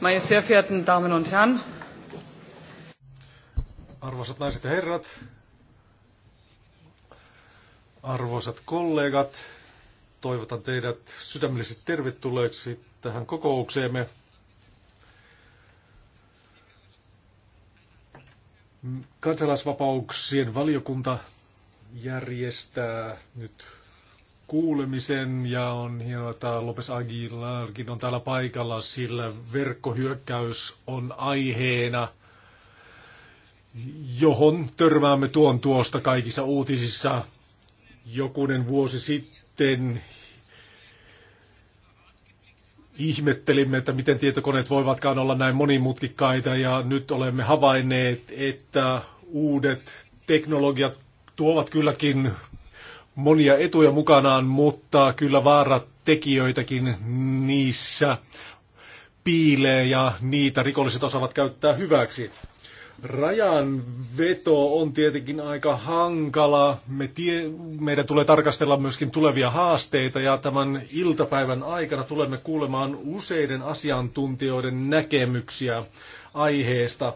Meine sehr verehrten Damen und Herren. Arvoisat naiset ja herrat, arvoisat kollegat, toivotan teidät sydämellisesti tervetulleeksi tähän kokoukseemme. Kansalaisvapauksien valiokunta järjestää nyt kuulemisen ja on hienoa, että Lopes Aguilarkin on täällä paikalla, sillä verkkohyökkäys on aiheena, johon törmäämme tuon tuosta kaikissa uutisissa. Jokunen vuosi sitten ihmettelimme, että miten tietokoneet voivatkaan olla näin monimutkikkaita ja nyt olemme havainneet, että uudet teknologiat tuovat kylläkin monia etuja mukanaan, mutta kyllä vaaratekijöitäkin niissä piilee ja niitä rikolliset osaavat käyttää hyväksi. Rajan veto on tietenkin aika hankala. Me tie, meidän tulee tarkastella myöskin tulevia haasteita ja tämän iltapäivän aikana tulemme kuulemaan useiden asiantuntijoiden näkemyksiä aiheesta.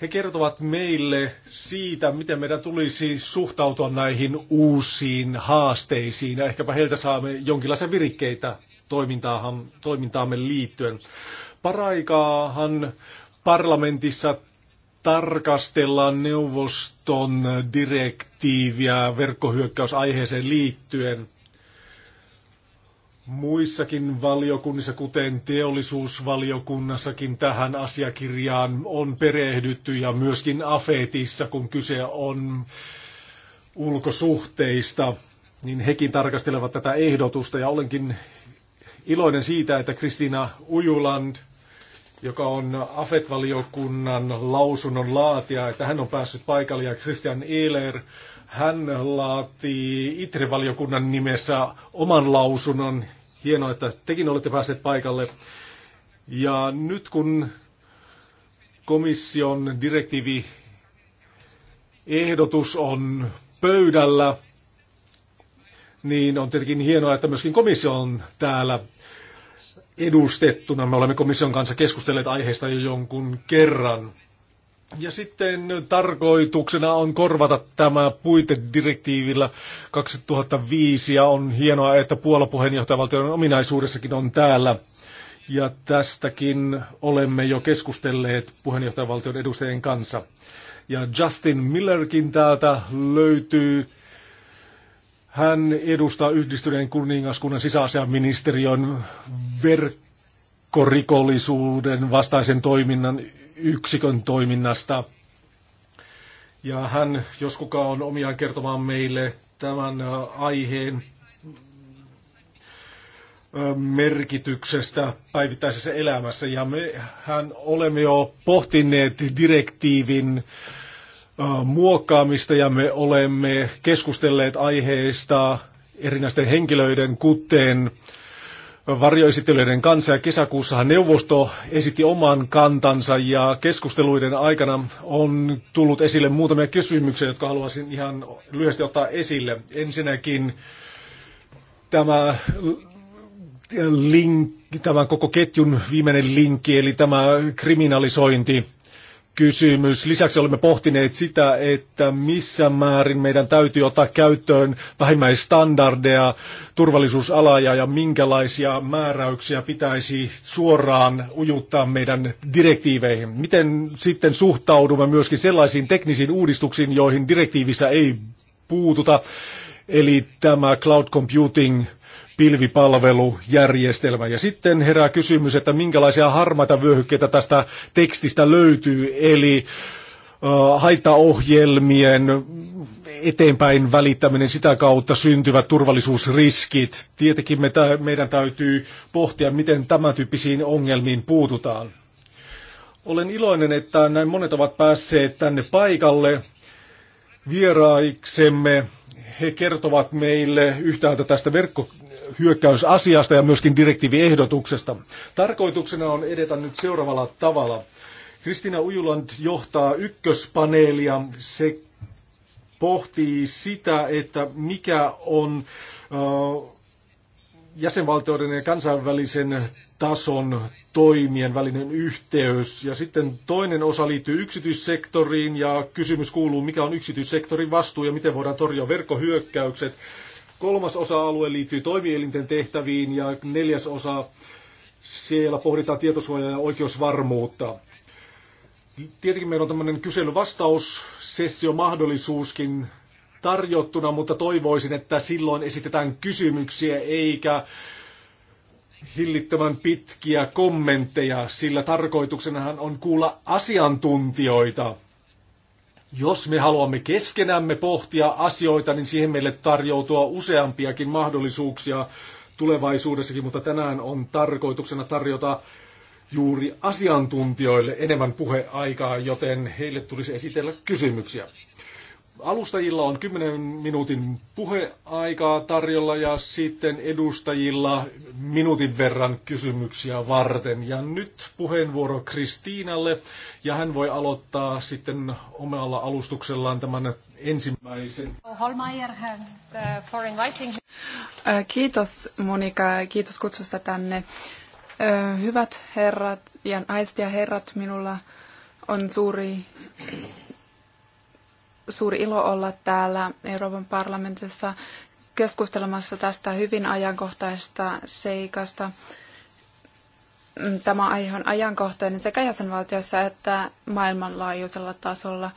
He kertovat meille siitä, miten meidän tulisi suhtautua näihin uusiin haasteisiin ja ehkäpä heiltä saamme jonkinlaisia virikkeitä toimintaamme liittyen. Paraikaahan parlamentissa tarkastellaan neuvoston direktiiviä verkkohyökkäysaiheeseen liittyen. Muissakin valiokunnissa, kuten teollisuusvaliokunnassakin, tähän asiakirjaan on perehdytty ja myöskin AFETissa, kun kyse on ulkosuhteista, niin hekin tarkastelevat tätä ehdotusta ja olenkin iloinen siitä, että Kristiina Ujuland, joka on AFET-valiokunnan lausunnon laatija, että hän on päässyt paikalle ja Christian Ehler, hän laatii ITRE-valiokunnan nimessä oman lausunnon Hienoa, että tekin olette päässeet paikalle. Ja nyt kun komission direktiivi ehdotus on pöydällä, niin on tietenkin hienoa, että myöskin komissio on täällä edustettuna. Me olemme komission kanssa keskustelleet aiheesta jo jonkun kerran. Ja sitten tarkoituksena on korvata tämä puitedirektiivillä 2005 ja on hienoa, että Puola puheenjohtajavaltion ominaisuudessakin on täällä. Ja tästäkin olemme jo keskustelleet puheenjohtajavaltion edustajien kanssa. Ja Justin Millerkin täältä löytyy. Hän edustaa yhdistyneen kuningaskunnan sisäasiaministeriön verkkorikollisuuden vastaisen toiminnan yksikön toiminnasta. Ja hän, jos kuka on omiaan kertomaan meille tämän äh, aiheen äh, merkityksestä päivittäisessä elämässä. Ja mehän olemme jo pohtineet direktiivin äh, muokkaamista ja me olemme keskustelleet aiheesta erinäisten henkilöiden, kuten varjoesittelyiden kanssa ja kesäkuussahan neuvosto esitti oman kantansa ja keskusteluiden aikana on tullut esille muutamia kysymyksiä, jotka haluaisin ihan lyhyesti ottaa esille. Ensinnäkin tämä link, tämän koko ketjun viimeinen linkki, eli tämä kriminalisointi kysymys. Lisäksi olemme pohtineet sitä, että missä määrin meidän täytyy ottaa käyttöön vähimmäistandardeja turvallisuusalaja ja minkälaisia määräyksiä pitäisi suoraan ujuttaa meidän direktiiveihin. Miten sitten suhtaudumme myöskin sellaisiin teknisiin uudistuksiin, joihin direktiivissä ei puututa, eli tämä cloud computing – pilvipalvelujärjestelmä. Ja sitten herää kysymys, että minkälaisia harmaita vyöhykkeitä tästä tekstistä löytyy, eli haittaohjelmien eteenpäin välittäminen, sitä kautta syntyvät turvallisuusriskit. Tietenkin me meidän täytyy pohtia, miten tämän tyyppisiin ongelmiin puututaan. Olen iloinen, että näin monet ovat päässeet tänne paikalle vieraiksemme. He kertovat meille yhtäältä tästä verkko- hyökkäysasiasta ja myöskin direktiiviehdotuksesta. Tarkoituksena on edetä nyt seuraavalla tavalla. Kristina Ujuland johtaa ykköspaneelia. Se pohtii sitä, että mikä on jäsenvaltioiden ja kansainvälisen tason toimien välinen yhteys. Ja sitten toinen osa liittyy yksityissektoriin ja kysymys kuuluu, mikä on yksityissektorin vastuu ja miten voidaan torjua verkkohyökkäykset. Kolmas osa-alue liittyy toimielinten tehtäviin ja neljäs osa siellä pohditaan tietosuojaa ja oikeusvarmuutta. Tietenkin meillä on tämmöinen kyselyvastaussessio mahdollisuuskin tarjottuna, mutta toivoisin, että silloin esitetään kysymyksiä eikä hillittömän pitkiä kommentteja, sillä tarkoituksenahan on kuulla asiantuntijoita. Jos me haluamme keskenämme pohtia asioita, niin siihen meille tarjoutua useampiakin mahdollisuuksia tulevaisuudessakin, mutta tänään on tarkoituksena tarjota juuri asiantuntijoille enemmän puheaikaa, joten heille tulisi esitellä kysymyksiä. Alustajilla on 10 minuutin puheaikaa tarjolla ja sitten edustajilla minuutin verran kysymyksiä varten. Ja nyt puheenvuoro Kristiinalle ja hän voi aloittaa sitten omalla alustuksellaan tämän ensimmäisen. Holmeier, uh, for inviting. Äh, kiitos Monika, kiitos kutsusta tänne. Äh, hyvät herrat ja naiset ja herrat, minulla on suuri suuri ilo olla täällä Euroopan parlamentissa keskustelemassa tästä hyvin ajankohtaisesta seikasta. Tämä aihe on ajankohtainen sekä jäsenvaltiossa että maailmanlaajuisella tasolla.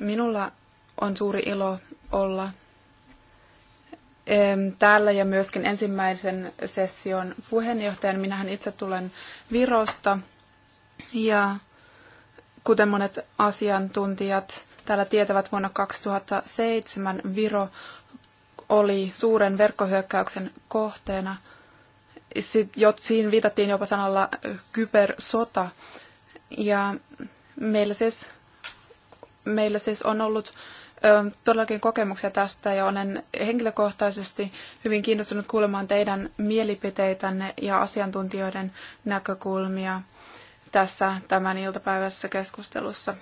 Minulla on suuri ilo olla täällä ja myöskin ensimmäisen session puheenjohtajan. Minähän itse tulen Virosta ja kuten monet asiantuntijat, täällä tietävät, vuonna 2007 Viro oli suuren verkkohyökkäyksen kohteena. Siinä viitattiin jopa sanalla kybersota. Ja meillä siis, meillä siis on ollut todellakin kokemuksia tästä ja olen henkilökohtaisesti hyvin kiinnostunut kuulemaan teidän mielipiteitänne ja asiantuntijoiden näkökulmia tässä tämän iltapäivässä keskustelussa.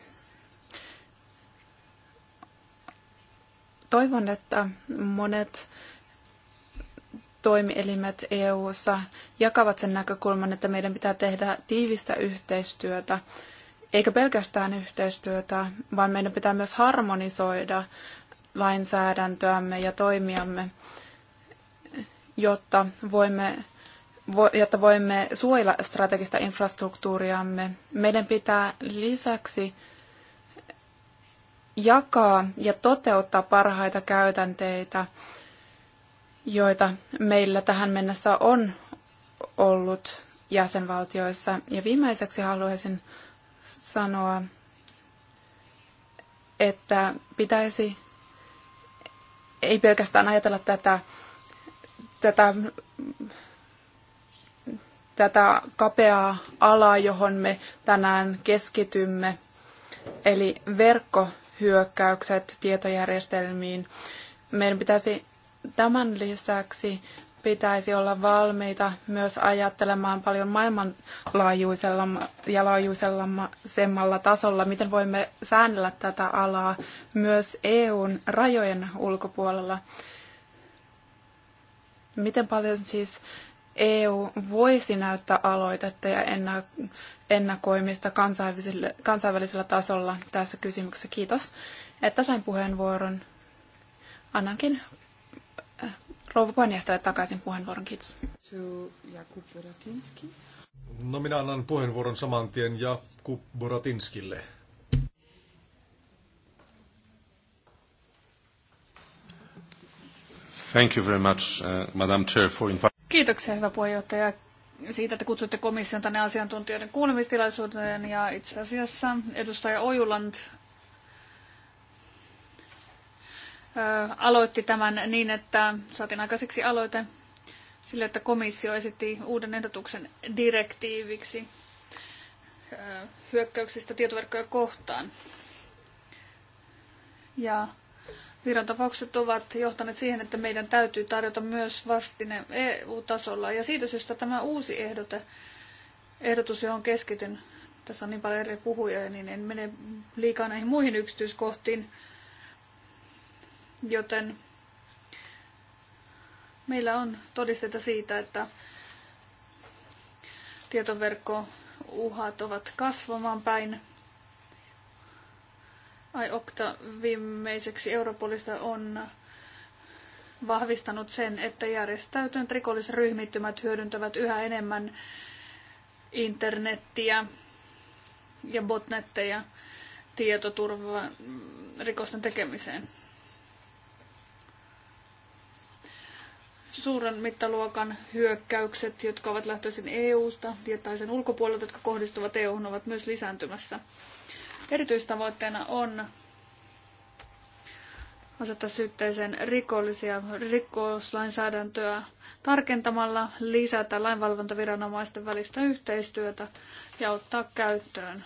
Toivon, että monet toimielimet EU:ssa jakavat sen näkökulman, että meidän pitää tehdä tiivistä yhteistyötä, eikä pelkästään yhteistyötä, vaan meidän pitää myös harmonisoida lainsäädäntöämme ja toimiamme, jotta voimme, jotta voimme suojella strategista infrastruktuuriamme. Meidän pitää lisäksi jakaa ja toteuttaa parhaita käytänteitä, joita meillä tähän mennessä on ollut jäsenvaltioissa. Ja viimeiseksi haluaisin sanoa, että pitäisi ei pelkästään ajatella tätä, tätä, tätä kapeaa alaa, johon me tänään keskitymme, eli verkko hyökkäykset tietojärjestelmiin. Meidän pitäisi tämän lisäksi pitäisi olla valmiita myös ajattelemaan paljon maailmanlaajuisella ja laajuisella tasolla, miten voimme säännellä tätä alaa myös EUn rajojen ulkopuolella. Miten paljon siis EU voisi näyttää aloitetta ja ennakoimista kansainvälisellä, tasolla tässä kysymyksessä. Kiitos, että sain puheenvuoron. Annankin äh, rouva puheenjohtajalle takaisin puheenvuoron. Kiitos. No minä annan puheenvuoron saman tien Jakub Boratinskille. Thank you very much, uh, Madam Chair, for inviting Kiitoksia, hyvä puheenjohtaja, siitä, että kutsutte komission tänne asiantuntijoiden kuulemistilaisuuteen. Ja itse asiassa edustaja Ojuland aloitti tämän niin, että saatiin aikaiseksi aloite sille, että komissio esitti uuden ehdotuksen direktiiviksi hyökkäyksistä tietoverkkoja kohtaan. Ja Virantapaukset ovat johtaneet siihen, että meidän täytyy tarjota myös vastine EU-tasolla. Ja siitä syystä tämä uusi ehdote, ehdotus, johon keskityn, tässä on niin paljon eri puhujia, niin en mene liikaa näihin muihin yksityiskohtiin. Joten meillä on todisteita siitä, että tietoverkkouhat ovat kasvamaan päin. Ai Okta viimeiseksi Europolista on vahvistanut sen, että järjestäytyneet rikollisryhmittymät hyödyntävät yhä enemmän internettiä ja botnetteja tietoturvan rikosten tekemiseen. suuren mittaluokan hyökkäykset, jotka ovat lähtöisin EU-sta ja tai sen ulkopuolelta, jotka kohdistuvat EU-hun, ovat myös lisääntymässä. Erityistavoitteena on asettaa syytteeseen rikollisia rikoslainsäädäntöä tarkentamalla, lisätä lainvalvontaviranomaisten välistä yhteistyötä ja ottaa käyttöön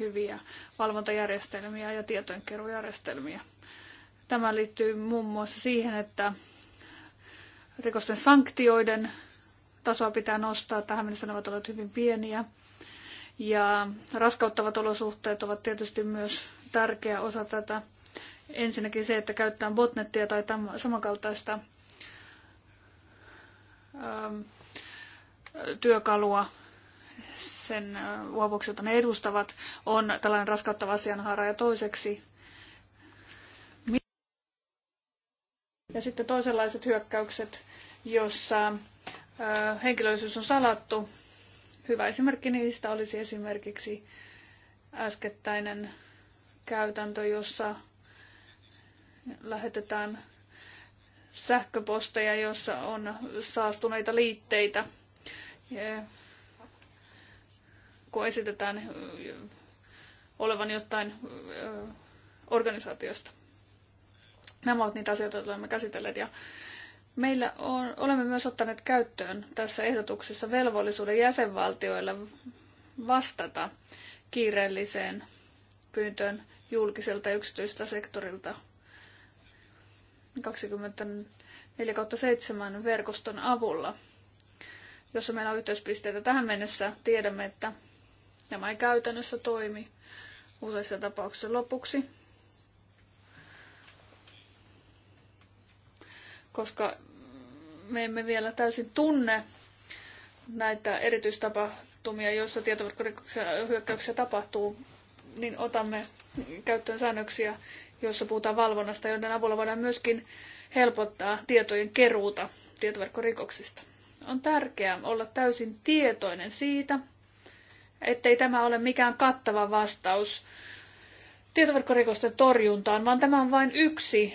hyviä valvontajärjestelmiä ja tietojenkeruujärjestelmiä. Tämä liittyy muun muassa siihen, että rikosten sanktioiden tasoa pitää nostaa. Tähän mennessä ne ovat olleet hyvin pieniä. Ja raskauttavat olosuhteet ovat tietysti myös tärkeä osa tätä. Ensinnäkin se, että käyttää botnettia tai samankaltaista ähm, työkalua sen äh, vuoksi, jota ne edustavat, on tällainen raskauttava asianhaara. Ja toiseksi ja sitten toisenlaiset hyökkäykset, jossa äh, henkilöllisyys on salattu Hyvä esimerkki niistä olisi esimerkiksi äskettäinen käytäntö, jossa lähetetään sähköposteja, jossa on saastuneita liitteitä, kun esitetään olevan jostain organisaatiosta. Nämä ovat niitä asioita, joita olemme käsitelleet. Ja Meillä on, olemme myös ottaneet käyttöön tässä ehdotuksessa velvollisuuden jäsenvaltioilla vastata kiireelliseen pyyntöön julkiselta ja yksityiseltä sektorilta 24-7 verkoston avulla, jossa meillä on yhteyspisteitä tähän mennessä. Tiedämme, että tämä ei käytännössä toimi useissa tapauksissa lopuksi. koska me emme vielä täysin tunne näitä erityistapahtumia, joissa tietoverkkorikoksia hyökkäyksiä tapahtuu, niin otamme käyttöön säännöksiä, joissa puhutaan valvonnasta, joiden avulla voidaan myöskin helpottaa tietojen keruuta tietoverkkorikoksista. On tärkeää olla täysin tietoinen siitä, ettei tämä ole mikään kattava vastaus tietoverkkorikosten torjuntaan, vaan tämä on vain yksi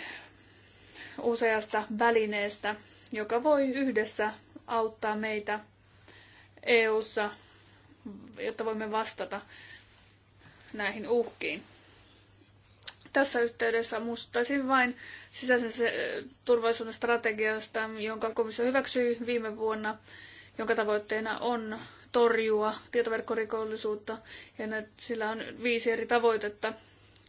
useasta välineestä, joka voi yhdessä auttaa meitä EU:ssa, jotta voimme vastata näihin uhkiin. Tässä yhteydessä muistuttaisin vain sisäisen turvallisuuden strategiasta, jonka komissio hyväksyi viime vuonna, jonka tavoitteena on torjua tietoverkkorikollisuutta, ja sillä on viisi eri tavoitetta.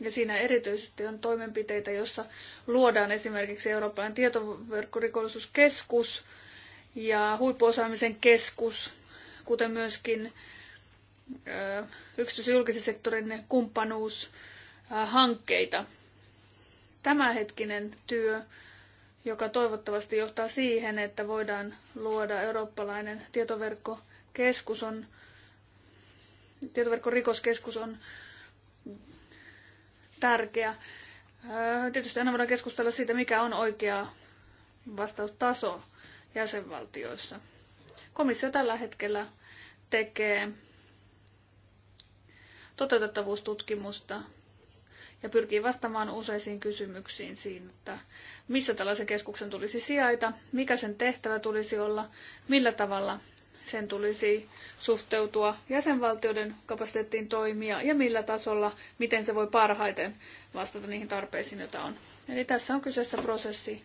Ja siinä erityisesti on toimenpiteitä, joissa luodaan esimerkiksi Euroopan tietoverkkorikollisuuskeskus ja huippuosaamisen keskus, kuten myöskin yksityisjulkisen sektorin kumppanuushankkeita. Tämänhetkinen työ, joka toivottavasti johtaa siihen, että voidaan luoda eurooppalainen tietoverkkokeskus, on, tietoverkkorikoskeskus on tärkeä. Tietysti aina voidaan keskustella siitä, mikä on oikea vastaustaso jäsenvaltioissa. Komissio tällä hetkellä tekee toteutettavuustutkimusta ja pyrkii vastaamaan useisiin kysymyksiin siinä, että missä tällaisen keskuksen tulisi sijaita, mikä sen tehtävä tulisi olla, millä tavalla sen tulisi suhteutua jäsenvaltioiden kapasiteettiin toimia ja millä tasolla, miten se voi parhaiten vastata niihin tarpeisiin, joita on. Eli tässä on kyseessä prosessi,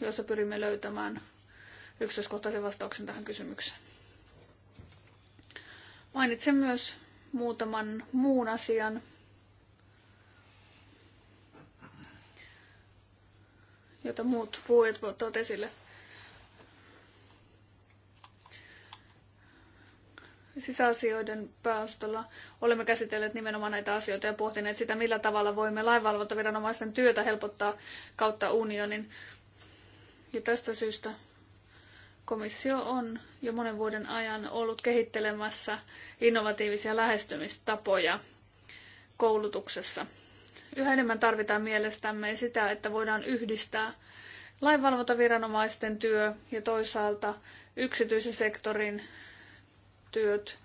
jossa pyrimme löytämään yksityiskohtaisen vastauksen tähän kysymykseen. Mainitsen myös muutaman muun asian, jota muut puhujat voivat esille. sisäasioiden pääostolla olemme käsitelleet nimenomaan näitä asioita ja pohtineet sitä, millä tavalla voimme lainvalvontaviranomaisten työtä helpottaa kautta unionin. Ja tästä syystä komissio on jo monen vuoden ajan ollut kehittelemässä innovatiivisia lähestymistapoja koulutuksessa. Yhä enemmän tarvitaan mielestämme sitä, että voidaan yhdistää lainvalvontaviranomaisten työ ja toisaalta yksityisen sektorin työt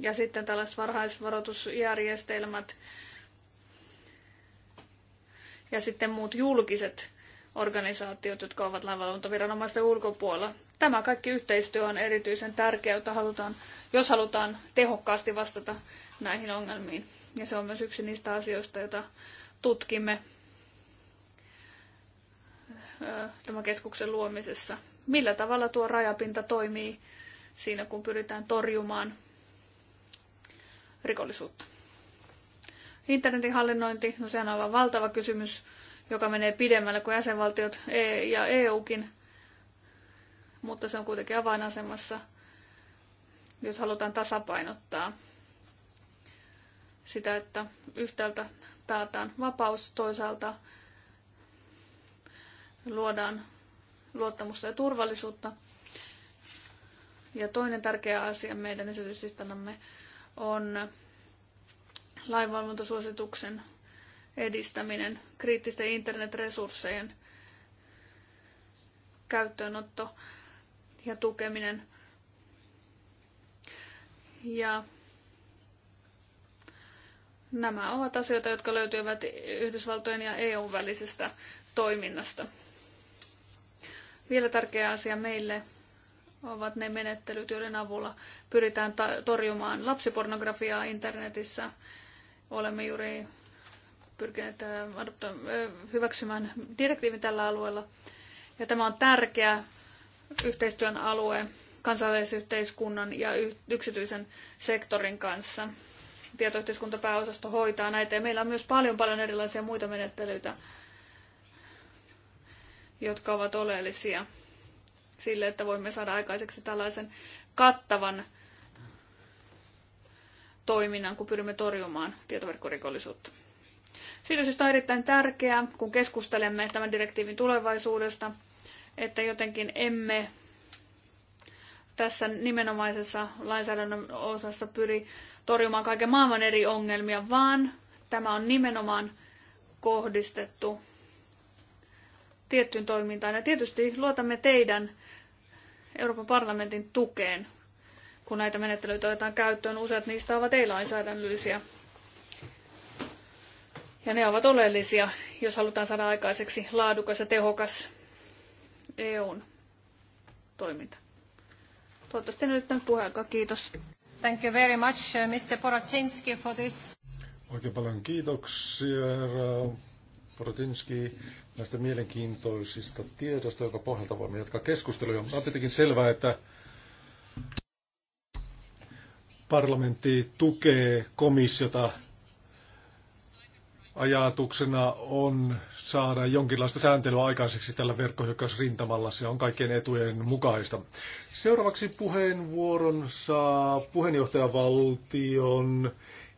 ja sitten tällaiset varhaisvaroitusjärjestelmät ja sitten muut julkiset organisaatiot, jotka ovat lainvalvontaviranomaisten ulkopuolella. Tämä kaikki yhteistyö on erityisen tärkeää, jota halutaan, jos halutaan tehokkaasti vastata näihin ongelmiin. Ja se on myös yksi niistä asioista, joita tutkimme tämän keskuksen luomisessa. Millä tavalla tuo rajapinta toimii siinä, kun pyritään torjumaan rikollisuutta. Internetin hallinnointi, no sehän on aivan valtava kysymys, joka menee pidemmälle kuin jäsenvaltiot e- ja EUkin, mutta se on kuitenkin avainasemassa, jos halutaan tasapainottaa sitä, että yhtäältä taataan vapaus, toisaalta luodaan luottamusta ja turvallisuutta. Ja toinen tärkeä asia meidän esityslistanamme on lainvalvontasuosituksen edistäminen, kriittisten internetresurssejen käyttöönotto ja tukeminen. Ja nämä ovat asioita, jotka löytyvät Yhdysvaltojen ja EUn välisestä toiminnasta. Vielä tärkeä asia meille ovat ne menettelyt, joiden avulla pyritään torjumaan lapsipornografiaa internetissä. Olemme juuri pyrkineet äh, äh, hyväksymään direktiivin tällä alueella. Ja tämä on tärkeä yhteistyön alue kansalaisyhteiskunnan ja yksityisen sektorin kanssa. Tietoyhteiskuntapääosasto hoitaa näitä ja meillä on myös paljon paljon erilaisia muita menettelyitä, jotka ovat oleellisia sille, että voimme saada aikaiseksi tällaisen kattavan toiminnan, kun pyrimme torjumaan tietoverkkorikollisuutta. Siitä syystä on erittäin tärkeää, kun keskustelemme tämän direktiivin tulevaisuudesta, että jotenkin emme tässä nimenomaisessa lainsäädännön osassa pyri torjumaan kaiken maailman eri ongelmia, vaan tämä on nimenomaan kohdistettu tiettyyn toimintaan. Ja tietysti luotamme teidän Euroopan parlamentin tukeen, kun näitä menettelyitä otetaan käyttöön. Useat niistä ovat ei-lainsäädännöllisiä. Ja ne ovat oleellisia, jos halutaan saada aikaiseksi laadukas ja tehokas EUn toiminta. Toivottavasti nyt tämän puheenjohtaja. Kiitos. Thank you very much, uh, Mr. Poratinski, for this. Oikein paljon kiitoksia, herra Poratinski, näistä mielenkiintoisista tiedoista, joka pohjalta voimme jatkaa keskustelua. On tietenkin selvää, että parlamentti tukee komissiota. Ajatuksena on saada jonkinlaista sääntelyä aikaiseksi tällä verkkohyökkäysrintamalla. Se on kaikkien etujen mukaista. Seuraavaksi puheenvuoron saa puheenjohtajavaltion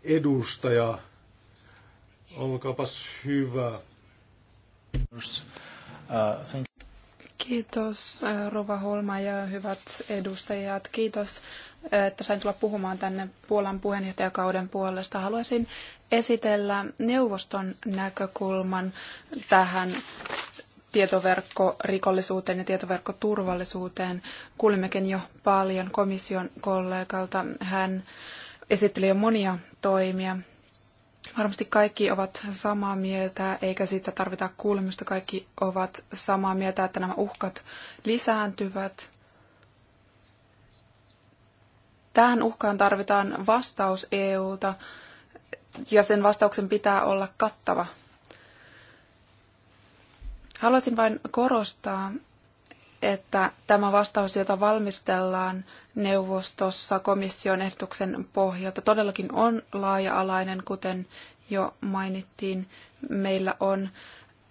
edustaja. Olkaapas hyvä. Kiitos eh, Rova Holma ja hyvät edustajat. Kiitos, eh, että sain tulla puhumaan tänne Puolan puheenjohtajakauden puolesta. Haluaisin esitellä neuvoston näkökulman tähän tietoverkkorikollisuuteen ja tietoverkkoturvallisuuteen. Kuulimmekin jo paljon komission kollegalta. Hän esitteli jo monia toimia Varmasti kaikki ovat samaa mieltä, eikä siitä tarvita kuulemista. Kaikki ovat samaa mieltä, että nämä uhkat lisääntyvät. Tähän uhkaan tarvitaan vastaus EUlta, ja sen vastauksen pitää olla kattava. Haluaisin vain korostaa, että tämä vastaus, jota valmistellaan neuvostossa komission ehdotuksen pohjalta, todellakin on laaja-alainen, kuten jo mainittiin. Meillä on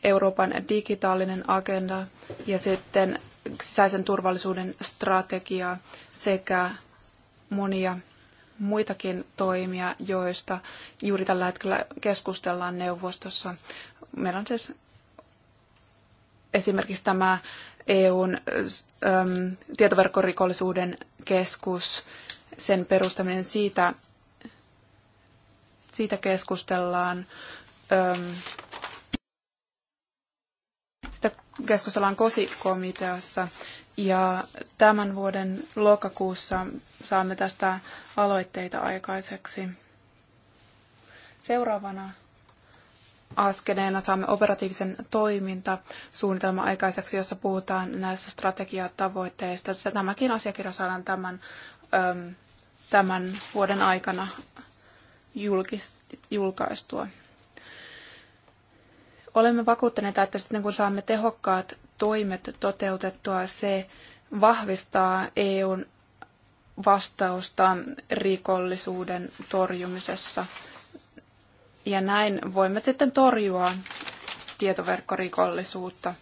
Euroopan digitaalinen agenda ja sitten sisäisen turvallisuuden strategia sekä monia muitakin toimia, joista juuri tällä hetkellä keskustellaan neuvostossa. Meillä on siis esimerkiksi tämä EUn äm, tietoverkkorikollisuuden keskus, sen perustaminen siitä, siitä keskustellaan. Äm, sitä keskustellaan KOSI-komiteassa ja tämän vuoden lokakuussa saamme tästä aloitteita aikaiseksi. Seuraavana askeleena saamme operatiivisen toimintasuunnitelman aikaiseksi, jossa puhutaan näistä strategiatavoitteista. Tämäkin asiakirja saadaan tämän, tämän vuoden aikana julkaistua. Olemme vakuuttaneet että sitten kun saamme tehokkaat toimet toteutettua, se vahvistaa EUn vastausta rikollisuuden torjumisessa – ja näin voimme sitten torjua tietoverkkorikollisuutta.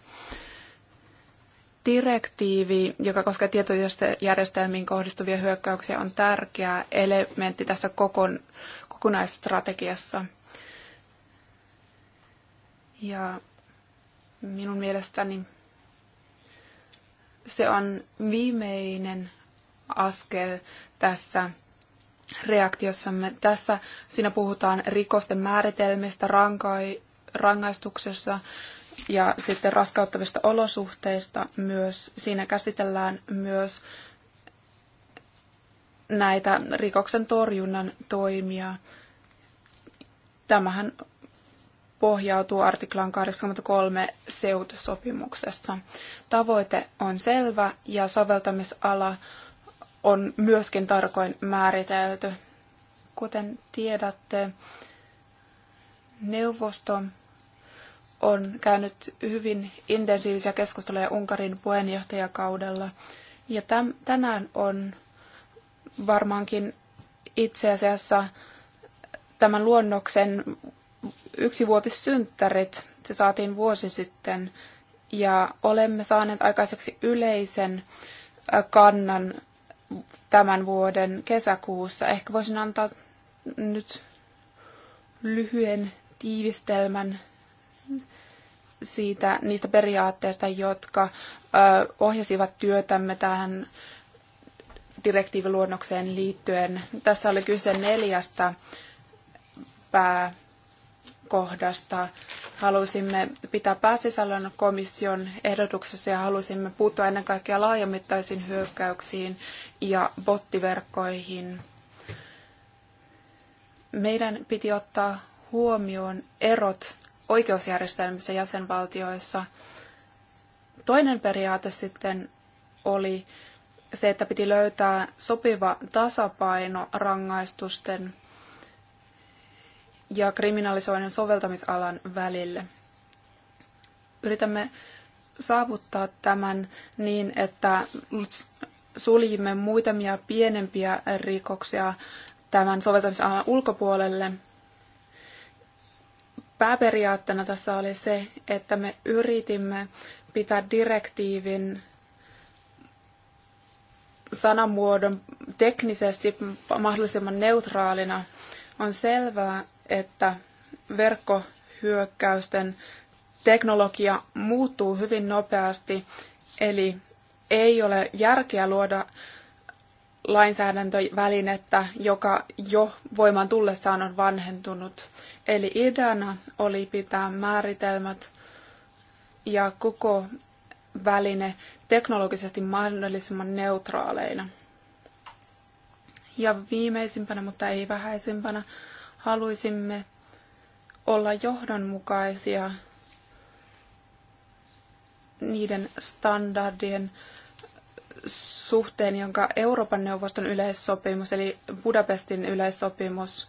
Direktiivi, joka koskee tietojärjestelmiin kohdistuvia hyökkäyksiä, on tärkeä elementti tässä kokon, kokonaisstrategiassa. Ja minun mielestäni se on viimeinen askel tässä reaktiossamme. Tässä siinä puhutaan rikosten määritelmistä, rankai, rangaistuksessa ja sitten raskauttavista olosuhteista myös. Siinä käsitellään myös näitä rikoksen torjunnan toimia. Tämähän pohjautuu artiklaan 83 SEUT-sopimuksessa. Tavoite on selvä ja soveltamisala on myöskin tarkoin määritelty. Kuten tiedätte, neuvosto on käynyt hyvin intensiivisiä keskusteluja Unkarin puheenjohtajakaudella. Ja tänään on varmaankin itse asiassa tämän luonnoksen yksivuotissynttärit. Se saatiin vuosi sitten ja olemme saaneet aikaiseksi yleisen kannan tämän vuoden kesäkuussa. Ehkä voisin antaa nyt lyhyen tiivistelmän siitä, niistä periaatteista, jotka ö, ohjasivat työtämme tähän direktiiviluonnokseen liittyen. Tässä oli kyse neljästä pää kohdasta. Halusimme pitää pääsisällön komission ehdotuksessa ja halusimme puuttua ennen kaikkea laajamittaisiin hyökkäyksiin ja bottiverkkoihin. Meidän piti ottaa huomioon erot oikeusjärjestelmissä jäsenvaltioissa. Toinen periaate sitten oli se, että piti löytää sopiva tasapaino rangaistusten ja kriminalisoinnin soveltamisalan välille. Yritämme saavuttaa tämän niin, että suljimme muutamia pienempiä rikoksia tämän soveltamisalan ulkopuolelle. Pääperiaatteena tässä oli se, että me yritimme pitää direktiivin sanamuodon teknisesti mahdollisimman neutraalina. On selvää, että verkkohyökkäysten teknologia muuttuu hyvin nopeasti, eli ei ole järkeä luoda lainsäädäntövälinettä, joka jo voimaan tullessaan on vanhentunut. Eli ideana oli pitää määritelmät ja koko väline teknologisesti mahdollisimman neutraaleina. Ja viimeisimpänä, mutta ei vähäisimpänä, Haluaisimme olla johdonmukaisia niiden standardien suhteen, jonka Euroopan neuvoston yleissopimus, eli Budapestin yleissopimus,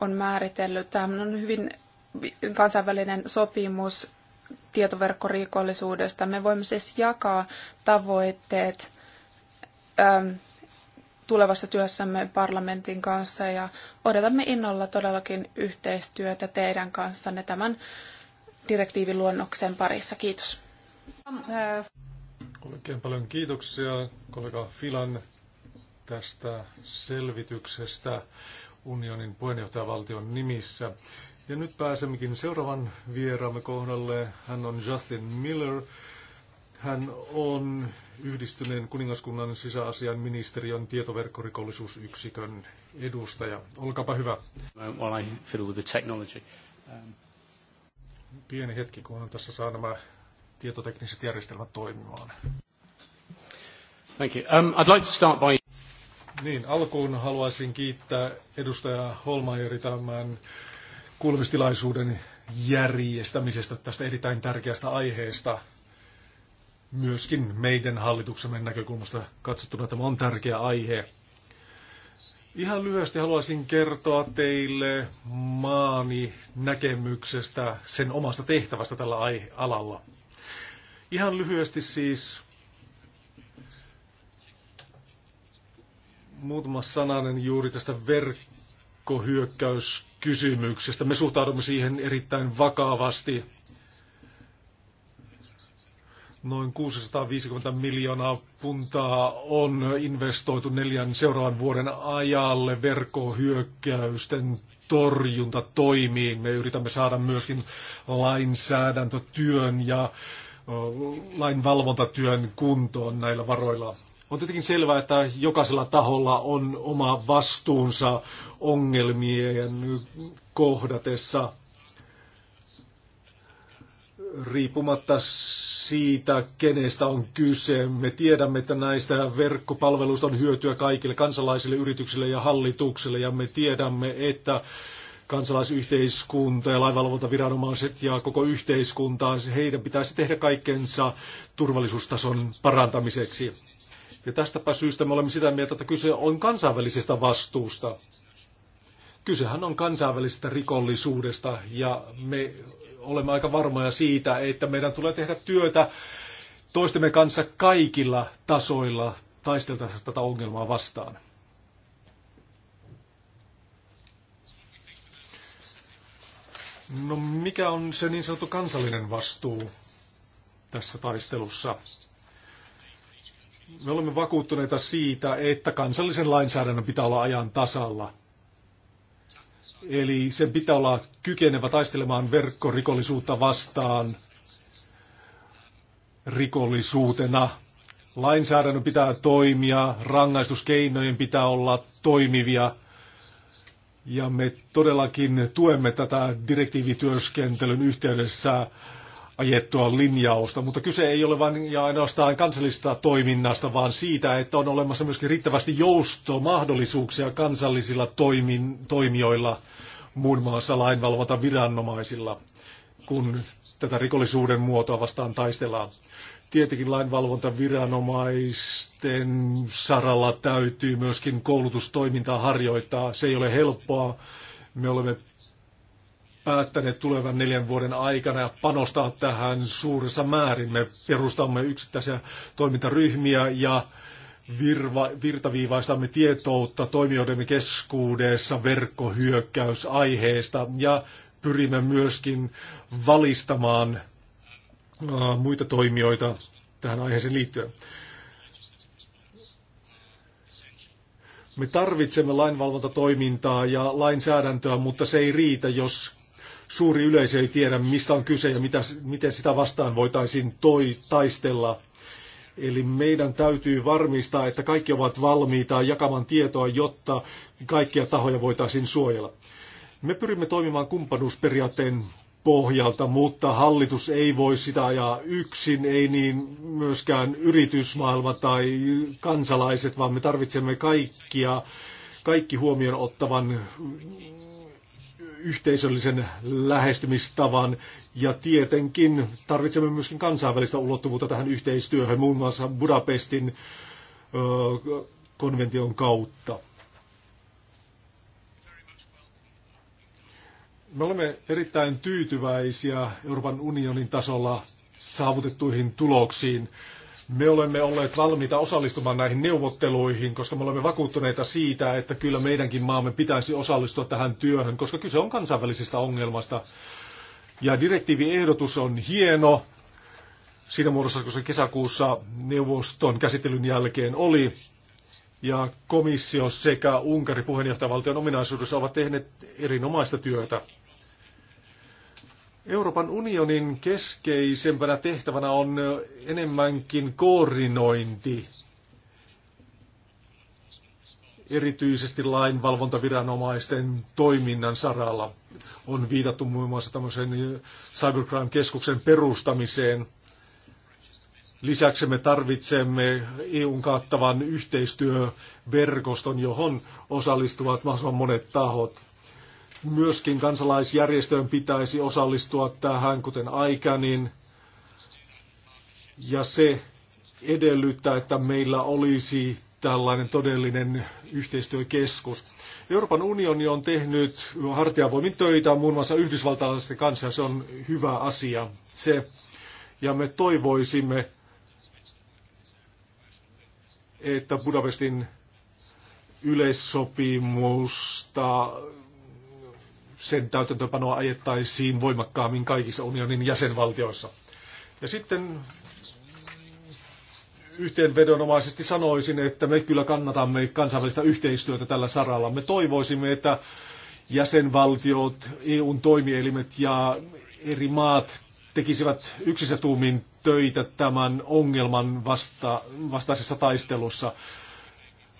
on määritellyt. Tämä on hyvin kansainvälinen sopimus tietoverkkorikollisuudesta. Me voimme siis jakaa tavoitteet tulevassa työssämme parlamentin kanssa ja odotamme innolla todellakin yhteistyötä teidän kanssanne tämän direktiivin luonnoksen parissa. Kiitos. Oikein paljon kiitoksia kollega Filan tästä selvityksestä unionin puheenjohtajavaltion nimissä. Ja nyt pääsemmekin seuraavan vieraamme kohdalle. Hän on Justin Miller, hän on yhdistyneen kuningaskunnan sisäasian ministeriön tietoverkkorikollisuusyksikön edustaja. Olkaapa hyvä. While I fiddle with the technology. Um, Pieni hetki, kun on tässä saa nämä tietotekniset järjestelmät toimimaan. Thank you. Um, I'd like to start by... Niin, alkuun haluaisin kiittää edustaja Holmajeri tämän kuulemistilaisuuden järjestämisestä tästä erittäin tärkeästä aiheesta – myöskin meidän hallituksemme näkökulmasta katsottuna tämä on tärkeä aihe. Ihan lyhyesti haluaisin kertoa teille maani näkemyksestä, sen omasta tehtävästä tällä alalla. Ihan lyhyesti siis muutama sananen juuri tästä verkkohyökkäyskysymyksestä. Me suhtaudumme siihen erittäin vakavasti Noin 650 miljoonaa puntaa on investoitu neljän seuraavan vuoden ajalle verkkohyökkäysten torjuntatoimiin. Me yritämme saada myöskin lainsäädäntötyön ja lainvalvontatyön kuntoon näillä varoilla. On tietenkin selvää, että jokaisella taholla on oma vastuunsa ongelmien kohdatessa riippumatta siitä, kenestä on kyse. Me tiedämme, että näistä verkkopalveluista on hyötyä kaikille kansalaisille, yrityksille ja hallituksille, ja me tiedämme, että kansalaisyhteiskunta ja lainvalvontaviranomaiset ja koko yhteiskunta, heidän pitäisi tehdä kaikkensa turvallisuustason parantamiseksi. Ja tästäpä syystä me olemme sitä mieltä, että kyse on kansainvälisestä vastuusta. Kysehän on kansainvälisestä rikollisuudesta ja me olemme aika varmoja siitä, että meidän tulee tehdä työtä toistemme kanssa kaikilla tasoilla taisteltaessa tätä ongelmaa vastaan. No mikä on se niin sanottu kansallinen vastuu tässä taistelussa? Me olemme vakuuttuneita siitä, että kansallisen lainsäädännön pitää olla ajan tasalla. Eli sen pitää olla kykenevä taistelemaan verkkorikollisuutta vastaan rikollisuutena. Lainsäädännön pitää toimia, rangaistuskeinojen pitää olla toimivia. Ja me todellakin tuemme tätä direktiivityöskentelyn yhteydessä ajettua linjausta, mutta kyse ei ole vain ja ainoastaan kansallista toiminnasta, vaan siitä, että on olemassa myöskin riittävästi joustomahdollisuuksia kansallisilla toimin, toimijoilla, muun muassa viranomaisilla, kun tätä rikollisuuden muotoa vastaan taistellaan. Tietenkin lainvalvontaviranomaisten saralla täytyy myöskin koulutustoimintaa harjoittaa. Se ei ole helppoa. Me olemme päättäneet tulevan neljän vuoden aikana ja panostaa tähän suuressa määrin. Me perustamme yksittäisiä toimintaryhmiä ja virva, virtaviivaistamme tietoutta toimijoidemme keskuudessa verkkohyökkäysaiheesta ja pyrimme myöskin valistamaan muita toimijoita tähän aiheeseen liittyen. Me tarvitsemme lainvalvontatoimintaa ja lainsäädäntöä, mutta se ei riitä, jos suuri yleisö ei tiedä, mistä on kyse ja mitä, miten sitä vastaan voitaisiin toi, taistella. Eli meidän täytyy varmistaa, että kaikki ovat valmiita jakamaan tietoa, jotta kaikkia tahoja voitaisiin suojella. Me pyrimme toimimaan kumppanuusperiaatteen pohjalta, mutta hallitus ei voi sitä ajaa yksin, ei niin myöskään yritysmaailma tai kansalaiset, vaan me tarvitsemme kaikkia, kaikki huomioon ottavan yhteisöllisen lähestymistavan ja tietenkin tarvitsemme myöskin kansainvälistä ulottuvuutta tähän yhteistyöhön, muun muassa Budapestin konvention kautta. Me olemme erittäin tyytyväisiä Euroopan unionin tasolla saavutettuihin tuloksiin. Me olemme olleet valmiita osallistumaan näihin neuvotteluihin, koska me olemme vakuuttuneita siitä, että kyllä meidänkin maamme pitäisi osallistua tähän työhön, koska kyse on kansainvälisistä ongelmasta. Ja direktiiviehdotus on hieno siinä muodossa, kun se kesäkuussa neuvoston käsittelyn jälkeen oli. Ja komissio sekä Unkari puheenjohtajavaltion ominaisuudessa ovat tehneet erinomaista työtä. Euroopan unionin keskeisempänä tehtävänä on enemmänkin koordinointi, erityisesti lainvalvontaviranomaisten toiminnan saralla. On viitattu muun muassa tämmöisen Cybercrime-keskuksen perustamiseen. Lisäksi me tarvitsemme EUn kattavan yhteistyöverkoston, johon osallistuvat mahdollisimman monet tahot myöskin kansalaisjärjestöön pitäisi osallistua tähän, kuten aikanin. Ja se edellyttää, että meillä olisi tällainen todellinen yhteistyökeskus. Euroopan unioni on tehnyt hartiavoimin töitä muun muassa yhdysvaltalaisten kanssa ja se on hyvä asia. Se, ja me toivoisimme, että Budapestin yleissopimusta sen täytäntöpanoa ajettaisiin voimakkaammin kaikissa unionin jäsenvaltioissa. Ja sitten yhteenvedonomaisesti sanoisin, että me kyllä kannatamme kansainvälistä yhteistyötä tällä saralla. Me toivoisimme, että jäsenvaltiot, EUn toimielimet ja eri maat tekisivät yksissä tuumin töitä tämän ongelman vasta, vastaisessa taistelussa.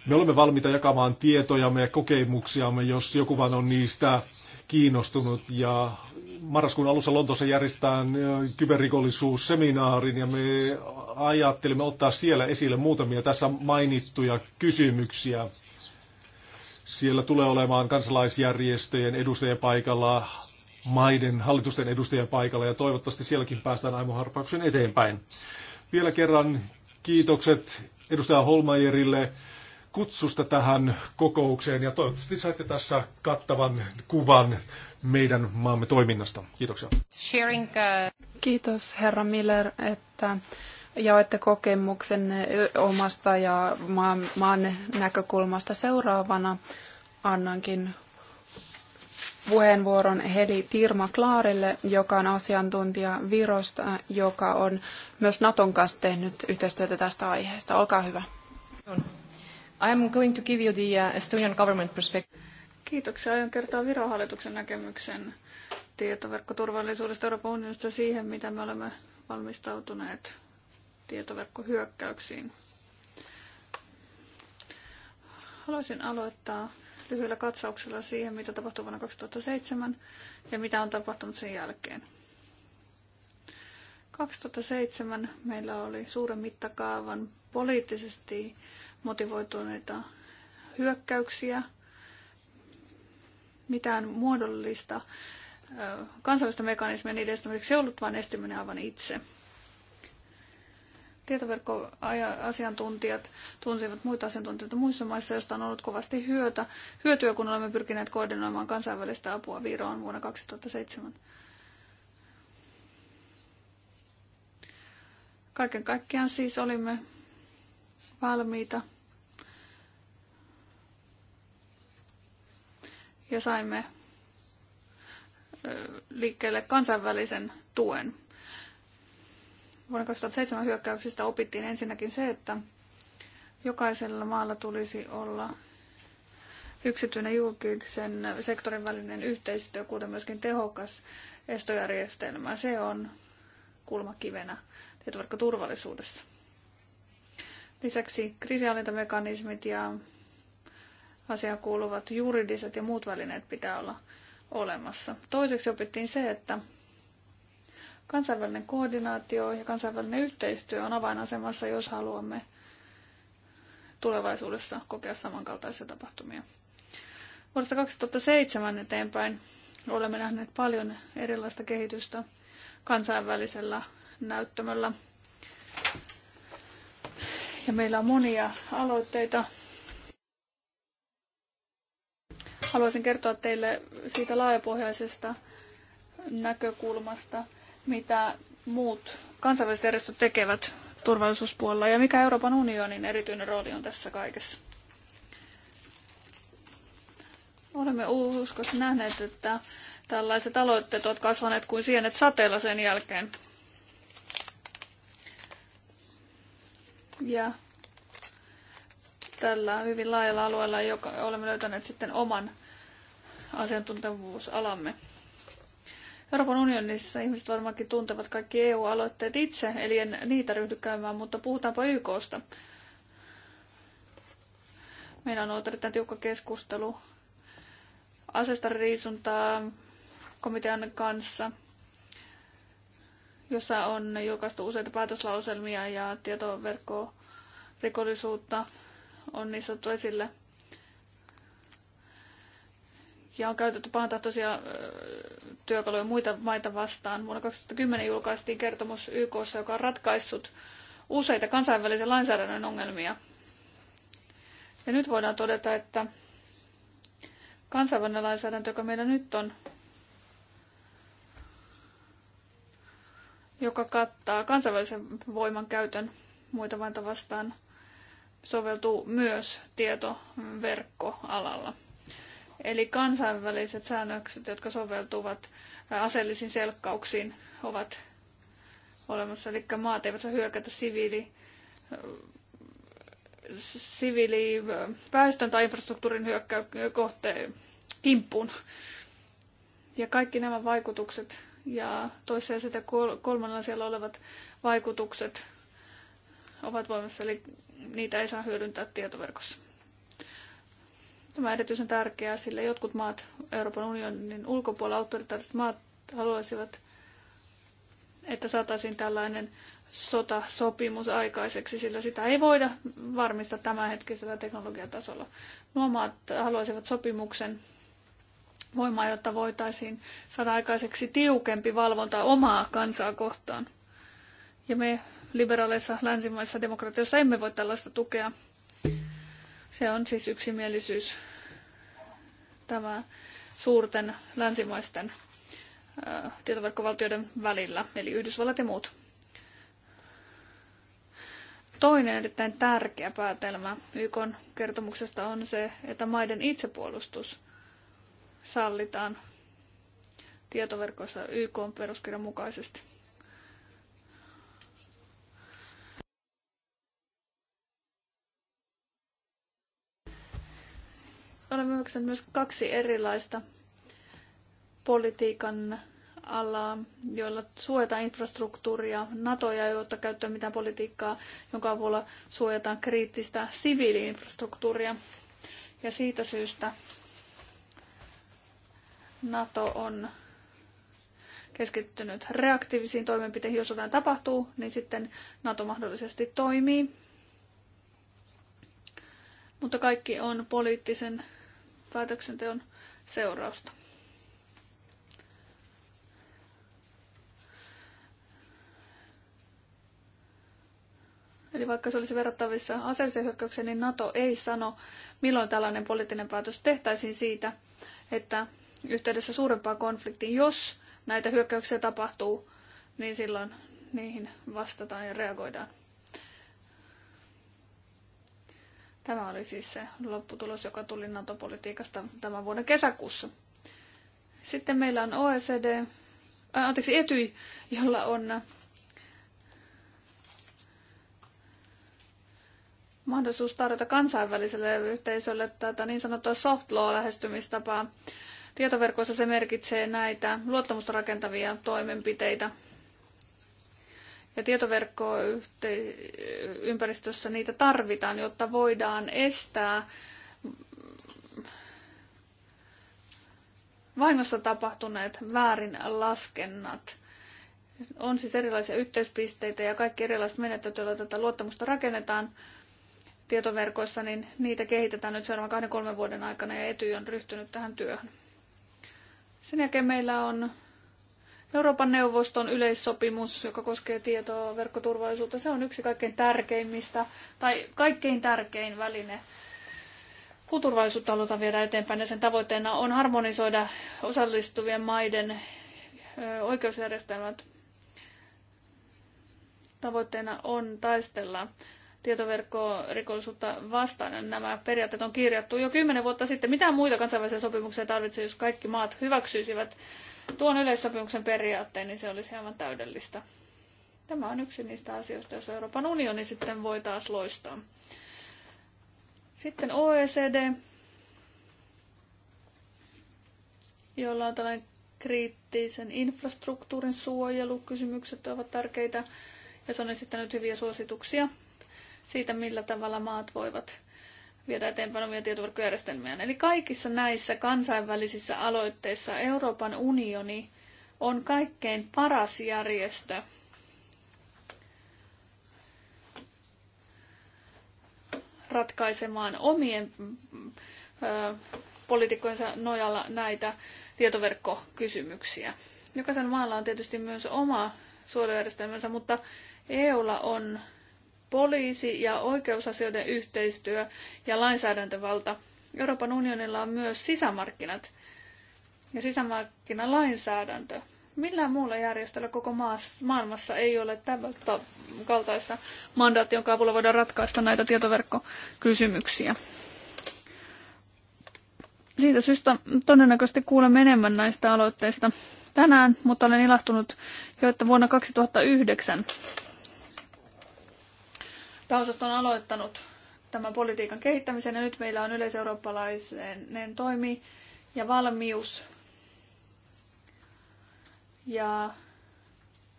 Me olemme valmiita jakamaan tietoja ja kokemuksiamme, jos joku vaan on niistä kiinnostunut ja marraskuun alussa Lontoossa järjestetään kyberrikollisuusseminaarin ja me ajattelimme ottaa siellä esille muutamia tässä mainittuja kysymyksiä. Siellä tulee olemaan kansalaisjärjestöjen edustajia paikalla, maiden hallitusten edustajia paikalla ja toivottavasti sielläkin päästään aimoharpauksen eteenpäin. Vielä kerran kiitokset edustaja Holmajerille kutsusta tähän kokoukseen ja toivottavasti saitte tässä kattavan kuvan meidän maamme toiminnasta. Kiitoksia. Uh, Kiitos herra Miller, että jaoitte kokemuksen omasta ja maan, maan näkökulmasta seuraavana. Annankin puheenvuoron Heli Tirma Klaarille, joka on asiantuntija Virosta, joka on myös Naton kanssa tehnyt yhteistyötä tästä aiheesta. Olkaa hyvä going to give you the uh, Estonian government perspective. Kiitoksia. Aion kertoa Viron hallituksen näkemyksen tietoverkkoturvallisuudesta Euroopan unionista siihen, mitä me olemme valmistautuneet tietoverkkohyökkäyksiin. Haluaisin aloittaa lyhyellä katsauksella siihen, mitä tapahtui vuonna 2007 ja mitä on tapahtunut sen jälkeen. 2007 meillä oli suuren mittakaavan poliittisesti motivoituneita hyökkäyksiä, mitään muodollista kansallista mekanismia niiden estämiseksi ei ollut, vaan estäminen aivan itse. Tietoverkkoasiantuntijat tunsivat muita asiantuntijoita muissa maissa, joista on ollut kovasti hyötä, hyötyä, kun olemme pyrkineet koordinoimaan kansainvälistä apua Viroon vuonna 2007. Kaiken kaikkiaan siis olimme valmiita. Ja saimme liikkeelle kansainvälisen tuen. Vuonna 2007 hyökkäyksistä opittiin ensinnäkin se, että jokaisella maalla tulisi olla yksityinen julkisen sektorin välinen yhteistyö, kuten myöskin tehokas estojärjestelmä. Se on kulmakivenä tietoverkkoturvallisuudessa. turvallisuudessa. Lisäksi kriisihallintamekanismit ja asiaan kuuluvat juridiset ja muut välineet pitää olla olemassa. Toiseksi opittiin se, että kansainvälinen koordinaatio ja kansainvälinen yhteistyö on avainasemassa, jos haluamme tulevaisuudessa kokea samankaltaisia tapahtumia. Vuodesta 2007 eteenpäin olemme nähneet paljon erilaista kehitystä kansainvälisellä näyttämöllä ja meillä on monia aloitteita. Haluaisin kertoa teille siitä laajapohjaisesta näkökulmasta, mitä muut kansainväliset järjestöt tekevät turvallisuuspuolella ja mikä Euroopan unionin erityinen rooli on tässä kaikessa. Olemme uskossa nähneet, että tällaiset aloitteet ovat kasvaneet kuin sienet sateella sen jälkeen, Ja tällä hyvin laajalla alueella joka, olemme löytäneet sitten oman asiantuntevuusalamme. Euroopan unionissa ihmiset varmaankin tuntevat kaikki EU-aloitteet itse, eli en niitä ryhdy käymään, mutta puhutaanpa YKsta. Meillä on ollut erittäin tiukka keskustelu asestariisuntaa komitean kanssa – jossa on julkaistu useita päätöslauselmia ja tietoverkkoa rikollisuutta on niissä otettu esille. Ja on käytetty pahantahtoisia työkaluja muita maita vastaan. Vuonna 2010 julkaistiin kertomus YK, joka on ratkaissut useita kansainvälisen lainsäädännön ongelmia. Ja nyt voidaan todeta, että kansainvälinen lainsäädäntö, joka meillä nyt on, joka kattaa kansainvälisen voiman käytön muita maita vastaan, soveltuu myös tietoverkkoalalla. Eli kansainväliset säännökset, jotka soveltuvat aseellisiin selkkauksiin, ovat olemassa. Eli maat eivät saa hyökätä siviili, väestön tai infrastruktuurin hyökkäy kohteen kimppuun. Ja kaikki nämä vaikutukset ja toisaalta sitä sitä kolmannella siellä olevat vaikutukset ovat voimassa, eli niitä ei saa hyödyntää tietoverkossa. Tämä on erityisen tärkeää, sillä jotkut maat Euroopan unionin ulkopuolella, autoritaariset maat, haluaisivat, että saataisiin tällainen sotasopimus aikaiseksi, sillä sitä ei voida varmistaa tämänhetkisellä teknologiatasolla. Nuo maat haluaisivat sopimuksen, voimaa, jotta voitaisiin saada aikaiseksi tiukempi valvonta omaa kansaa kohtaan. Ja me liberaaleissa länsimaissa demokratioissa emme voi tällaista tukea. Se on siis yksimielisyys tämä suurten länsimaisten ää, äh, tietoverkkovaltioiden välillä, eli Yhdysvallat ja muut. Toinen erittäin tärkeä päätelmä YK kertomuksesta on se, että maiden itsepuolustus – sallitaan tietoverkoissa YK peruskirjan mukaisesti. Olemme hyväksyneet myös kaksi erilaista politiikan alaa, joilla suojataan infrastruktuuria. NATO ei ota käyttöön mitään politiikkaa, jonka avulla suojataan kriittistä siviiliinfrastruktuuria. Ja siitä syystä NATO on keskittynyt reaktiivisiin toimenpiteihin, jos jotain tapahtuu, niin sitten NATO mahdollisesti toimii. Mutta kaikki on poliittisen päätöksenteon seurausta. Eli vaikka se olisi verrattavissa aseelliseen hyökkäykseen, niin NATO ei sano, milloin tällainen poliittinen päätös tehtäisiin siitä, että yhteydessä suurempaan konfliktiin. Jos näitä hyökkäyksiä tapahtuu, niin silloin niihin vastataan ja reagoidaan. Tämä oli siis se lopputulos, joka tuli NATO-politiikasta tämän vuoden kesäkuussa. Sitten meillä on OECD, äh, anteeksi Ety, jolla on mahdollisuus tarjota kansainväliselle yhteisölle tätä niin sanottua soft law-lähestymistapaa Tietoverkoissa se merkitsee näitä luottamusta rakentavia toimenpiteitä. Ja tietoverkkoympäristössä niitä tarvitaan, jotta voidaan estää vahingossa tapahtuneet väärin laskennat. On siis erilaisia yhteyspisteitä ja kaikki erilaiset menettelyt, joilla tätä luottamusta rakennetaan tietoverkoissa, niin niitä kehitetään nyt seuraavan kahden kolmen vuoden aikana ja Etyj on ryhtynyt tähän työhön. Sen jälkeen meillä on Euroopan neuvoston yleissopimus, joka koskee tietoa verkkoturvallisuutta. Se on yksi kaikkein tärkeimmistä tai kaikkein tärkein väline kun turvallisuutta halutaan viedä eteenpäin ja sen tavoitteena on harmonisoida osallistuvien maiden oikeusjärjestelmät. Tavoitteena on taistella tietoverkkorikollisuutta vastaan. Nämä periaatteet on kirjattu jo kymmenen vuotta sitten. Mitä muita kansainvälisiä sopimuksia tarvitsee, jos kaikki maat hyväksyisivät tuon yleissopimuksen periaatteen, niin se olisi aivan täydellistä. Tämä on yksi niistä asioista, jos Euroopan unioni sitten voi taas loistaa. Sitten OECD, jolla on tällainen kriittisen infrastruktuurin suojelukysymykset ovat tärkeitä ja se on esittänyt hyviä suosituksia siitä, millä tavalla maat voivat viedä eteenpäin omia tietoverkkojärjestelmiään. Eli kaikissa näissä kansainvälisissä aloitteissa Euroopan unioni on kaikkein paras järjestö ratkaisemaan omien ö, poliitikkojensa nojalla näitä tietoverkkokysymyksiä. Jokaisen maalla on tietysti myös oma suojelujärjestelmänsä, mutta EUlla on poliisi- ja oikeusasioiden yhteistyö ja lainsäädäntövalta. Euroopan unionilla on myös sisämarkkinat ja sisämarkkinalainsäädäntö. Millään muulla järjestöllä koko maailmassa ei ole tämän kaltaista mandaattia, jonka avulla voidaan ratkaista näitä tietoverkkokysymyksiä. Siitä syystä todennäköisesti kuulemme enemmän näistä aloitteista tänään, mutta olen ilahtunut jo, että vuonna 2009 pääosasto on aloittanut tämän politiikan kehittämisen ja nyt meillä on yleiseurooppalainen toimi ja valmius. Ja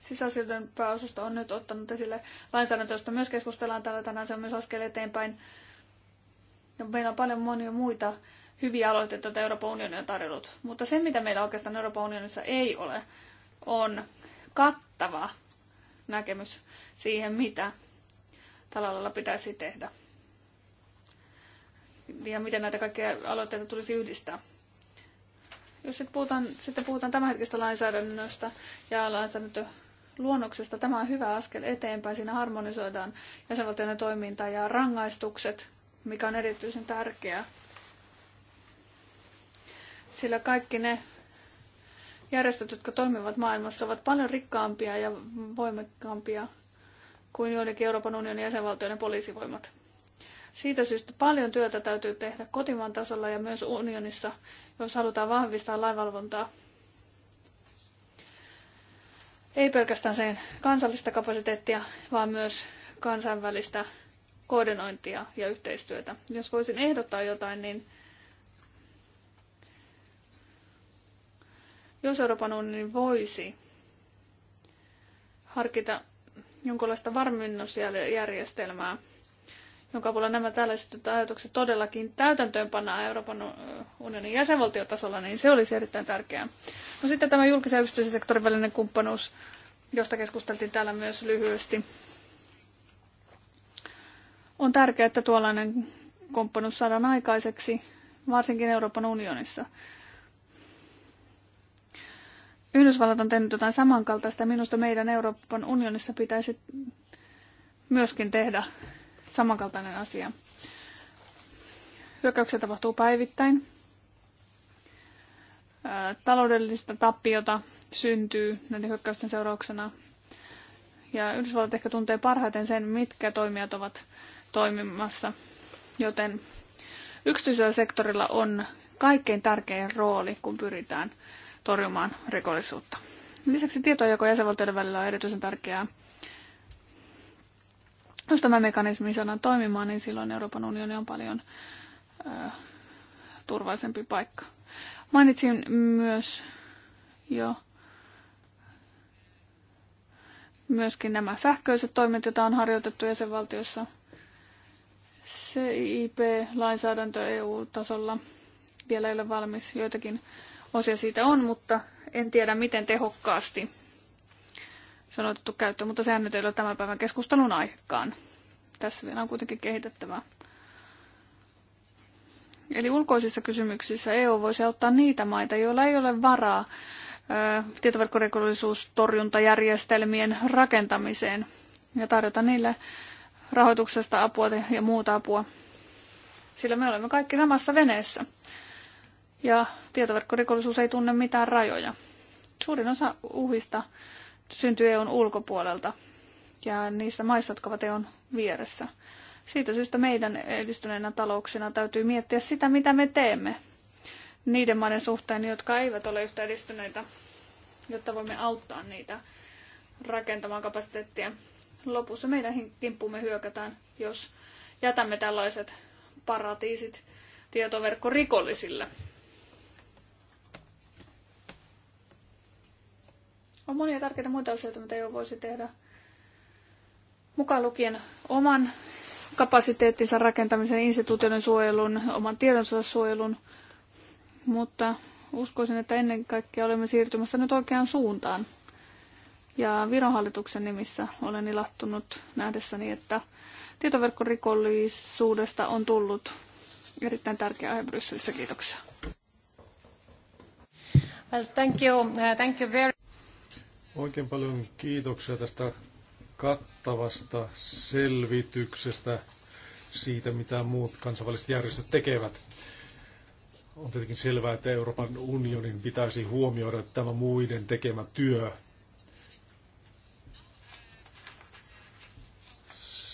sisäasioiden pääosasto on nyt ottanut esille lainsäädäntö, josta myös keskustellaan täällä tänään. Se on myös askel eteenpäin. Ja meillä on paljon monia muita hyviä aloitteita, joita Euroopan unioni on tarjollut. Mutta se, mitä meillä oikeastaan Euroopan unionissa ei ole, on kattava näkemys siihen, mitä tällä pitäisi tehdä. Ja miten näitä kaikkia aloitteita tulisi yhdistää. Jos sitten puhutaan, sitten puhutaan tämänhetkisestä lainsäädännöstä ja luonnoksesta. tämä on hyvä askel eteenpäin. Siinä harmonisoidaan jäsenvaltioiden toiminta ja rangaistukset, mikä on erityisen tärkeää. Sillä kaikki ne järjestöt, jotka toimivat maailmassa, ovat paljon rikkaampia ja voimakkaampia kuin joidenkin Euroopan unionin jäsenvaltioiden poliisivoimat. Siitä syystä paljon työtä täytyy tehdä kotimaan tasolla ja myös unionissa, jos halutaan vahvistaa lainvalvontaa. Ei pelkästään sen kansallista kapasiteettia, vaan myös kansainvälistä koordinointia ja yhteistyötä. Jos voisin ehdottaa jotain, niin jos Euroopan unioni voisi harkita jonkinlaista varmennusjärjestelmää, jonka avulla nämä tällaiset ajatukset todellakin täytäntöönpannaan Euroopan unionin jäsenvaltiotasolla, niin se olisi erittäin tärkeää. No sitten tämä julkisen ja yksityisen sektorin välinen kumppanuus, josta keskusteltiin täällä myös lyhyesti. On tärkeää, että tuollainen kumppanuus saadaan aikaiseksi, varsinkin Euroopan unionissa. Yhdysvallat on tehnyt jotain samankaltaista. Minusta meidän Euroopan unionissa pitäisi myöskin tehdä samankaltainen asia. Hyökkäyksiä tapahtuu päivittäin. Taloudellista tappiota syntyy näiden hyökkäysten seurauksena. Ja Yhdysvallat ehkä tuntee parhaiten sen, mitkä toimijat ovat toimimassa. Joten yksityisellä sektorilla on kaikkein tärkein rooli, kun pyritään torjumaan rikollisuutta. Lisäksi tietojako jäsenvaltioiden välillä on erityisen tärkeää. Jos tämä mekanismi saadaan toimimaan, niin silloin Euroopan unioni on paljon ö, turvallisempi paikka. Mainitsin myös jo myöskin nämä sähköiset toimet, joita on harjoitettu jäsenvaltiossa – CIP-lainsäädäntö EU-tasolla vielä ei ole valmis. Joitakin Osia siitä on, mutta en tiedä miten tehokkaasti se on otettu käyttöön, mutta sehän nyt ei ole tämän päivän keskustelun aikaan. Tässä vielä on kuitenkin kehitettävää. Eli ulkoisissa kysymyksissä EU voisi auttaa niitä maita, joilla ei ole varaa tietoverkkorikollisuustorjuntajärjestelmien rakentamiseen ja tarjota niille rahoituksesta apua ja muuta apua. Sillä me olemme kaikki samassa veneessä ja tietoverkkorikollisuus ei tunne mitään rajoja. Suurin osa uhista syntyy EUn ulkopuolelta ja niissä maissa, jotka ovat EUn vieressä. Siitä syystä meidän edistyneenä talouksina täytyy miettiä sitä, mitä me teemme niiden maiden suhteen, jotka eivät ole yhtä edistyneitä, jotta voimme auttaa niitä rakentamaan kapasiteettia. Lopussa meidän kimppumme hyökätään, jos jätämme tällaiset paratiisit tietoverkkorikollisille. rikollisille. On monia tärkeitä muita asioita, mitä jo voisi tehdä, mukaan lukien oman kapasiteettinsa rakentamisen, instituutioiden suojelun, oman tiedonsa suojelun, mutta uskoisin, että ennen kaikkea olemme siirtymässä nyt oikeaan suuntaan. Ja Viron nimissä olen ilahtunut nähdessäni, että tietoverkkorikollisuudesta on tullut erittäin tärkeä aihe Brysselissä. Kiitoksia. Well, thank you. Uh, thank you very... Oikein paljon kiitoksia tästä kattavasta selvityksestä siitä, mitä muut kansainväliset järjestöt tekevät. On tietenkin selvää, että Euroopan unionin pitäisi huomioida tämä muiden tekemä työ.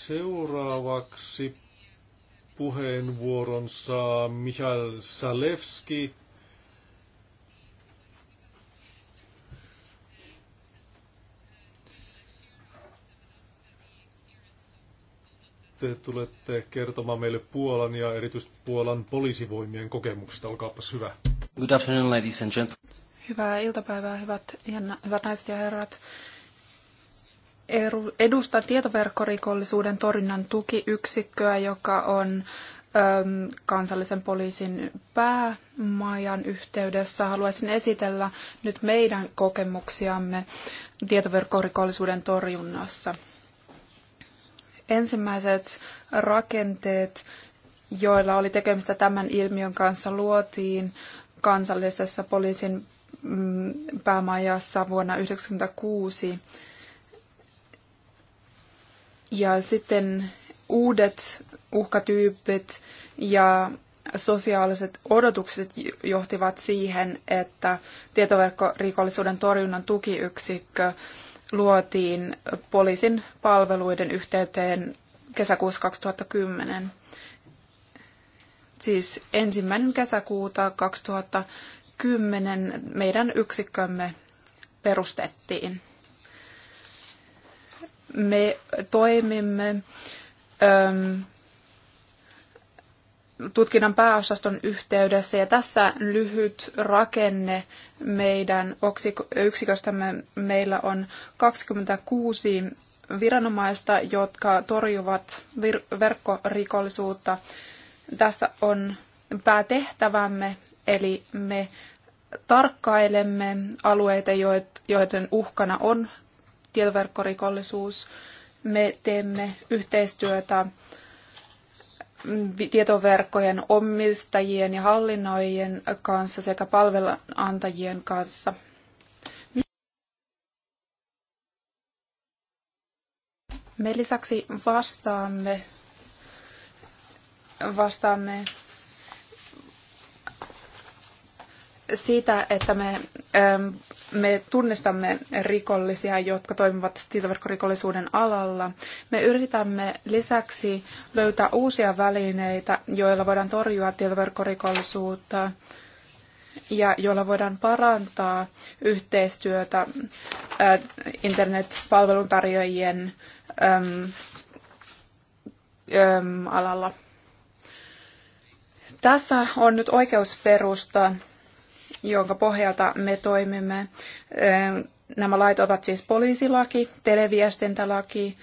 Seuraavaksi puheenvuoron saa Mihail Salevski te tulette kertomaan meille Puolan ja erityisesti Puolan poliisivoimien kokemuksista. Olkaapas hyvä. Good afternoon, ladies and gentlemen. Hyvää iltapäivää, hyvät, hyvät naiset ja herrat. Edustan tietoverkkorikollisuuden torjunnan tukiyksikköä, joka on kansallisen poliisin päämajan yhteydessä haluaisin esitellä nyt meidän kokemuksiamme tietoverkkorikollisuuden torjunnassa. Ensimmäiset rakenteet, joilla oli tekemistä tämän ilmiön kanssa, luotiin kansallisessa poliisin mm, päämajassa vuonna 1996. Ja sitten uudet uhkatyypit ja sosiaaliset odotukset johtivat siihen, että tietoverkkorikollisuuden torjunnan tukiyksikkö luotiin poliisin palveluiden yhteyteen kesäkuussa 2010. Siis ensimmäinen kesäkuuta 2010 meidän yksikkömme perustettiin. Me toimimme tutkinnan pääosaston yhteydessä. Ja tässä lyhyt rakenne meidän yksiköstämme. Meillä on 26 viranomaista, jotka torjuvat vir- verkkorikollisuutta. Tässä on päätehtävämme, eli me tarkkailemme alueita, joiden uhkana on tietoverkkorikollisuus. Me teemme yhteistyötä tietoverkkojen omistajien ja hallinnoijien kanssa sekä palvelunantajien kanssa. Me lisäksi vastaamme, vastaamme siitä, että me, ähm, me tunnistamme rikollisia, jotka toimivat tietoverkkorikollisuuden alalla. Me yritämme lisäksi löytää uusia välineitä, joilla voidaan torjua tietoverkkorikollisuutta ja joilla voidaan parantaa yhteistyötä äh, internetpalveluntarjoajien ähm, ähm, alalla. Tässä on nyt oikeusperusta jonka pohjalta me toimimme. Nämä lait ovat siis poliisilaki, televiestintälaki,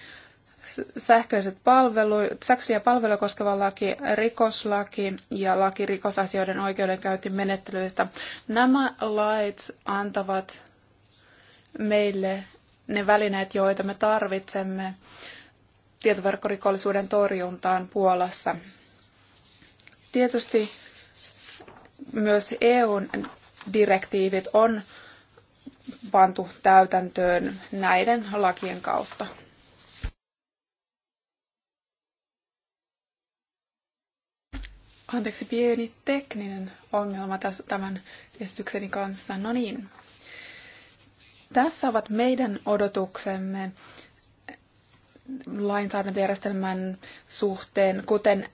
sähköiset palvelu, sähköisiä palveluja koskeva laki, rikoslaki ja laki rikosasioiden oikeudenkäyntimenettelyistä. Nämä lait antavat meille ne välineet, joita me tarvitsemme tietoverkkorikollisuuden torjuntaan Puolassa. Tietysti myös EUn direktiivit on pantu täytäntöön näiden lakien kautta. Anteeksi, pieni tekninen ongelma tämän esitykseni kanssa. No niin. Tässä ovat meidän odotuksemme lainsäädäntöjärjestelmän suhteen. Kuten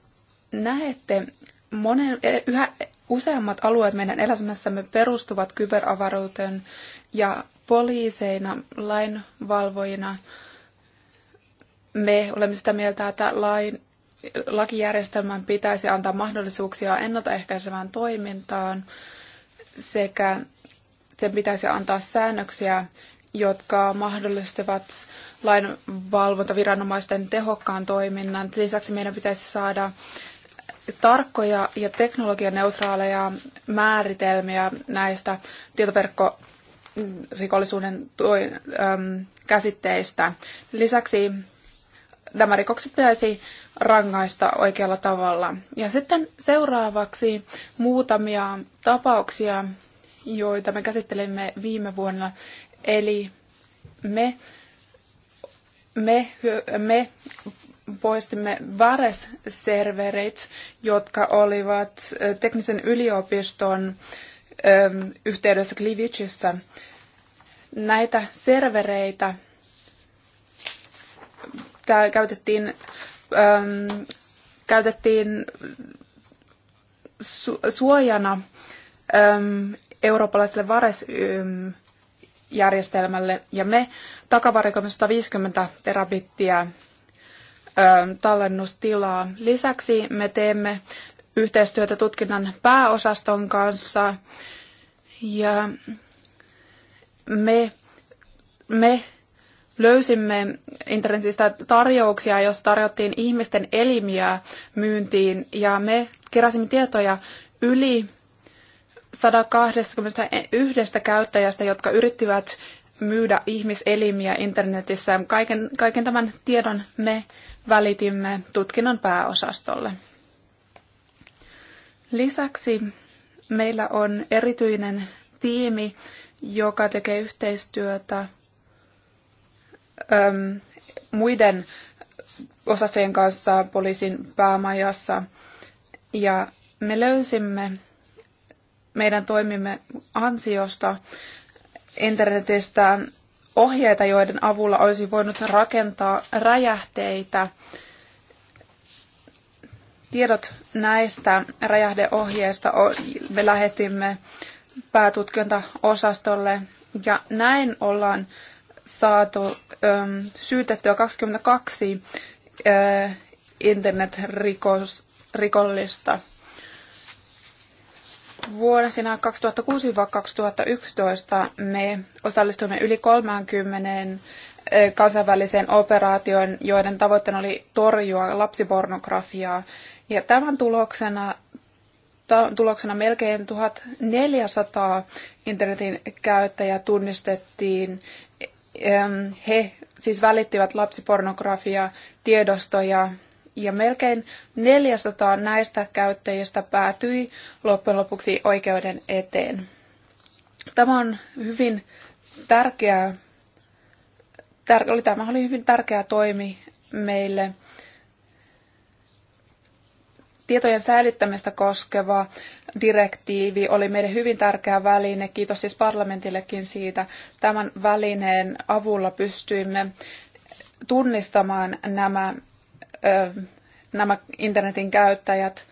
näette, monen, e, yhä Useimmat alueet meidän elämässämme perustuvat kyberavaruuteen ja poliiseina, lainvalvojina me olemme sitä mieltä, että lain, lakijärjestelmän pitäisi antaa mahdollisuuksia ennaltaehkäisevään toimintaan sekä sen pitäisi antaa säännöksiä, jotka mahdollistavat lainvalvontaviranomaisten tehokkaan toiminnan. Lisäksi meidän pitäisi saada tarkkoja ja teknologianeutraaleja määritelmiä näistä tietoverkkorikollisuuden käsitteistä. Lisäksi nämä rikokset pitäisi rangaista oikealla tavalla. Ja sitten seuraavaksi muutamia tapauksia, joita me käsittelimme viime vuonna. Eli me, me, me poistimme VARES-serverit, jotka olivat teknisen yliopiston yhteydessä Klivicissä. Näitä servereitä käytettiin, käytettiin su- suojana äm, eurooppalaiselle VARES-järjestelmälle, ja me takavarikoimme 150 terabittiä tallennustilaa. Lisäksi me teemme yhteistyötä tutkinnan pääosaston kanssa ja me, me löysimme internetistä tarjouksia, jos tarjottiin ihmisten elimiä myyntiin ja me keräsimme tietoja yli 121 käyttäjästä, jotka yrittivät myydä ihmiselimiä internetissä. Kaiken, kaiken tämän tiedon me välitimme tutkinnon pääosastolle. Lisäksi meillä on erityinen tiimi, joka tekee yhteistyötä äm, muiden osastojen kanssa poliisin päämajassa. Ja me löysimme meidän toimimme ansiosta internetistä ohjeita, joiden avulla olisi voinut rakentaa räjähteitä. Tiedot näistä räjähdeohjeista me lähetimme päätutkintaosastolle ja näin ollaan saatu äm, syytettyä 22 ä, internetrikollista. Vuosina 2006-2011 me osallistuimme yli 30 eh, kansainväliseen operaatioon, joiden tavoitteena oli torjua lapsipornografiaa. Ja tämän tuloksena, tuloksena melkein 1400 internetin käyttäjää tunnistettiin. He siis välittivät lapsipornografiaa tiedostoja ja melkein 400 näistä käyttäjistä päätyi loppujen lopuksi oikeuden eteen. Tämä on hyvin tärkeää, tär, oli, tämä oli hyvin tärkeä toimi meille. Tietojen säilyttämistä koskeva direktiivi oli meille hyvin tärkeä väline. Kiitos siis parlamentillekin siitä. Tämän välineen avulla pystyimme tunnistamaan nämä nämä internetin käyttäjät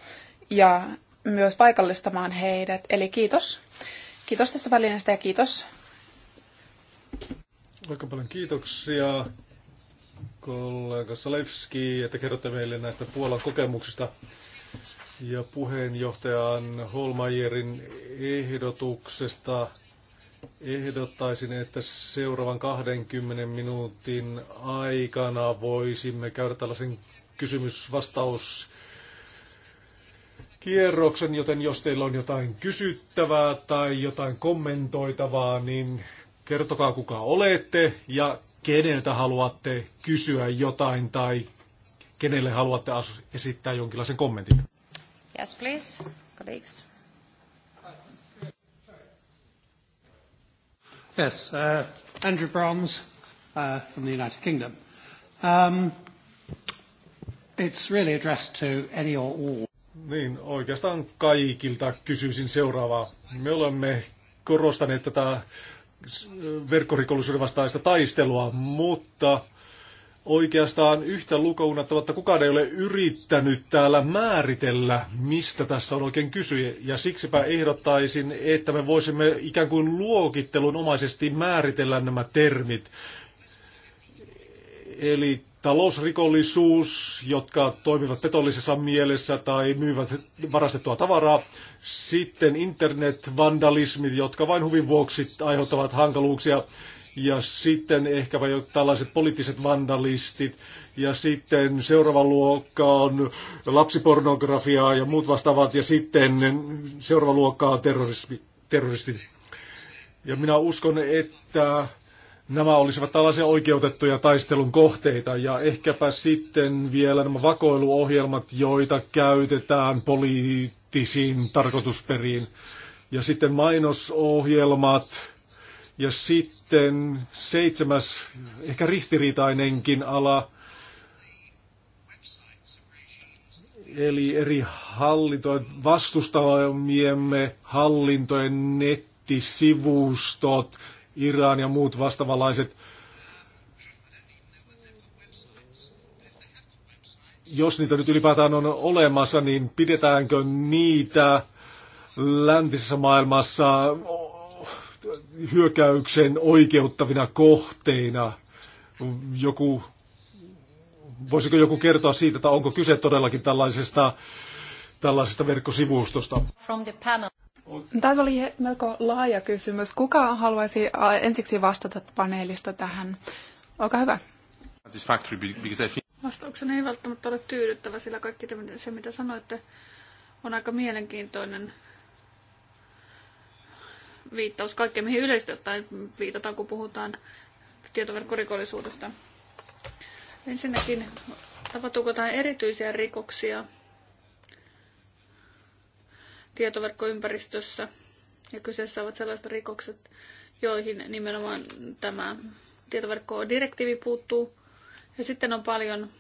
ja myös paikallistamaan heidät. Eli kiitos. Kiitos tästä välineestä ja kiitos. Oikein paljon kiitoksia kollega Salevski, että kerrotte meille näistä Puolan kokemuksista ja puheenjohtajan Holmajerin ehdotuksesta ehdottaisin, että seuraavan 20 minuutin aikana voisimme käydä tällaisen kysymysvastaus kierroksen, joten jos teillä on jotain kysyttävää tai jotain kommentoitavaa, niin kertokaa kuka olette ja keneltä haluatte kysyä jotain tai kenelle haluatte esittää jonkinlaisen kommentin. Yes, please, colleagues. Yes, uh, Andrew Brons uh, from the United Kingdom. Um, it's really addressed to any or all. Niin, oikeastaan kaikilta kysyisin seuraavaa. Me olemme korostaneet tätä verkkorikollisuuden vastaista taistelua, mutta oikeastaan yhtä että kukaan ei ole yrittänyt täällä määritellä, mistä tässä on oikein kysy. Ja siksipä ehdottaisin, että me voisimme ikään kuin luokittelunomaisesti määritellä nämä termit. Eli talousrikollisuus, jotka toimivat petollisessa mielessä tai myyvät varastettua tavaraa. Sitten internetvandalismit, jotka vain huvin vuoksi aiheuttavat hankaluuksia ja sitten ehkäpä jo tällaiset poliittiset vandalistit, ja sitten seuraava luokka on lapsipornografiaa ja muut vastaavat, ja sitten seuraava luokka on terrorismi, terroristit. Ja minä uskon, että nämä olisivat tällaisia oikeutettuja taistelun kohteita, ja ehkäpä sitten vielä nämä vakoiluohjelmat, joita käytetään poliittisiin tarkoitusperiin. Ja sitten mainosohjelmat, ja sitten seitsemäs, ehkä ristiriitainenkin ala, eli eri hallintojen vastustamiemme hallintojen nettisivustot, Iran ja muut vastavalaiset, Jos niitä nyt ylipäätään on olemassa, niin pidetäänkö niitä läntisessä maailmassa hyökkäyksen oikeuttavina kohteina. Joku, voisiko joku kertoa siitä, että onko kyse todellakin tällaisesta, tällaisesta verkkosivustosta? Tämä oli melko laaja kysymys. Kuka haluaisi ensiksi vastata paneelista tähän? Olkaa hyvä. Vastaukseni ei välttämättä ole tyydyttävä, sillä kaikki se, mitä sanoitte, on aika mielenkiintoinen viittaus kaikkeen, mihin yleisesti ottaen viitataan, kun puhutaan tietoverkkorikollisuudesta. Ensinnäkin, tapahtuuko jotain erityisiä rikoksia tietoverkkoympäristössä? Ja kyseessä ovat sellaiset rikokset, joihin nimenomaan tämä tietoverkkodirektiivi puuttuu. Ja sitten on paljon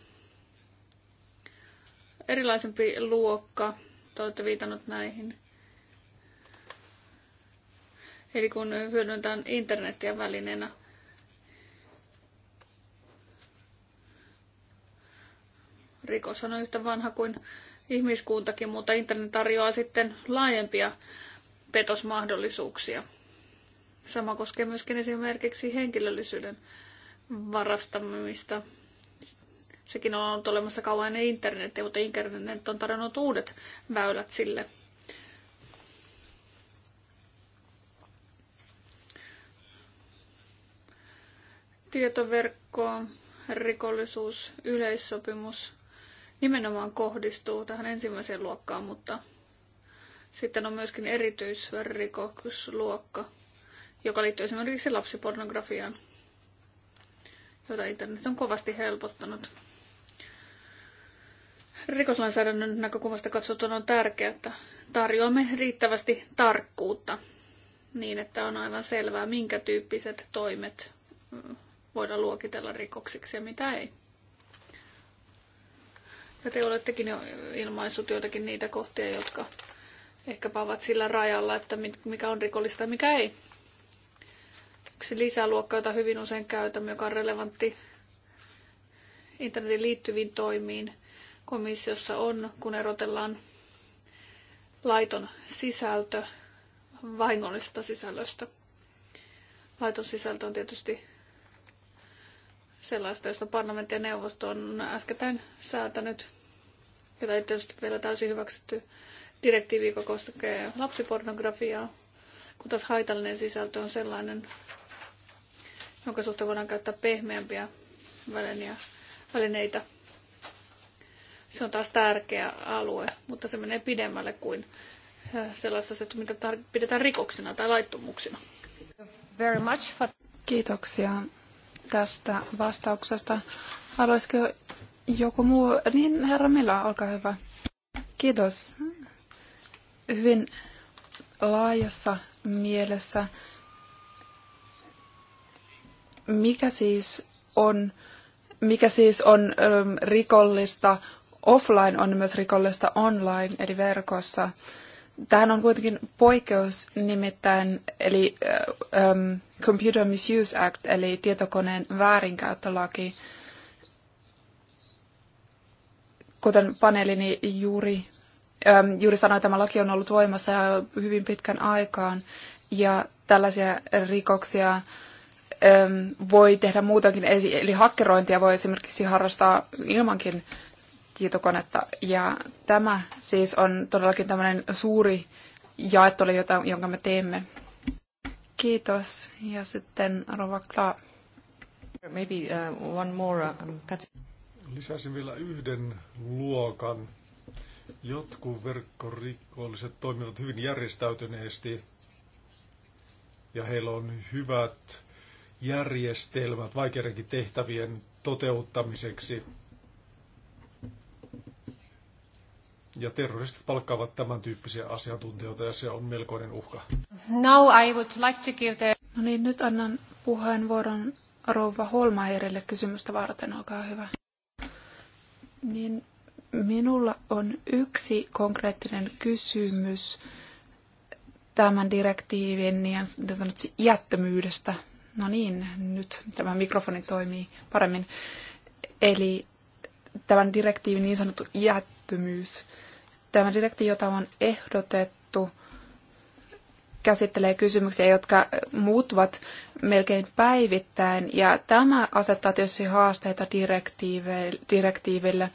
erilaisempi luokka, te olette viitannut näihin, Eli kun hyödynnetään internetiä välineenä. Rikos on yhtä vanha kuin ihmiskuntakin, mutta internet tarjoaa sitten laajempia petosmahdollisuuksia. Sama koskee myöskin esimerkiksi henkilöllisyyden varastamista. Sekin on ollut olemassa kauan ennen internetiä, mutta internet on tarjonnut uudet väylät sille. tietoverkkoa, rikollisuus, yleissopimus nimenomaan kohdistuu tähän ensimmäiseen luokkaan, mutta sitten on myöskin erityisrikoklusluokka, joka liittyy esimerkiksi lapsipornografiaan, jota internet on kovasti helpottanut. Rikoslainsäädännön näkökulmasta katsottuna on tärkeää, että tarjoamme riittävästi tarkkuutta niin, että on aivan selvää, minkä tyyppiset toimet voida luokitella rikoksiksi ja mitä ei. Ja te olettekin jo ilmaissut joitakin niitä kohtia, jotka ehkäpä ovat sillä rajalla, että mikä on rikollista ja mikä ei. Yksi lisäluokka, jota hyvin usein käytämme, joka on relevantti internetin liittyviin toimiin komissiossa on, kun erotellaan laiton sisältö vahingollisesta sisällöstä. Laiton sisältö on tietysti sellaista, josta parlamentti ja neuvosto on äskettäin säätänyt, jota ei tietysti vielä täysin hyväksytty direktiivi, joka koskee lapsipornografiaa, kun taas haitallinen sisältö on sellainen, jonka suhteen voidaan käyttää pehmeämpiä välineitä. Se on taas tärkeä alue, mutta se menee pidemmälle kuin äh, sellaista, mitä pidetään rikoksena tai laittomuuksina. Very much. Kiitoksia tästä vastauksesta. Haluaisiko joku muu? Niin, herra Mila, olkaa hyvä. Kiitos. Hyvin laajassa mielessä. Mikä siis on, mikä siis on rikollista offline on myös rikollista online, eli verkossa. Tähän on kuitenkin poikkeus nimittäin, eli um, Computer Misuse Act, eli tietokoneen väärinkäyttölaki. Kuten paneelini juuri, um, juuri sanoi, tämä laki on ollut voimassa jo hyvin pitkän aikaan, ja tällaisia rikoksia um, voi tehdä muutakin, eli hakkerointia voi esimerkiksi harrastaa ilmankin tietokonetta. Ja tämä siis on todellakin tämmöinen suuri jaettoli, jota, jonka me teemme. Kiitos. Ja sitten Rova Kla. Maybe uh, one more. Uh, um, cut. Lisäsin vielä yhden luokan. Jotkut verkkorikolliset toimivat hyvin järjestäytyneesti ja heillä on hyvät järjestelmät vaikeidenkin tehtävien toteuttamiseksi. Ja terroristit palkkaavat tämän tyyppisiä asiantuntijoita ja se on melkoinen uhka. Now I would like to give the... No niin, nyt annan puheenvuoron rouva Holmaherille kysymystä varten. Olkaa hyvä. Niin minulla on yksi konkreettinen kysymys tämän direktiivin niin sanotusti jättömyydestä. No niin, nyt tämä mikrofoni toimii paremmin. Eli tämän direktiivin niin sanottu jättömyys. Tämä direkti jota on ehdotettu, käsittelee kysymyksiä, jotka muuttuvat melkein päivittäin, ja tämä asettaa tietysti haasteita direktiiville.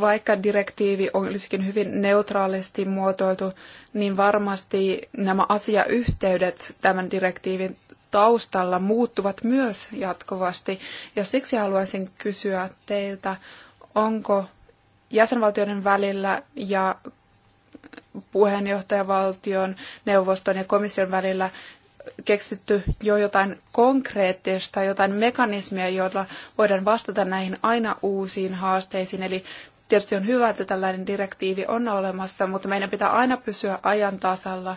Vaikka direktiivi olisikin hyvin neutraalisti muotoiltu, niin varmasti nämä asiayhteydet tämän direktiivin taustalla muuttuvat myös jatkuvasti. Ja siksi haluaisin kysyä teiltä, onko jäsenvaltioiden välillä ja puheenjohtajavaltion, neuvoston ja komission välillä keksitty jo jotain konkreettista, jotain mekanismia, jolla voidaan vastata näihin aina uusiin haasteisiin. Eli tietysti on hyvä, että tällainen direktiivi on olemassa, mutta meidän pitää aina pysyä ajan tasalla.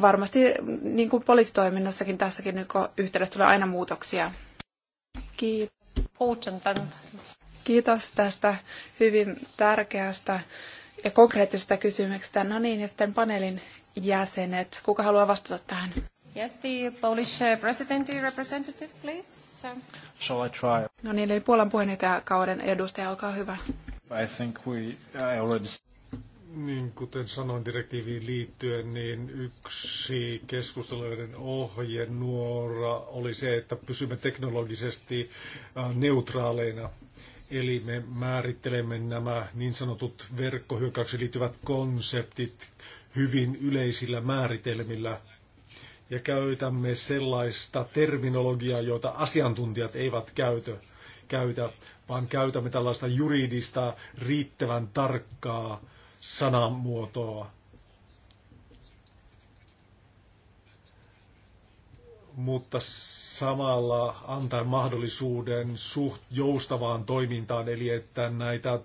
Varmasti niin kuin poliisitoiminnassakin tässäkin yhteydessä tulee aina muutoksia. Kiitos. Kiitos tästä hyvin tärkeästä ja konkreettisesta kysymyksestä. No niin, sitten paneelin jäsenet. Kuka haluaa vastata tähän? Yes, the Polish uh, presidency representative, please. Shall I try? No niin, eli Puolan puheenjohtajakauden edustaja, olkaa hyvä. I think we, I already... Niin kuten sanoin direktiiviin liittyen, niin yksi keskusteluiden nuora oli se, että pysymme teknologisesti äh, neutraaleina. Eli me määrittelemme nämä niin sanotut verkkohyökkäyksiin liittyvät konseptit hyvin yleisillä määritelmillä ja käytämme sellaista terminologiaa, jota asiantuntijat eivät käytö, käytä, vaan käytämme tällaista juridista riittävän tarkkaa sanamuotoa. mutta samalla antaa mahdollisuuden suht joustavaan toimintaan, eli että näitä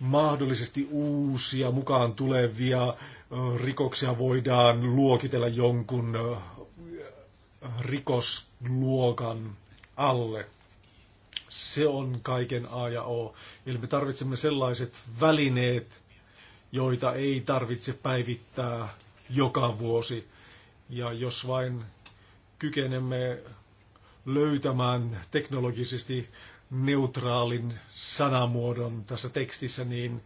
mahdollisesti uusia mukaan tulevia rikoksia voidaan luokitella jonkun rikosluokan alle. Se on kaiken A ja O. Eli me tarvitsemme sellaiset välineet, joita ei tarvitse päivittää joka vuosi. Ja jos vain kykenemme löytämään teknologisesti neutraalin sanamuodon tässä tekstissä, niin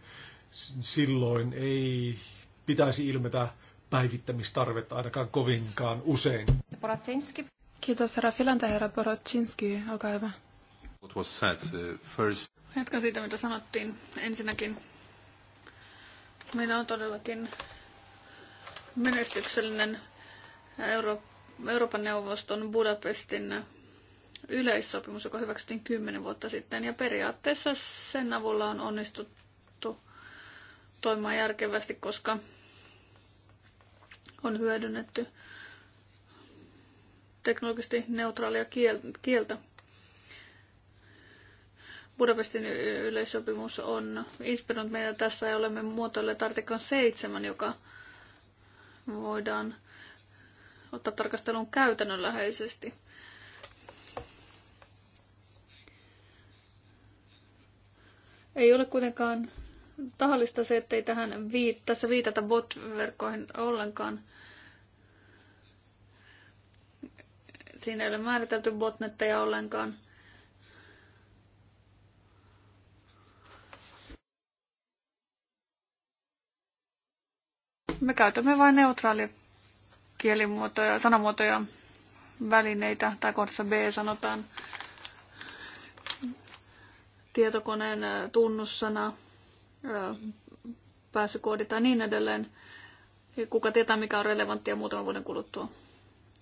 silloin ei pitäisi ilmetä päivittämistarvetta ainakaan kovinkaan usein. Boratinski. Kiitos, herra Filanta, herra Boratinski. Olkaa hyvä. What was said, uh, first... Jatkan siitä, mitä sanottiin. Ensinnäkin meillä on todellakin menestyksellinen Eurooppa Euroopan neuvoston Budapestin yleissopimus, joka hyväksyttiin kymmenen vuotta sitten, ja periaatteessa sen avulla on onnistuttu toimimaan järkevästi, koska on hyödynnetty teknologisesti neutraalia kieltä. Budapestin yleissopimus on inspiroinut meitä tässä ja olemme muotoilleet artiklan 7, joka voidaan ottaa tarkastelun käytännönläheisesti. Ei ole kuitenkaan tahallista se, ettei tähän vii- tässä viitata bot-verkkoihin ollenkaan. Siinä ei ole määritelty botnetteja ollenkaan. Me käytämme vain neutraalia kielimuotoja, sanamuotoja, välineitä, tai kohdassa B sanotaan tietokoneen tunnussana, pääsykoodi tai niin edelleen. Kuka tietää, mikä on relevanttia muutaman vuoden kuluttua.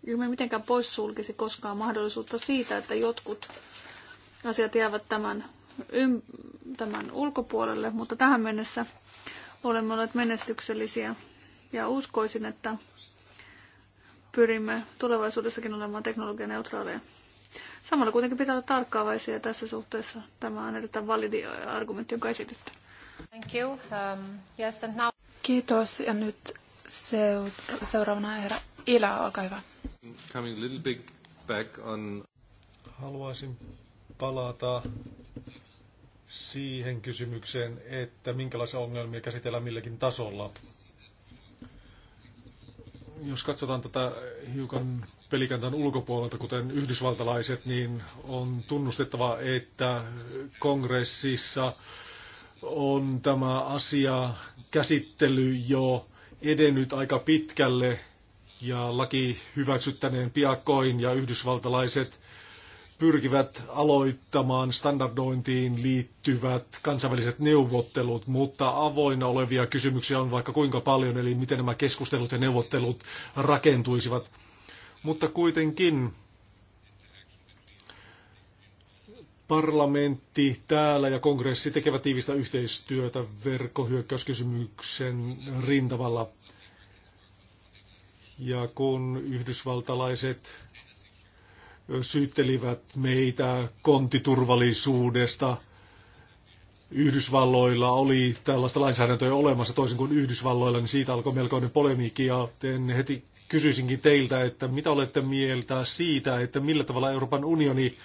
Emme mitenkään poissulkisi koskaan mahdollisuutta siitä, että jotkut asiat jäävät tämän, tämän ulkopuolelle, mutta tähän mennessä olemme olleet menestyksellisiä ja uskoisin, että pyrimme tulevaisuudessakin olemaan teknologianeutraaleja. Samalla kuitenkin pitää olla tarkkaavaisia tässä suhteessa. Tämä on erittäin validi argumentti, jonka esititte. Thank you. Um, yes and now... Kiitos. Ja nyt seuraavana herra Ila, olkaa hyvä. Coming a little bit back on... Haluaisin palata siihen kysymykseen, että minkälaisia ongelmia käsitellään milläkin tasolla jos katsotaan tätä hiukan pelikentän ulkopuolelta, kuten yhdysvaltalaiset, niin on tunnustettava, että kongressissa on tämä asia käsittely jo edennyt aika pitkälle ja laki hyväksyttäneen piakkoin ja yhdysvaltalaiset pyrkivät aloittamaan standardointiin liittyvät kansainväliset neuvottelut, mutta avoinna olevia kysymyksiä on vaikka kuinka paljon, eli miten nämä keskustelut ja neuvottelut rakentuisivat. Mutta kuitenkin parlamentti täällä ja kongressi tekevät tiivistä yhteistyötä verkkohyökkäyskysymyksen rintavalla. Ja kun yhdysvaltalaiset syyttelivät meitä kontiturvallisuudesta. Yhdysvalloilla oli tällaista lainsäädäntöä olemassa toisin kuin Yhdysvalloilla, niin siitä alkoi melkoinen polemiikki ja heti kysyisinkin teiltä, että mitä olette mieltä siitä, että millä tavalla Euroopan unioni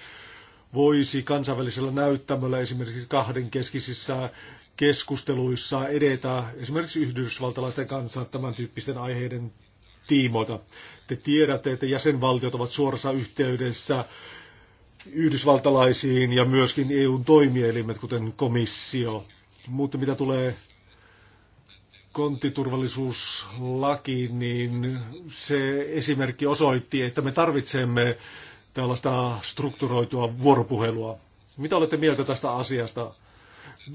voisi kansainvälisellä näyttämöllä esimerkiksi kahdenkeskisissä keskusteluissa edetä esimerkiksi yhdysvaltalaisten kanssa tämän tyyppisten aiheiden tiimoilta. Te tiedätte, että jäsenvaltiot ovat suorassa yhteydessä yhdysvaltalaisiin ja myöskin EUn toimielimet, kuten komissio. Mutta mitä tulee konttiturvallisuuslaki, niin se esimerkki osoitti, että me tarvitsemme tällaista strukturoitua vuoropuhelua. Mitä olette mieltä tästä asiasta?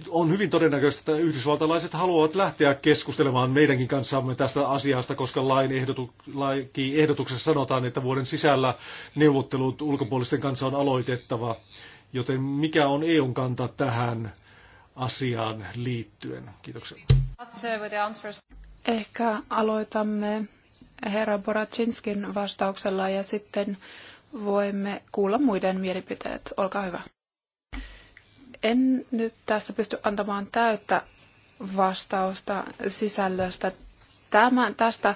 on hyvin todennäköistä, että yhdysvaltalaiset haluavat lähteä keskustelemaan meidänkin kanssamme tästä asiasta, koska lain ehdotu, ehdotuksessa sanotaan, että vuoden sisällä neuvottelut ulkopuolisten kanssa on aloitettava. Joten mikä on EUn kanta tähän asiaan liittyen? Kiitoksia. Ehkä aloitamme herra Boracinskin vastauksella ja sitten voimme kuulla muiden mielipiteet. Olkaa hyvä. En nyt tässä pysty antamaan täyttä vastausta sisällöstä. Tämä, tästä,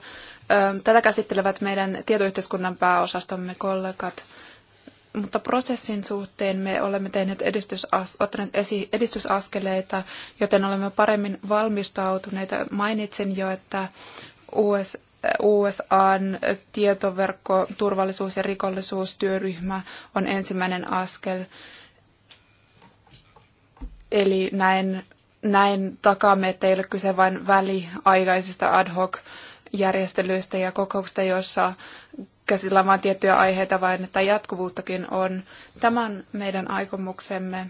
tätä käsittelevät meidän tietoyhteiskunnan pääosastomme kollegat. Mutta prosessin suhteen me olemme tehneet edistysas, ottaneet esi, edistysaskeleita, joten olemme paremmin valmistautuneita. Mainitsin jo, että US, USAn tietoverkko, turvallisuus ja rikollisuustyöryhmä on ensimmäinen askel Eli näin, näin takaamme, että ei ole kyse vain väliaikaisista ad hoc järjestelyistä ja kokouksista, joissa käsillä vain tiettyjä aiheita, vaan että jatkuvuuttakin on. Tämän meidän aikomuksemme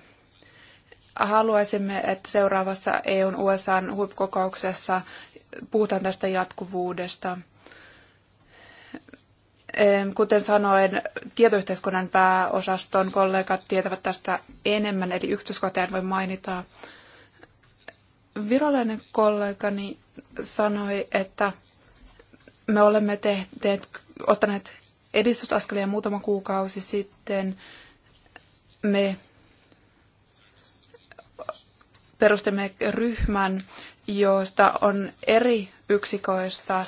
haluaisimme, että seuraavassa EUn USA huippukokouksessa puhutaan tästä jatkuvuudesta. Kuten sanoin, tietoyhteiskunnan pääosaston kollegat tietävät tästä enemmän, eli yksityiskohtia voi mainita. Virolainen kollegani sanoi, että me olemme tehneet, ottaneet edistysaskelia muutama kuukausi sitten. Me perustimme ryhmän, josta on eri yksiköistä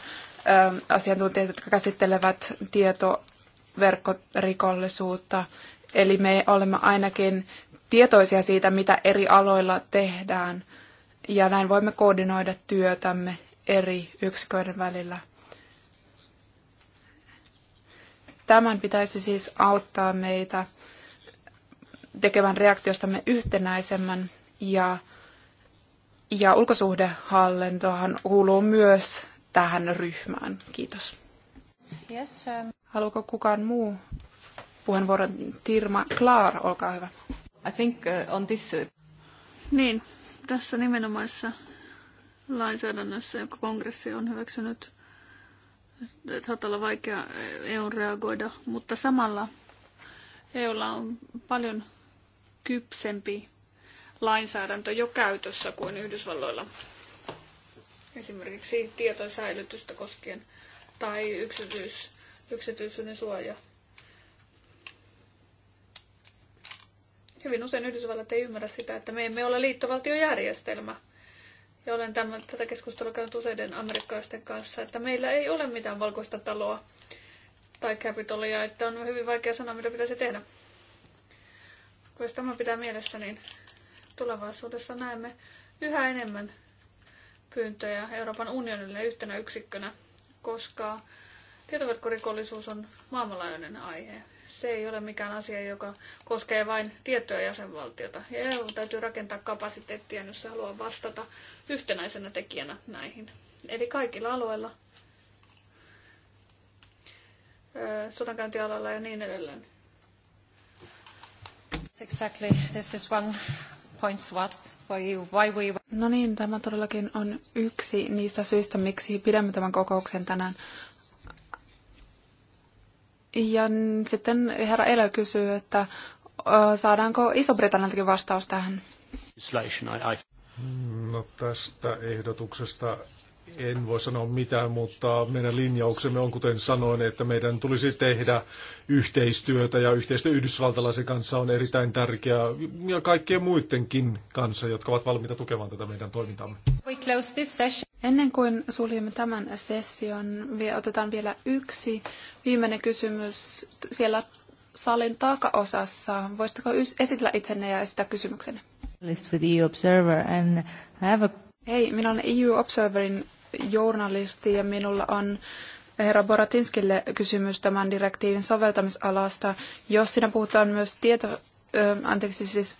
Ähm, asiantuntijat, jotka käsittelevät tietoverkkorikollisuutta. Eli me olemme ainakin tietoisia siitä, mitä eri aloilla tehdään, ja näin voimme koordinoida työtämme eri yksiköiden välillä. Tämän pitäisi siis auttaa meitä tekemään reaktiostamme yhtenäisemmän ja, ja ulkosuhdehallintohan kuuluu myös tähän ryhmään. Kiitos. Yes, um... Haluaako kukaan muu puheenvuoron? Tirma Klaar, olkaa hyvä. I think uh, on this... Uh, niin, tässä nimenomaisessa lainsäädännössä, jonka kongressi on hyväksynyt, saattaa olla vaikea eh, EUn reagoida, mutta samalla EUlla on paljon kypsempi lainsäädäntö jo käytössä kuin Yhdysvalloilla esimerkiksi tietojen säilytystä koskien tai yksityis, yksityisyyden suoja. Hyvin usein Yhdysvallat ei ymmärrä sitä, että me emme ole liittovaltiojärjestelmä. Ja olen tämän, tätä keskustelua käynyt useiden amerikkalaisten kanssa, että meillä ei ole mitään valkoista taloa tai capitolia, että on hyvin vaikea sanoa, mitä pitäisi tehdä. Kun jos tämä pitää mielessä, niin tulevaisuudessa näemme yhä enemmän pyyntöjä Euroopan unionille yhtenä yksikkönä, koska tietoverkkorikollisuus on maailmanlaajuinen aihe. Se ei ole mikään asia, joka koskee vain tiettyä jäsenvaltiota. Ja EU täytyy rakentaa kapasiteettia, jos se haluaa vastata yhtenäisenä tekijänä näihin. Eli kaikilla alueilla, sodankäyntialalla ja niin edelleen. Exactly. This is one point what why we No niin, tämä todellakin on yksi niistä syistä, miksi pidämme tämän kokouksen tänään. Ja sitten herra Elä kysyy, että saadaanko iso britanniltakin vastaus tähän? No tästä ehdotuksesta en voi sanoa mitään, mutta meidän linjauksemme on, kuten sanoin, että meidän tulisi tehdä yhteistyötä ja yhteistyö yhdysvaltalaisen kanssa on erittäin tärkeää ja kaikkien muidenkin kanssa, jotka ovat valmiita tukemaan tätä meidän toimintaamme. Ennen kuin suljemme tämän session, otetaan vielä yksi viimeinen kysymys siellä salin taakaosassa. Voisitteko esitellä itsenne ja esittää kysymyksenne? E Hei, minä olen EU Observerin journalisti ja minulla on herra Boratinskille kysymys tämän direktiivin soveltamisalasta. Jos siinä puhutaan myös tieto, anteeksi siis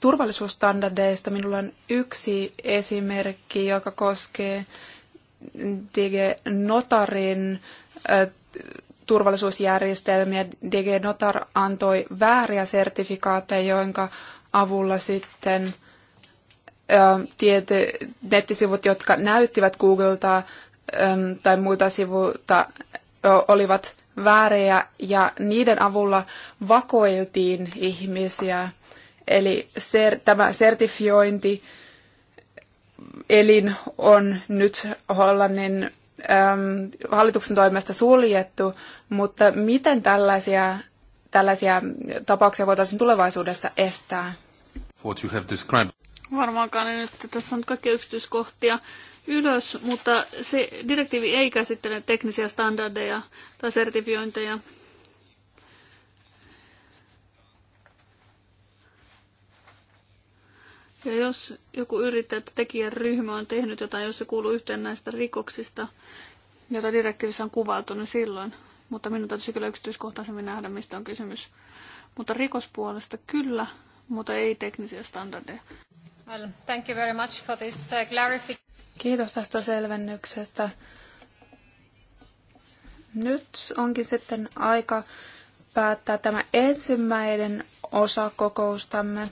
turvallisuusstandardeista, minulla on yksi esimerkki, joka koskee DG Notarin turvallisuusjärjestelmiä. DG Notar antoi vääriä sertifikaatteja, jonka avulla sitten tiet nettisivut, jotka näyttivät Googlelta tai muilta sivuilta, olivat väärejä ja niiden avulla vakoiltiin ihmisiä. Eli ser, tämä sertifiointi elin on nyt Hollannin äm, hallituksen toimesta suljettu, mutta miten tällaisia, tällaisia tapauksia voitaisiin tulevaisuudessa estää? What you have described varmaankaan en nyt tässä on kaikkia yksityiskohtia ylös, mutta se direktiivi ei käsittele teknisiä standardeja tai sertifiointeja. Ja jos joku yrittää, että tekijäryhmä on tehnyt jotain, jos se kuuluu yhteen näistä rikoksista, jota direktiivissä on kuvailtu, niin silloin. Mutta minun täytyisi kyllä yksityiskohtaisemmin nähdä, mistä on kysymys. Mutta rikospuolesta kyllä, mutta ei teknisiä standardeja. Well, thank you very much for this uh, Kiitos tästä selvennyksestä. Nyt onkin sitten aika päättää tämä ensimmäinen osa kokoustamme.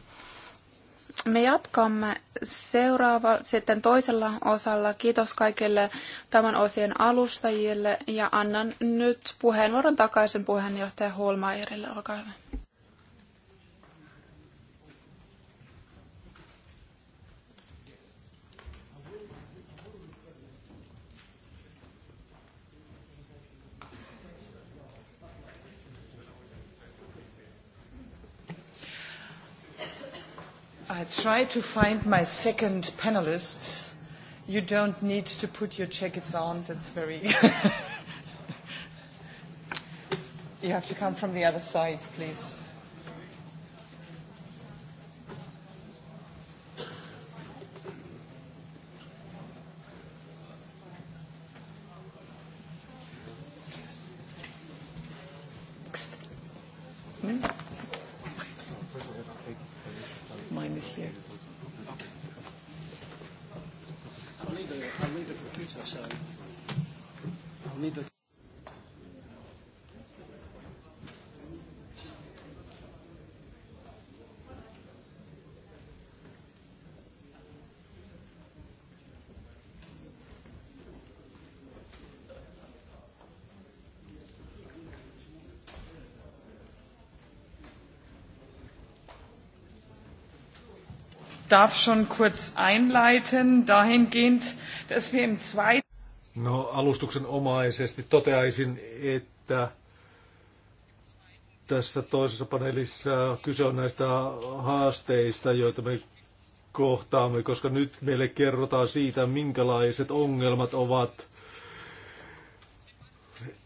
Me jatkamme seuraava, sitten toisella osalla. Kiitos kaikille tämän osien alustajille ja annan nyt puheenvuoron takaisin puheenjohtaja Holmaerille. Olkaa hyvä. I try to find my second panelists. You don't need to put your jackets on. That's very. you have to come from the other side, please. Hmm? darf schon kurz einleiten dahingehend, dass wir im zweiten... No, alustuksen omaisesti toteaisin, että tässä toisessa paneelissa kyse on näistä haasteista, joita me kohtaamme, koska nyt meille kerrotaan siitä, minkälaiset ongelmat ovat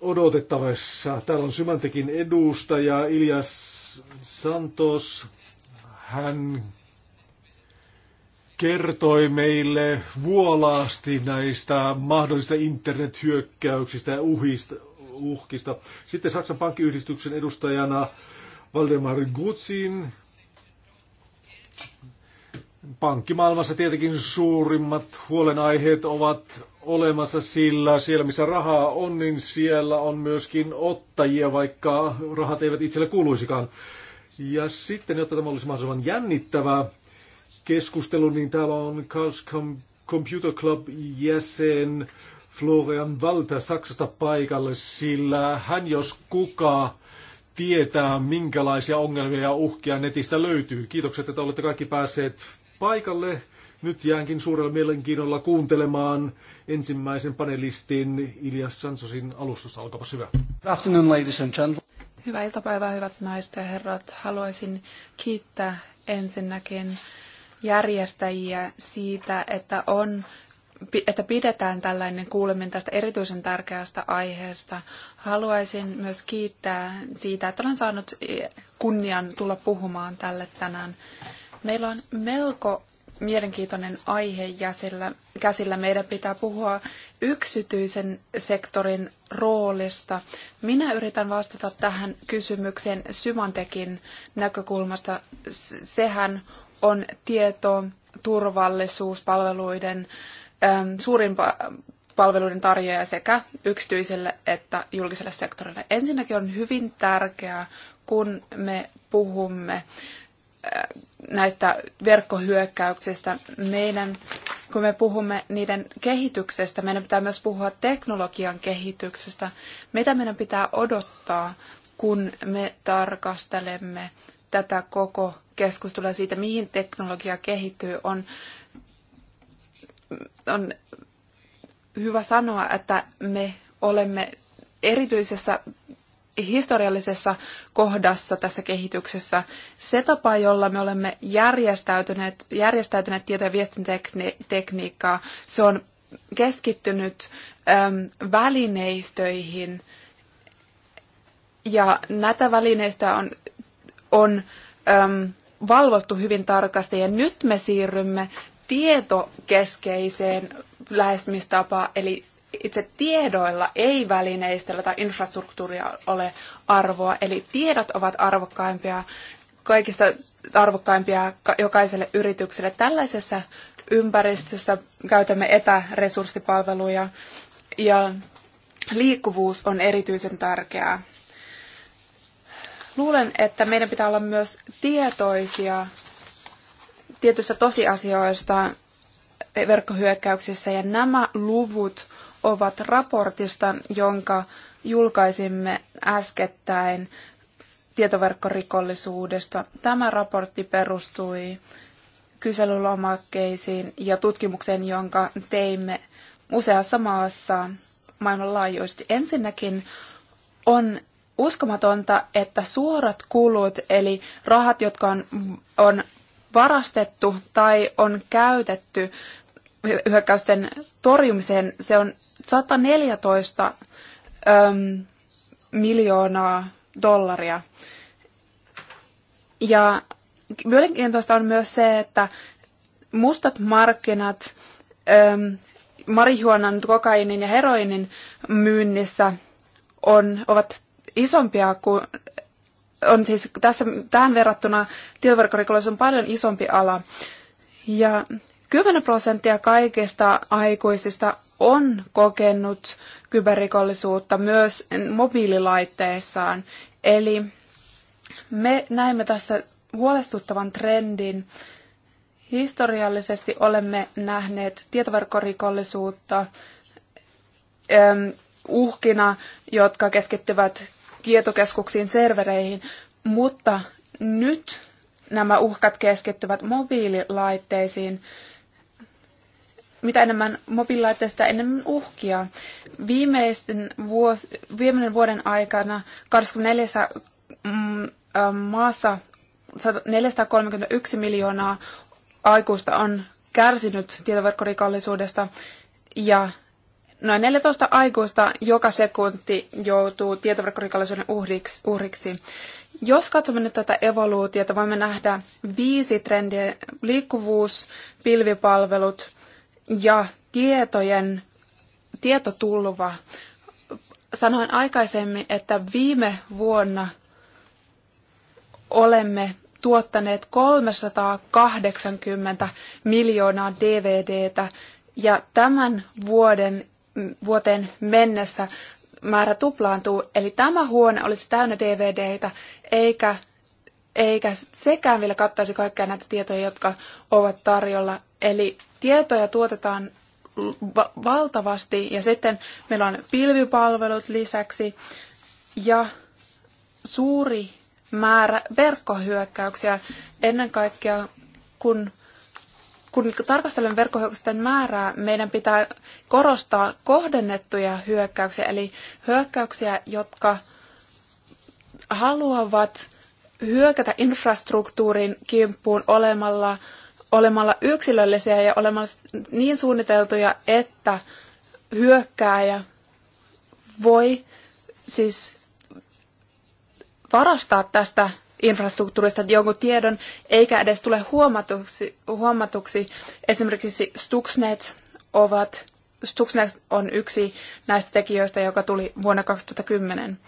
odotettavissa. Täällä on Symantekin edustaja Iljas Santos. Hän kertoi meille vuolaasti näistä mahdollisista internethyökkäyksistä ja uhista, uhkista. Sitten Saksan pankkiyhdistyksen edustajana Valdemar Gutsin. Pankkimaailmassa tietenkin suurimmat huolenaiheet ovat olemassa sillä siellä missä rahaa on, niin siellä on myöskin ottajia, vaikka rahat eivät itselle kuuluisikaan. Ja sitten, jotta tämä olisi mahdollisimman jännittävää, keskustelu, niin täällä on Chaos Computer Club jäsen Florian Valta Saksasta paikalle, sillä hän jos kuka tietää, minkälaisia ongelmia ja uhkia netistä löytyy. Kiitokset, että olette kaikki päässeet paikalle. Nyt jäänkin suurella mielenkiinnolla kuuntelemaan ensimmäisen panelistin Ilias Sansosin alustusta. Olkapa hyvä. Afternoon, ladies and gentlemen. Hyvää iltapäivää, hyvät naiset ja herrat. Haluaisin kiittää ensinnäkin järjestäjiä siitä, että, on, että pidetään tällainen kuuleminen tästä erityisen tärkeästä aiheesta. Haluaisin myös kiittää siitä, että olen saanut kunnian tulla puhumaan tälle tänään. Meillä on melko mielenkiintoinen aihe ja sillä, käsillä meidän pitää puhua yksityisen sektorin roolista. Minä yritän vastata tähän kysymykseen Symantekin näkökulmasta. Sehän on tieto, turvallisuus, palveluiden, ähm, suurin palveluiden tarjoaja sekä yksityiselle että julkiselle sektorille. Ensinnäkin on hyvin tärkeää, kun me puhumme äh, näistä verkkohyökkäyksistä, meidän, kun me puhumme niiden kehityksestä, meidän pitää myös puhua teknologian kehityksestä, mitä meidän pitää odottaa, kun me tarkastelemme tätä koko keskustelua siitä, mihin teknologia kehittyy, on, on hyvä sanoa, että me olemme erityisessä historiallisessa kohdassa tässä kehityksessä. Se tapa, jolla me olemme järjestäytyneet, järjestäytyneet tieto- ja viestintätekniikkaa, se on keskittynyt äm, välineistöihin. Ja näitä välineistöjä on on äm, valvottu hyvin tarkasti ja nyt me siirrymme tietokeskeiseen lähestymistapaan, eli itse tiedoilla ei välineistöllä tai infrastruktuuria ole arvoa, eli tiedot ovat arvokkaimpia, kaikista arvokkaimpia jokaiselle yritykselle. Tällaisessa ympäristössä käytämme etäresurssipalveluja ja liikkuvuus on erityisen tärkeää. Luulen, että meidän pitää olla myös tietoisia tietyissä tosiasioista verkkohyökkäyksissä, ja nämä luvut ovat raportista, jonka julkaisimme äskettäin tietoverkkorikollisuudesta. Tämä raportti perustui kyselylomakkeisiin ja tutkimukseen, jonka teimme useassa maassa maailmanlaajuisesti. Ensinnäkin on uskomatonta, että suorat kulut, eli rahat, jotka on, on varastettu tai on käytetty hyökkäysten torjumiseen, se on 114 äm, miljoonaa dollaria. Ja mielenkiintoista on myös se, että mustat markkinat äm, marihuonan, kokainin ja heroinin myynnissä on, ovat isompia kuin on siis tässä, tähän verrattuna tietoverkkorikollisuus on paljon isompi ala. Ja 10 prosenttia kaikista aikuisista on kokenut kyberrikollisuutta myös mobiililaitteissaan. Eli me näemme tässä huolestuttavan trendin. Historiallisesti olemme nähneet tietoverkkorikollisuutta ehm, uhkina, jotka keskittyvät tietokeskuksiin, servereihin, mutta nyt nämä uhkat keskittyvät mobiililaitteisiin. Mitä enemmän mobiililaitteista, enemmän uhkia. Viimeisten vuos, viimeinen vuoden aikana 24 mm, maassa 431 miljoonaa aikuista on kärsinyt tietoverkkorikollisuudesta ja Noin 14 aikuista joka sekunti joutuu tietoverkkorikollisuuden uhriksi, uhriksi. Jos katsomme nyt tätä evoluutiota, voimme nähdä viisi trendiä, liikkuvuus, pilvipalvelut ja tietojen, tietotulva. Sanoin aikaisemmin, että viime vuonna olemme tuottaneet 380 miljoonaa DVDtä ja tämän vuoden vuoteen mennessä määrä tuplaantuu. Eli tämä huone olisi täynnä DVDitä, eikä, eikä sekään vielä kattaisi kaikkia näitä tietoja, jotka ovat tarjolla. Eli tietoja tuotetaan va- valtavasti ja sitten meillä on pilvipalvelut lisäksi ja suuri määrä verkkohyökkäyksiä ennen kaikkea, kun kun tarkastelemme verkkohyökkäysten määrää, meidän pitää korostaa kohdennettuja hyökkäyksiä, eli hyökkäyksiä, jotka haluavat hyökätä infrastruktuurin kimppuun olemalla, olemalla yksilöllisiä ja olemalla niin suunniteltuja, että hyökkääjä voi siis varastaa tästä infrastruktuurista jonkun tiedon, eikä edes tule huomatuksi, huomatuksi. esimerkiksi Stuxnet ovat Stuxnet on yksi näistä tekijöistä, joka tuli vuonna 2010.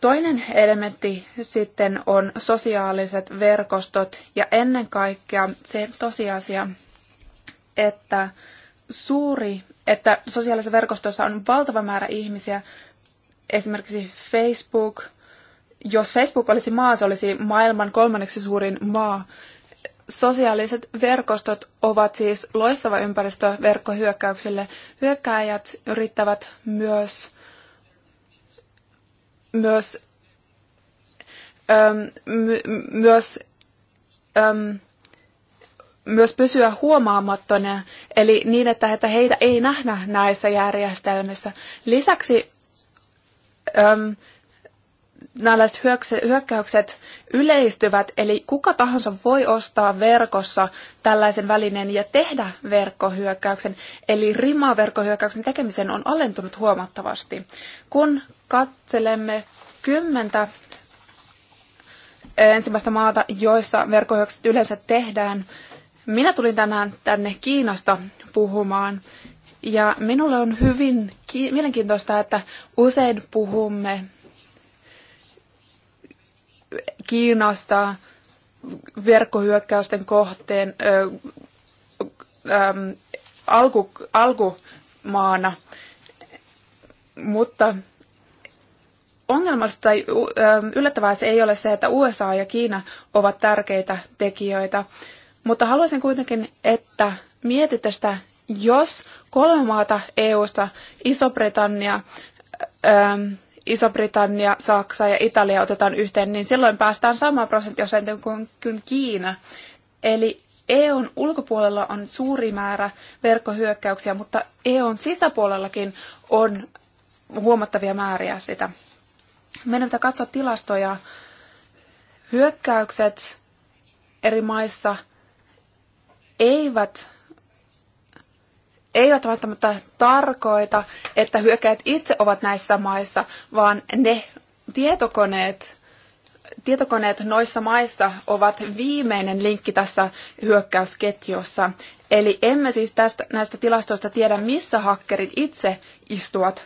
Toinen elementti sitten on sosiaaliset verkostot ja ennen kaikkea se tosiasia, että suuri, että sosiaalisessa verkostossa on valtava määrä ihmisiä, esimerkiksi Facebook, jos Facebook olisi maa, se olisi maailman kolmanneksi suurin maa. Sosiaaliset verkostot ovat siis loistava ympäristö verkkohyökkäyksille. Hyökkääjät yrittävät myös, myös, äm, my, myös, äm, myös pysyä huomaamattomina, eli niin, että, että heitä ei nähdä näissä järjestelmissä. Lisäksi äm, tällaiset hyökkäykset yleistyvät, eli kuka tahansa voi ostaa verkossa tällaisen välineen ja tehdä verkkohyökkäyksen, eli rima verkkohyökkäyksen tekemisen on alentunut huomattavasti. Kun katselemme kymmentä ensimmäistä maata, joissa verkkohyökkäykset yleensä tehdään, minä tulin tänään tänne Kiinasta puhumaan ja minulle on hyvin mielenkiintoista, että usein puhumme Kiinasta verkkohyökkäysten kohteen ö, ö, alku, alkumaana. Mutta ongelmasta tai yllättävää se ei ole se, että USA ja Kiina ovat tärkeitä tekijöitä. Mutta haluaisin kuitenkin, että mietitte sitä, jos kolme maata EU-sta, Iso-Britannia, Iso-Britannia, Saksa ja Italia otetaan yhteen, niin silloin päästään samaan prosenttiosenteen kuin, kuin Kiina. Eli EUn ulkopuolella on suuri määrä verkkohyökkäyksiä, mutta EUn sisäpuolellakin on huomattavia määriä sitä. Meidän pitää katsoa tilastoja. Hyökkäykset eri maissa eivät eivät välttämättä tarkoita, että hyökkäjät itse ovat näissä maissa, vaan ne tietokoneet, tietokoneet noissa maissa ovat viimeinen linkki tässä hyökkäysketjussa. Eli emme siis tästä, näistä tilastoista tiedä, missä hakkerit itse istuvat,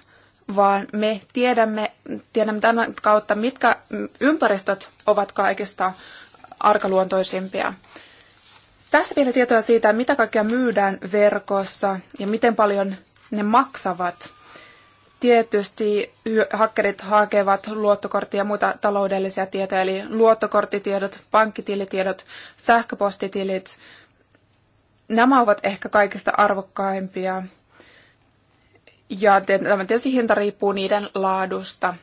vaan me tiedämme, tiedämme tämän kautta, mitkä ympäristöt ovat kaikista arkaluontoisimpia. Tässä vielä tietoa siitä, mitä kaikkea myydään verkossa ja miten paljon ne maksavat. Tietysti hakkerit hakevat luottokorttia ja muita taloudellisia tietoja, eli luottokorttitiedot, pankkitilitiedot, sähköpostitilit. Nämä ovat ehkä kaikista arvokkaimpia. Ja tämä tietysti hinta riippuu niiden laadusta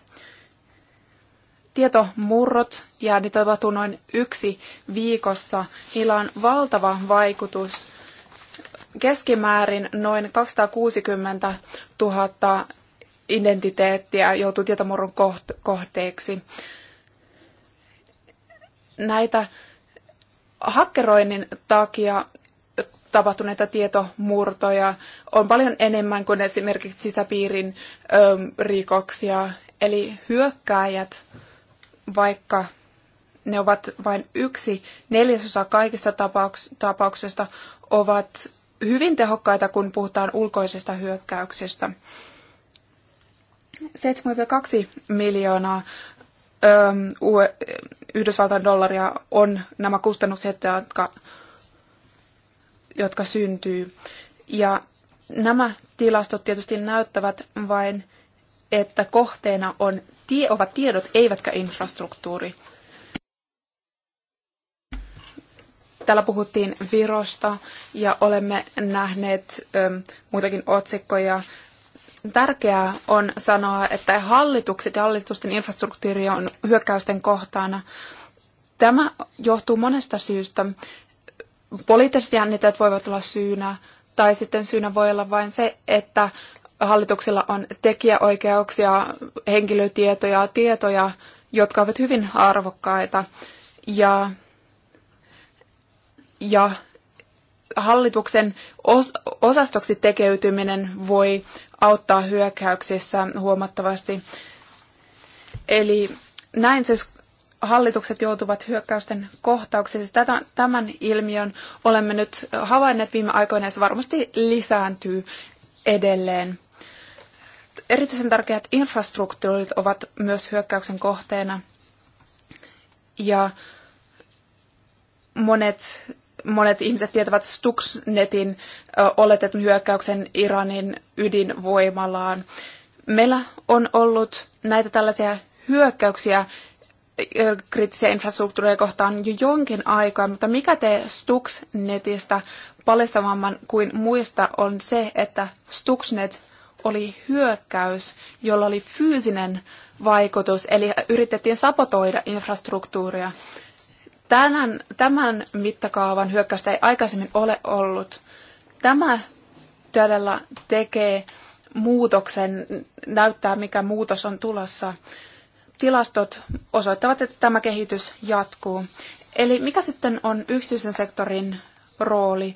tietomurrot, ja niitä tapahtuu noin yksi viikossa, niillä on valtava vaikutus. Keskimäärin noin 260 000 identiteettiä joutuu tietomurron kohteeksi. Näitä hakkeroinnin takia tapahtuneita tietomurtoja on paljon enemmän kuin esimerkiksi sisäpiirin ö, rikoksia. Eli hyökkääjät vaikka ne ovat vain yksi neljäsosa kaikista tapauks- tapauksista, ovat hyvin tehokkaita, kun puhutaan ulkoisesta hyökkäyksestä. 72 miljoonaa öö, Yhdysvaltain dollaria on nämä kustannukset, jotka, jotka syntyy. Ja nämä tilastot tietysti näyttävät vain että kohteena on, tie, ovat tiedot eivätkä infrastruktuuri. Täällä puhuttiin Virosta ja olemme nähneet ö, ähm, muitakin otsikkoja. Tärkeää on sanoa, että hallitukset ja hallitusten infrastruktuuri on hyökkäysten kohtaana. Tämä johtuu monesta syystä. Poliittiset jännitteet voivat olla syynä, tai sitten syynä voi olla vain se, että hallituksilla on tekijäoikeuksia, henkilötietoja, tietoja, jotka ovat hyvin arvokkaita. Ja, ja hallituksen os, osastoksi tekeytyminen voi auttaa hyökkäyksissä huomattavasti. Eli näin siis hallitukset joutuvat hyökkäysten kohtauksessa. Tätä, tämän ilmiön olemme nyt havainneet viime aikoina ja se varmasti lisääntyy edelleen. Erityisen tärkeät infrastruktuurit ovat myös hyökkäyksen kohteena. Ja monet, monet ihmiset tietävät Stuxnetin oletetun hyökkäyksen Iranin ydinvoimalaan. Meillä on ollut näitä tällaisia hyökkäyksiä kriittisiä infrastruktuureja kohtaan jo jonkin aikaa, mutta mikä te Stuxnetistä paljastavamman kuin muista on se, että Stuxnet oli hyökkäys, jolla oli fyysinen vaikutus, eli yritettiin sabotoida infrastruktuuria. Tänään, tämän mittakaavan hyökkäystä ei aikaisemmin ole ollut. Tämä todella tekee muutoksen, näyttää mikä muutos on tulossa. Tilastot osoittavat, että tämä kehitys jatkuu. Eli mikä sitten on yksityisen sektorin rooli?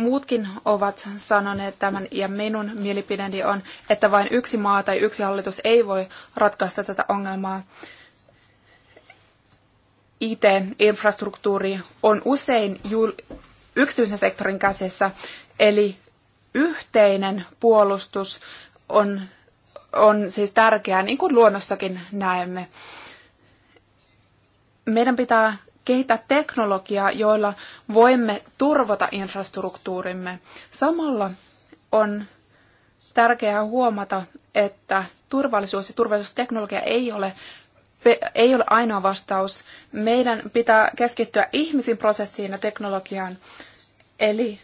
muutkin ovat sanoneet tämän, ja minun mielipideeni on, että vain yksi maa tai yksi hallitus ei voi ratkaista tätä ongelmaa. IT-infrastruktuuri on usein yksityisen sektorin käsissä, eli yhteinen puolustus on, on siis tärkeää, niin kuin luonnossakin näemme. Meidän pitää kehittää teknologiaa, joilla voimme turvata infrastruktuurimme. Samalla on tärkeää huomata, että turvallisuus ja turvallisuusteknologia ei ole, ei ole ainoa vastaus. Meidän pitää keskittyä ihmisiin, prosessiin ja teknologiaan. Eli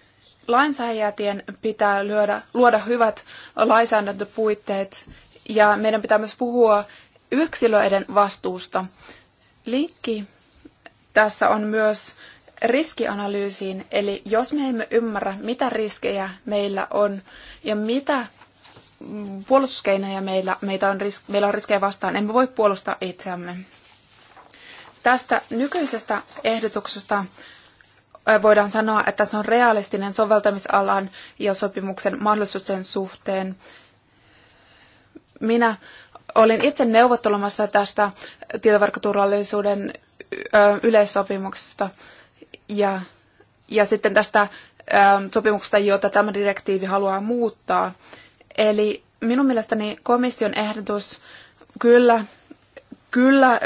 lainsäädäntöjen pitää lyödä, luoda hyvät lainsäädäntöpuitteet ja meidän pitää myös puhua yksilöiden vastuusta. Linkki tässä on myös riskianalyysiin, eli jos me emme ymmärrä, mitä riskejä meillä on ja mitä puolustuskeinoja meillä, meitä on ris- meillä on riskejä vastaan, emme voi puolustaa itseämme. Tästä nykyisestä ehdotuksesta voidaan sanoa, että se on realistinen soveltamisalan ja sopimuksen mahdollisuuden suhteen. Minä olin itse neuvottelemassa tästä tietoverkkoturvallisuuden yleissopimuksesta ja, ja sitten tästä sopimuksesta, jota tämä direktiivi haluaa muuttaa. Eli minun mielestäni komission ehdotus kyllä, kyllä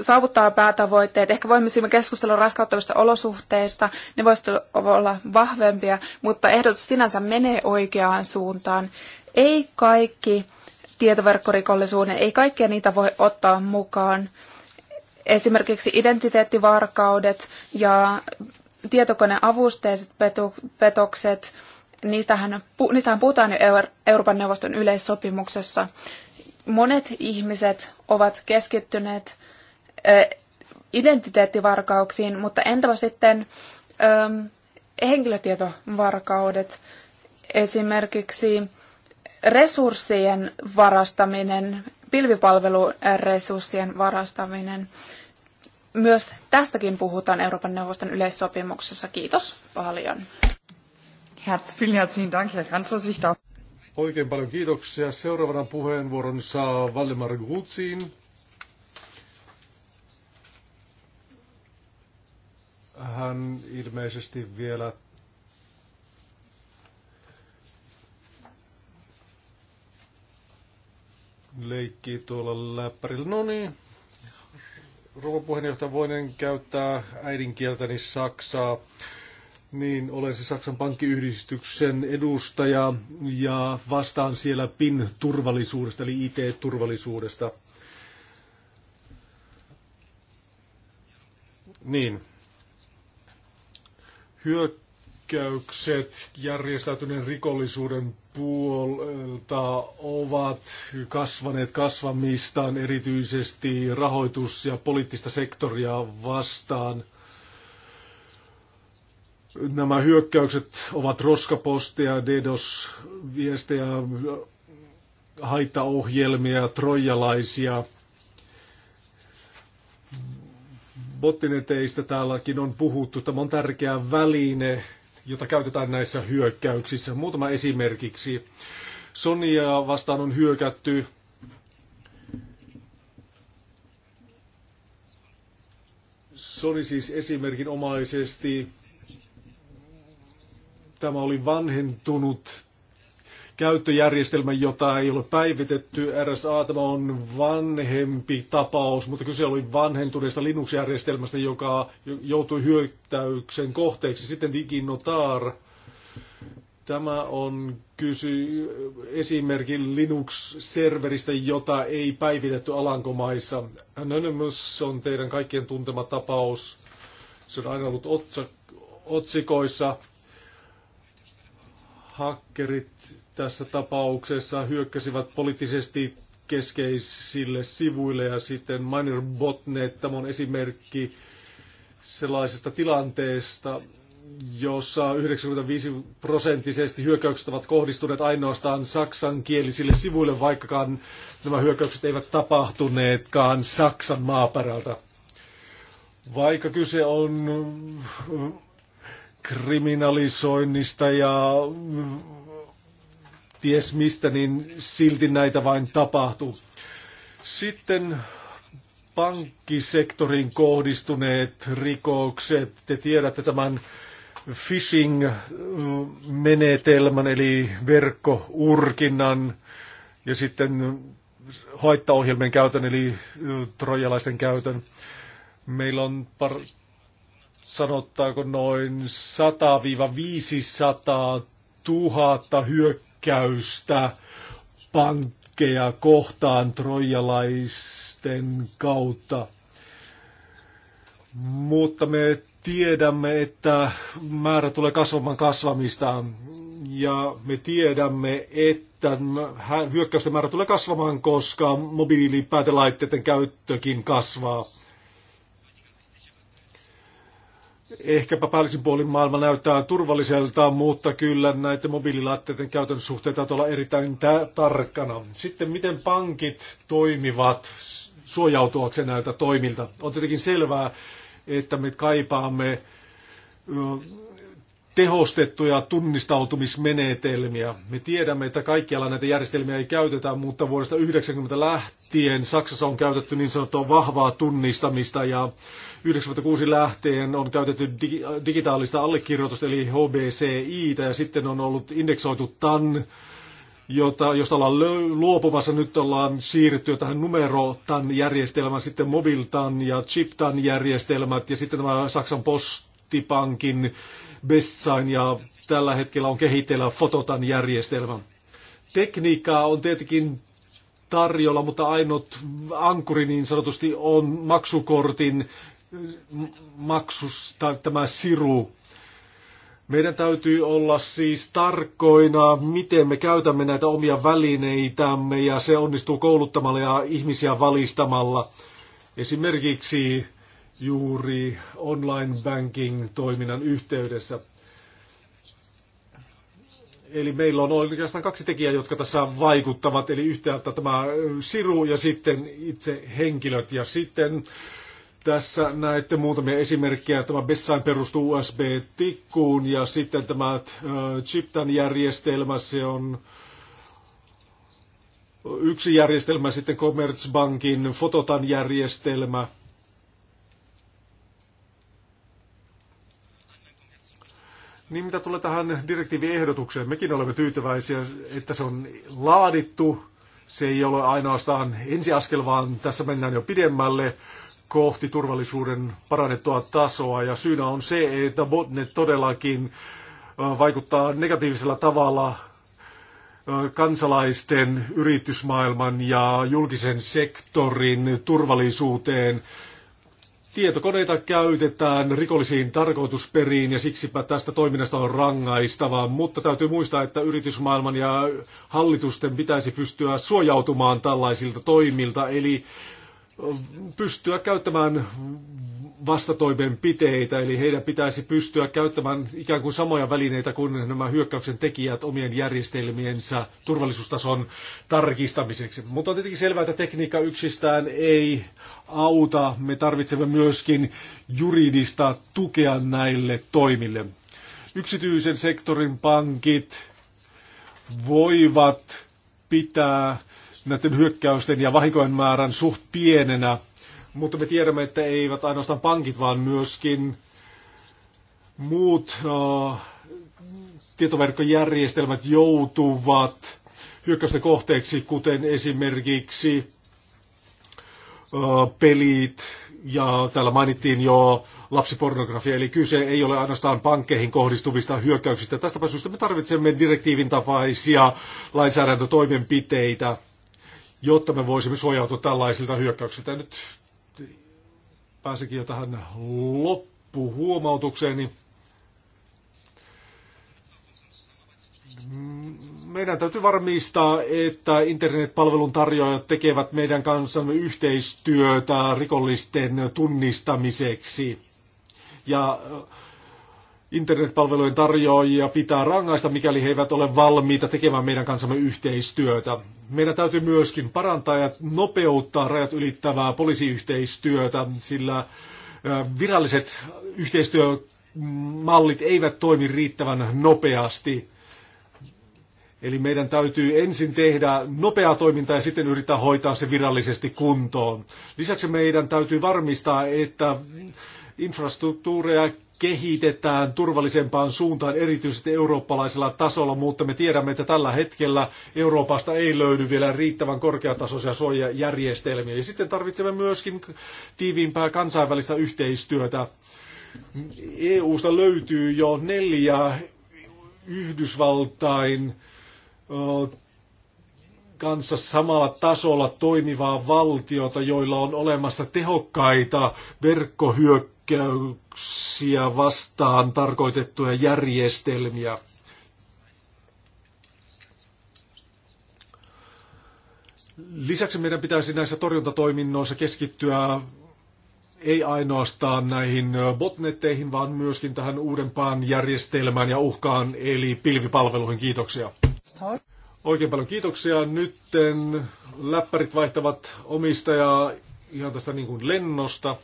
saavuttaa päätavoitteet. Ehkä voimme siinä keskustella raskauttavista olosuhteista, ne voisivat olla vahvempia, mutta ehdotus sinänsä menee oikeaan suuntaan. Ei kaikki tietoverkkorikollisuuden, ei kaikkia niitä voi ottaa mukaan esimerkiksi identiteettivarkaudet ja tietokoneavusteiset petokset, niistähän, niistähän puhutaan jo Euroopan neuvoston yleissopimuksessa. Monet ihmiset ovat keskittyneet identiteettivarkauksiin, mutta entäpä sitten henkilötietovarkaudet, esimerkiksi resurssien varastaminen pilvipalveluresurssien varastaminen. Myös tästäkin puhutaan Euroopan neuvoston yleissopimuksessa. Kiitos paljon. Herz, vielen herzlichen Dank, Herr Kanzler, Oikein paljon kiitoksia. Seuraavana puheenvuoron saa Valdemar Gutsin. Hän ilmeisesti vielä leikkii tuolla läppärillä. No niin, rouva puheenjohtaja, voinen käyttää äidinkieltäni saksaa. Niin, olen se siis Saksan pankkiyhdistyksen edustaja ja vastaan siellä PIN-turvallisuudesta, eli IT-turvallisuudesta. Niin. Hyökkäykset järjestäytyneen rikollisuuden puolelta ovat kasvaneet kasvamistaan erityisesti rahoitus- ja poliittista sektoria vastaan. Nämä hyökkäykset ovat roskapostia, DDoS-viestejä, haittaohjelmia, trojalaisia. Bottineteistä täälläkin on puhuttu. Tämä on tärkeä väline jota käytetään näissä hyökkäyksissä. Muutama esimerkiksi. Sonia vastaan on hyökätty se siis esimerkinomaisesti, tämä oli vanhentunut käyttöjärjestelmä, jota ei ole päivitetty. RSA tämä on vanhempi tapaus, mutta kyse oli vanhentuneesta Linux-järjestelmästä, joka joutui hyökkäyksen kohteeksi. Sitten DigiNotar. Tämä on kysy esimerkin Linux-serveristä, jota ei päivitetty Alankomaissa. Anonymous on teidän kaikkien tuntema tapaus. Se on aina ollut otsa, otsikoissa. Hakkerit tässä tapauksessa hyökkäsivät poliittisesti keskeisille sivuille ja sitten Miner Botnet, tämä on esimerkki sellaisesta tilanteesta, jossa 95 prosenttisesti hyökkäykset ovat kohdistuneet ainoastaan saksankielisille sivuille, vaikkakaan nämä hyökkäykset eivät tapahtuneetkaan Saksan maaperältä. Vaikka kyse on kriminalisoinnista ja ties mistä, niin silti näitä vain tapahtuu. Sitten pankkisektorin kohdistuneet rikokset. Te tiedätte tämän phishing-menetelmän, mm, eli verkkourkinnan ja sitten haittaohjelmien käytön, eli mm, trojalaisten käytön. Meillä on par, sanottaako noin 100-500 tuhatta hyökkäystä hyökkäystä pankkeja kohtaan trojalaisten kautta. Mutta me tiedämme, että määrä tulee kasvamaan kasvamista ja me tiedämme, että hyökkäysten määrä tulee kasvamaan, koska mobiilipäätelaitteiden käyttökin kasvaa. ehkäpä päällisin puolin maailma näyttää turvalliselta, mutta kyllä näiden mobiililaitteiden käytön suhteen täytyy olla erittäin tarkkana. Sitten miten pankit toimivat suojautuakseen näiltä toimilta? On tietenkin selvää, että me kaipaamme tehostettuja tunnistautumismenetelmiä. Me tiedämme, että kaikkialla näitä järjestelmiä ei käytetä, mutta vuodesta 90 lähtien Saksassa on käytetty niin sanottua vahvaa tunnistamista ja 96 lähtien on käytetty digitaalista allekirjoitusta eli HBCI ja sitten on ollut indeksoitu TAN, jota, josta ollaan luopumassa. Nyt ollaan siirrytty tähän numerotan järjestelmään, sitten mobiltan ja chiptan järjestelmät ja sitten tämä Saksan postipankin Bestsign ja tällä hetkellä on kehitellä Fototan järjestelmä. Tekniikkaa on tietenkin tarjolla, mutta ainut ankuri niin sanotusti on maksukortin maksusta tämä siru. Meidän täytyy olla siis tarkkoina, miten me käytämme näitä omia välineitämme ja se onnistuu kouluttamalla ja ihmisiä valistamalla. Esimerkiksi juuri online banking toiminnan yhteydessä. Eli meillä on oikeastaan kaksi tekijää, jotka tässä vaikuttavat, eli yhtäältä tämä siru ja sitten itse henkilöt. Ja sitten tässä näette muutamia esimerkkejä. Tämä Bessain perustuu USB-tikkuun ja sitten tämä äh, Chiptan-järjestelmä, se on yksi järjestelmä, sitten Commerzbankin Fototan järjestelmä – Niin mitä tulee tähän direktiiviehdotukseen, mekin olemme tyytyväisiä, että se on laadittu. Se ei ole ainoastaan ensiaskel, vaan tässä mennään jo pidemmälle kohti turvallisuuden parannettua tasoa. Ja syynä on se, että botnet todellakin vaikuttaa negatiivisella tavalla kansalaisten, yritysmaailman ja julkisen sektorin turvallisuuteen Tietokoneita käytetään rikollisiin tarkoitusperiin ja siksipä tästä toiminnasta on rangaistavaa, mutta täytyy muistaa, että yritysmaailman ja hallitusten pitäisi pystyä suojautumaan tällaisilta toimilta, eli pystyä käyttämään vastatoimenpiteitä, eli heidän pitäisi pystyä käyttämään ikään kuin samoja välineitä kuin nämä hyökkäyksen tekijät omien järjestelmiensä turvallisuustason tarkistamiseksi. Mutta on tietenkin selvää, että tekniikka yksistään ei auta. Me tarvitsemme myöskin juridista tukea näille toimille. Yksityisen sektorin pankit voivat pitää näiden hyökkäysten ja vahinkojen määrän suht pienenä, mutta me tiedämme, että eivät ainoastaan pankit, vaan myöskin muut uh, tietoverkkojärjestelmät joutuvat hyökkäysten kohteeksi, kuten esimerkiksi uh, pelit, ja täällä mainittiin jo lapsipornografia, eli kyse ei ole ainoastaan pankkeihin kohdistuvista hyökkäyksistä. Tästä syystä me tarvitsemme direktiivin tapaisia lainsäädäntötoimenpiteitä, jotta me voisimme suojautua tällaisilta hyökkäyksiltä. Nyt pääsikin jo tähän loppuhuomautukseen, niin meidän täytyy varmistaa, että internetpalvelun tarjoajat tekevät meidän kanssamme yhteistyötä rikollisten tunnistamiseksi. Ja Internetpalvelujen tarjoajia pitää rangaista, mikäli he eivät ole valmiita tekemään meidän kanssamme yhteistyötä. Meidän täytyy myöskin parantaa ja nopeuttaa rajat ylittävää poliisiyhteistyötä, sillä viralliset yhteistyömallit eivät toimi riittävän nopeasti. Eli meidän täytyy ensin tehdä nopeaa toimintaa ja sitten yrittää hoitaa se virallisesti kuntoon. Lisäksi meidän täytyy varmistaa, että Infrastruktuureja kehitetään turvallisempaan suuntaan, erityisesti eurooppalaisella tasolla, mutta me tiedämme, että tällä hetkellä Euroopasta ei löydy vielä riittävän korkeatasoisia suojajärjestelmiä. Ja sitten tarvitsemme myöskin tiiviimpää kansainvälistä yhteistyötä. EUsta löytyy jo neljä Yhdysvaltain kanssa samalla tasolla toimivaa valtiota, joilla on olemassa tehokkaita verkkohyökkäyksiä hyökkäyksiä vastaan tarkoitettuja järjestelmiä. Lisäksi meidän pitäisi näissä torjuntatoiminnoissa keskittyä ei ainoastaan näihin botnetteihin, vaan myöskin tähän uudempaan järjestelmään ja uhkaan, eli pilvipalveluihin. Kiitoksia. Oikein paljon kiitoksia. Nyt läppärit vaihtavat omistajaa ihan tästä niin kuin lennosta.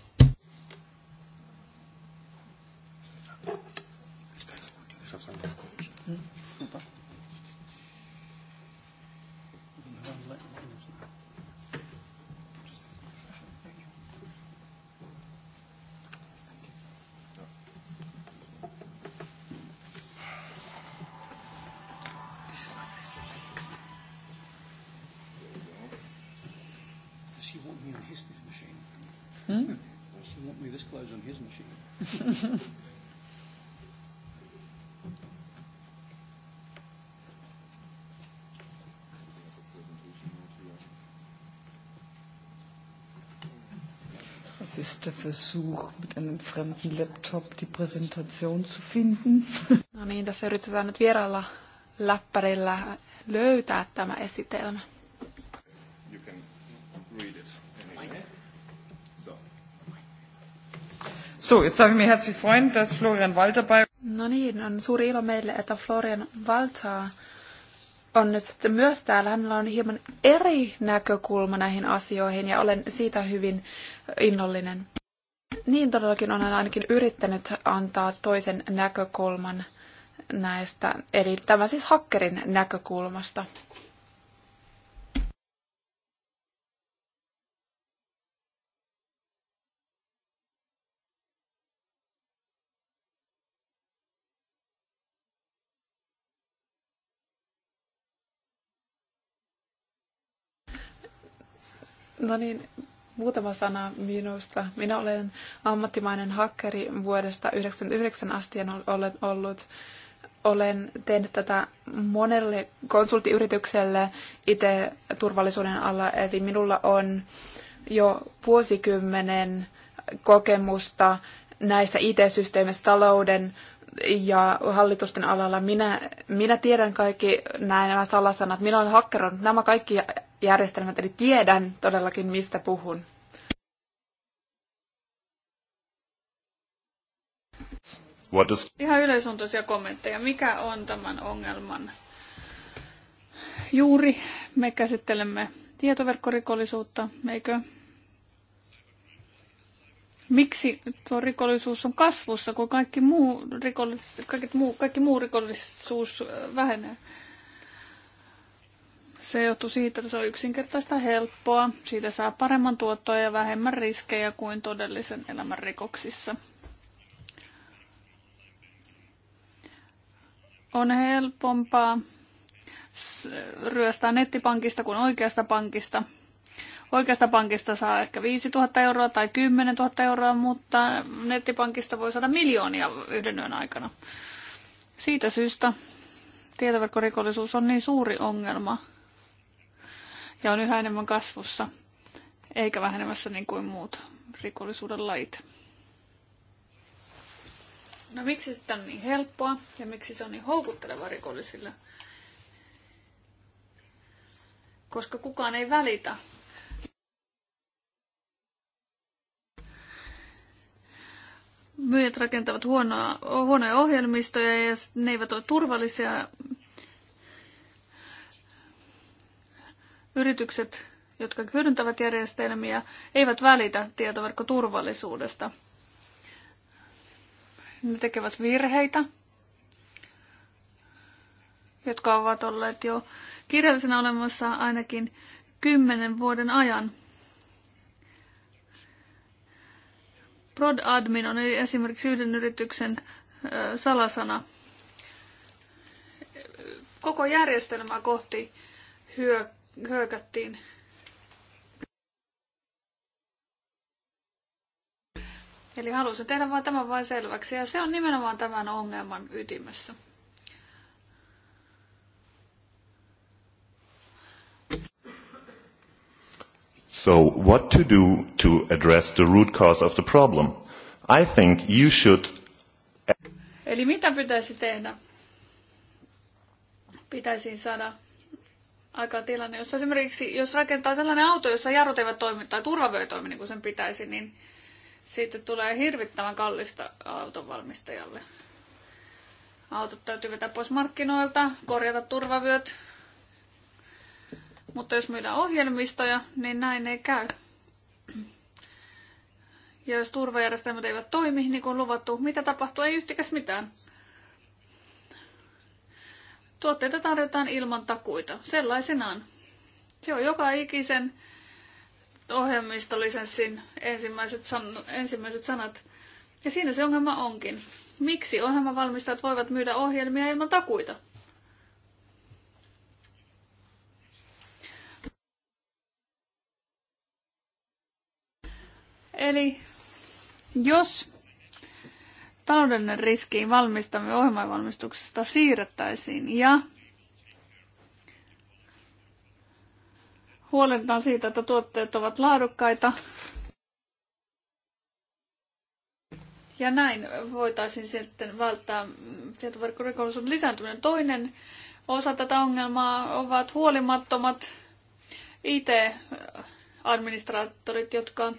Versuch, mit einem fremden Laptop die Präsentation zu finden. No niin, tässä yritetään nyt vierailla läppärillä löytää tämä esitelmä. You can read it So. jetzt habe ich mir herzlich freuen, dass Florian Walter bei... No niin, on suuri ilo meille, että Florian Walter on nyt sitten myös täällä. Hänellä on hieman eri näkökulma näihin asioihin ja olen siitä hyvin innollinen. Niin todellakin olen ainakin yrittänyt antaa toisen näkökulman näistä, eli tämä siis hakkerin näkökulmasta. No niin, Muutama sana minusta. Minä olen ammattimainen hakkeri vuodesta 1999 asti olen ollut. Olen tehnyt tätä monelle konsulttiyritykselle itse turvallisuuden alla, eli minulla on jo vuosikymmenen kokemusta näissä IT-systeemissä, talouden ja hallitusten alalla. Minä, minä tiedän kaikki näin, nämä salasanat. Minä olen hakkeroinut nämä kaikki järjestelmät, eli tiedän todellakin, mistä puhun. What is... Ihan yleisluontoisia kommentteja. Mikä on tämän ongelman juuri? Me käsittelemme tietoverkkorikollisuutta, eikö? miksi tuo rikollisuus on kasvussa, kun kaikki muu, rikollis, kaikki muu, kaikki muu rikollisuus vähenee. Se johtuu siitä, että se on yksinkertaista helppoa. Siitä saa paremman tuottoa ja vähemmän riskejä kuin todellisen elämän rikoksissa. On helpompaa ryöstää nettipankista kuin oikeasta pankista – Oikeasta pankista saa ehkä 5000 euroa tai 10 000 euroa, mutta nettipankista voi saada miljoonia yhden yön aikana. Siitä syystä tietoverkkorikollisuus on niin suuri ongelma ja on yhä enemmän kasvussa, eikä vähenemässä niin kuin muut rikollisuuden lait. No miksi sitä on niin helppoa ja miksi se on niin houkutteleva rikollisille? Koska kukaan ei välitä myyjät rakentavat huonoa, huonoja ohjelmistoja ja ne eivät ole turvallisia. Yritykset, jotka hyödyntävät järjestelmiä, eivät välitä tietoverkkoturvallisuudesta. Ne tekevät virheitä, jotka ovat olleet jo kirjallisena olemassa ainakin kymmenen vuoden ajan – Prod-admin on esimerkiksi yhden yrityksen salasana. Koko järjestelmää kohti hyökättiin. Eli halusin tehdä vain tämän vain selväksi, ja se on nimenomaan tämän ongelman ytimessä. So what to do to address the root cause of the problem? I think you should... Eli mitä pitäisi tehdä? Pitäisi saada aika tilanne, jossa esimerkiksi, jos rakentaa sellainen auto, jossa jarrut eivät toimi tai turvavyö ei toimi niin kuin sen pitäisi, niin siitä tulee hirvittävän kallista valmistajalle. Autot täytyy vetää pois markkinoilta, korjata turvavyöt, mutta jos myydään ohjelmistoja, niin näin ei käy. Ja jos turvajärjestelmät eivät toimi, niin kuin luvattu, mitä tapahtuu? Ei yhtikäs mitään. Tuotteita tarjotaan ilman takuita, sellaisenaan. Se on joka ikisen ohjelmistolisenssin ensimmäiset, san- ensimmäiset sanat. Ja siinä se ongelma onkin. Miksi ohjelmavalmistajat voivat myydä ohjelmia ilman takuita? Eli jos taloudellinen riski valmistamme ohjelmavalmistuksesta siirrettäisiin ja huolehditaan siitä, että tuotteet ovat laadukkaita. Ja näin voitaisiin sitten välttää tietoverkkorikollisuuden lisääntyminen. Toinen osa tätä ongelmaa ovat huolimattomat IT-administraattorit, jotka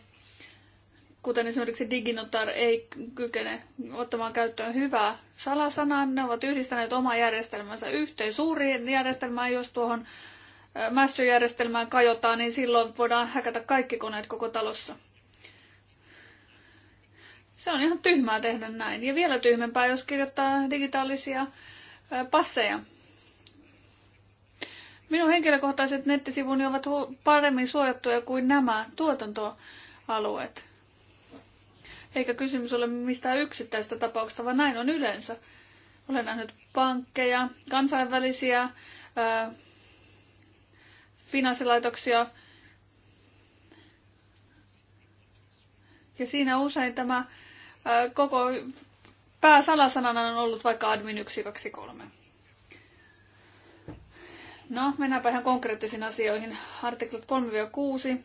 kuten esimerkiksi Diginotar ei kykene ottamaan käyttöön hyvää salasanaa, ne ovat yhdistäneet oma järjestelmänsä yhteen suuriin järjestelmään, jos tuohon mässyjärjestelmään kajotaan, niin silloin voidaan häkätä kaikki koneet koko talossa. Se on ihan tyhmää tehdä näin. Ja vielä tyhmempää, jos kirjoittaa digitaalisia passeja. Minun henkilökohtaiset nettisivuni ovat paremmin suojattuja kuin nämä tuotantoalueet. Eikä kysymys ole mistään yksittäistä tapauksesta, vaan näin on yleensä. Olen nähnyt pankkeja, kansainvälisiä ää, finanssilaitoksia. Ja siinä usein tämä ää, koko pääsalasanana on ollut vaikka admin 123. No, mennäänpä ihan konkreettisiin asioihin. Artiklat 3-6.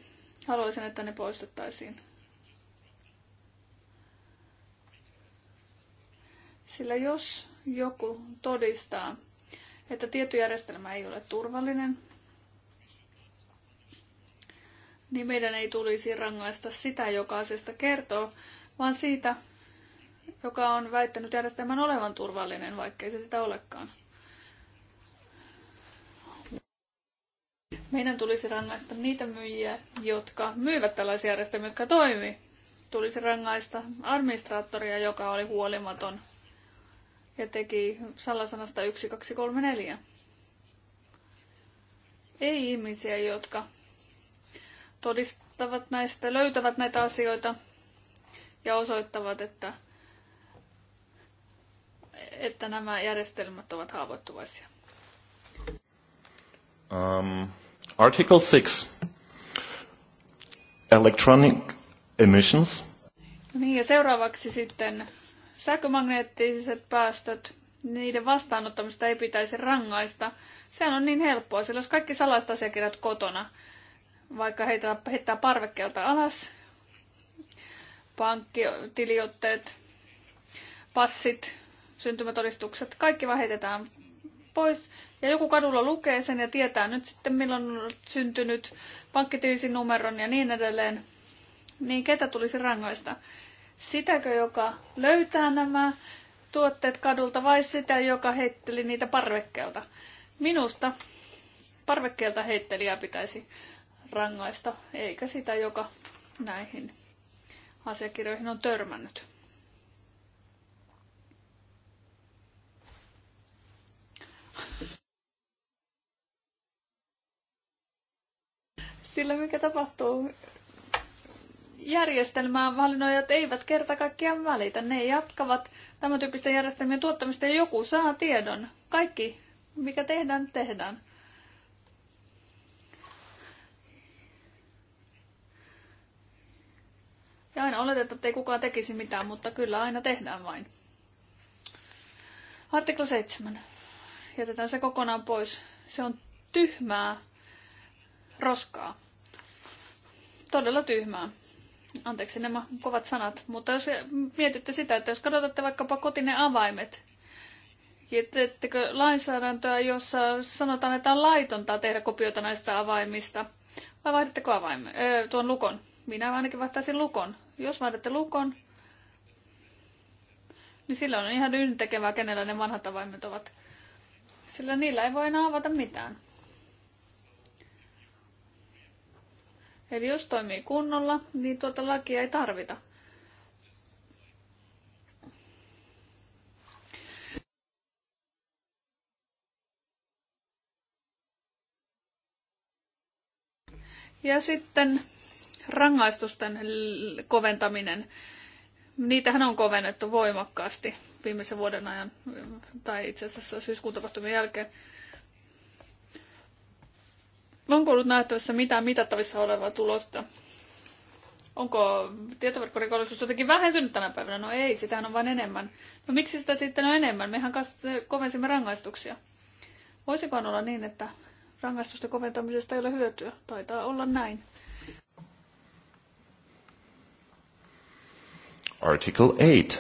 Haluaisin, että ne poistettaisiin. Sillä jos joku todistaa, että tietojärjestelmä ei ole turvallinen, niin meidän ei tulisi rangaista sitä, joka asiasta kertoo, vaan siitä, joka on väittänyt järjestelmän olevan turvallinen, vaikkei se sitä olekaan. Meidän tulisi rangaista niitä myyjiä, jotka myyvät tällaisia järjestelmiä, jotka toimii. Tulisi rangaista administraattoria, joka oli huolimaton ja teki salasanasta 4. Ei ihmisiä, jotka todistavat näistä, löytävät näitä asioita ja osoittavat, että, että nämä järjestelmät ovat haavoittuvaisia. Um, article 6. Electronic emissions. Niin, ja seuraavaksi sitten Sähkömagneettiset päästöt, niiden vastaanottamista ei pitäisi rangaista. Sehän on niin helppoa, sillä jos kaikki salaiset asiakirjat kotona, vaikka heitä, heittää parvekkeelta alas, pankkitiliotteet, passit, syntymätodistukset, kaikki vaan heitetään pois. Ja joku kadulla lukee sen ja tietää nyt sitten milloin on syntynyt, pankkitilisi numeron ja niin edelleen. Niin ketä tulisi rangaista? Sitäkö, joka löytää nämä tuotteet kadulta vai sitä, joka heitteli niitä parvekkeelta? Minusta parvekkeelta heittelijää pitäisi rangaista, eikä sitä, joka näihin asiakirjoihin on törmännyt. Sillä mikä tapahtuu järjestelmää valinnoijat eivät kerta kaikkiaan välitä. Ne jatkavat tämän tyyppisten järjestelmien tuottamista ja joku saa tiedon. Kaikki, mikä tehdään, tehdään. Ja aina oletetaan, että ei kukaan tekisi mitään, mutta kyllä aina tehdään vain. Artikla 7. Jätetään se kokonaan pois. Se on tyhmää roskaa. Todella tyhmää. Anteeksi nämä kovat sanat, mutta jos mietitte sitä, että jos kadotatte vaikkapa kotinen avaimet, Tiedättekö lainsäädäntöä, jossa sanotaan, että on laitonta tehdä kopioita näistä avaimista, vai vaihdatteko avaimen, öö, tuon lukon? Minä ainakin vaihtaisin lukon. Jos vaihdatte lukon, niin silloin on ihan yhdentekevää, kenellä ne vanhat avaimet ovat. Sillä niillä ei voi enää avata mitään. Eli jos toimii kunnolla, niin tuota lakia ei tarvita. Ja sitten rangaistusten koventaminen. Niitähän on kovennettu voimakkaasti viimeisen vuoden ajan, tai itse asiassa syyskuun tapahtumien jälkeen. Onko ollut nähtävissä mitään mitattavissa olevaa tulosta? Onko tietoverkkorikollisuus jotenkin vähentynyt tänä päivänä? No ei, sitä on vain enemmän. No miksi sitä sitten on enemmän? Mehän kovensimme rangaistuksia. Voisikohan olla niin, että rangaistusten koventamisesta ei ole hyötyä? Taitaa olla näin. Article 8.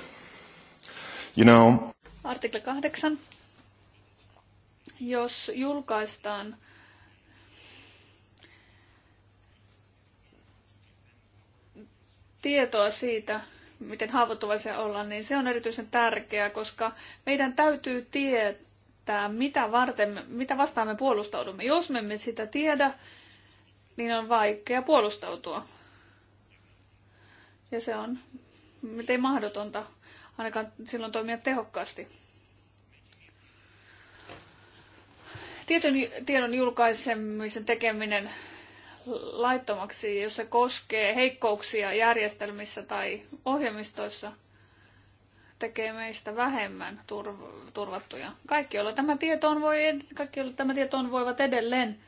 You know... Artikla 8. Jos julkaistaan tietoa siitä, miten haavoittuvaisia ollaan, niin se on erityisen tärkeää, koska meidän täytyy tietää, mitä, varten, mitä vastaan me puolustaudumme. Jos me emme sitä tiedä, niin on vaikea puolustautua. Ja se on miten mahdotonta ainakaan silloin toimia tehokkaasti. Tietyn tiedon julkaisemisen tekeminen laittomaksi, jos se koskee heikkouksia järjestelmissä tai ohjelmistoissa, tekee meistä vähemmän turvattuja. Kaikki, joilla tämä tieto on, voi, kaikki, joilla tämä tieto on, voivat edelleen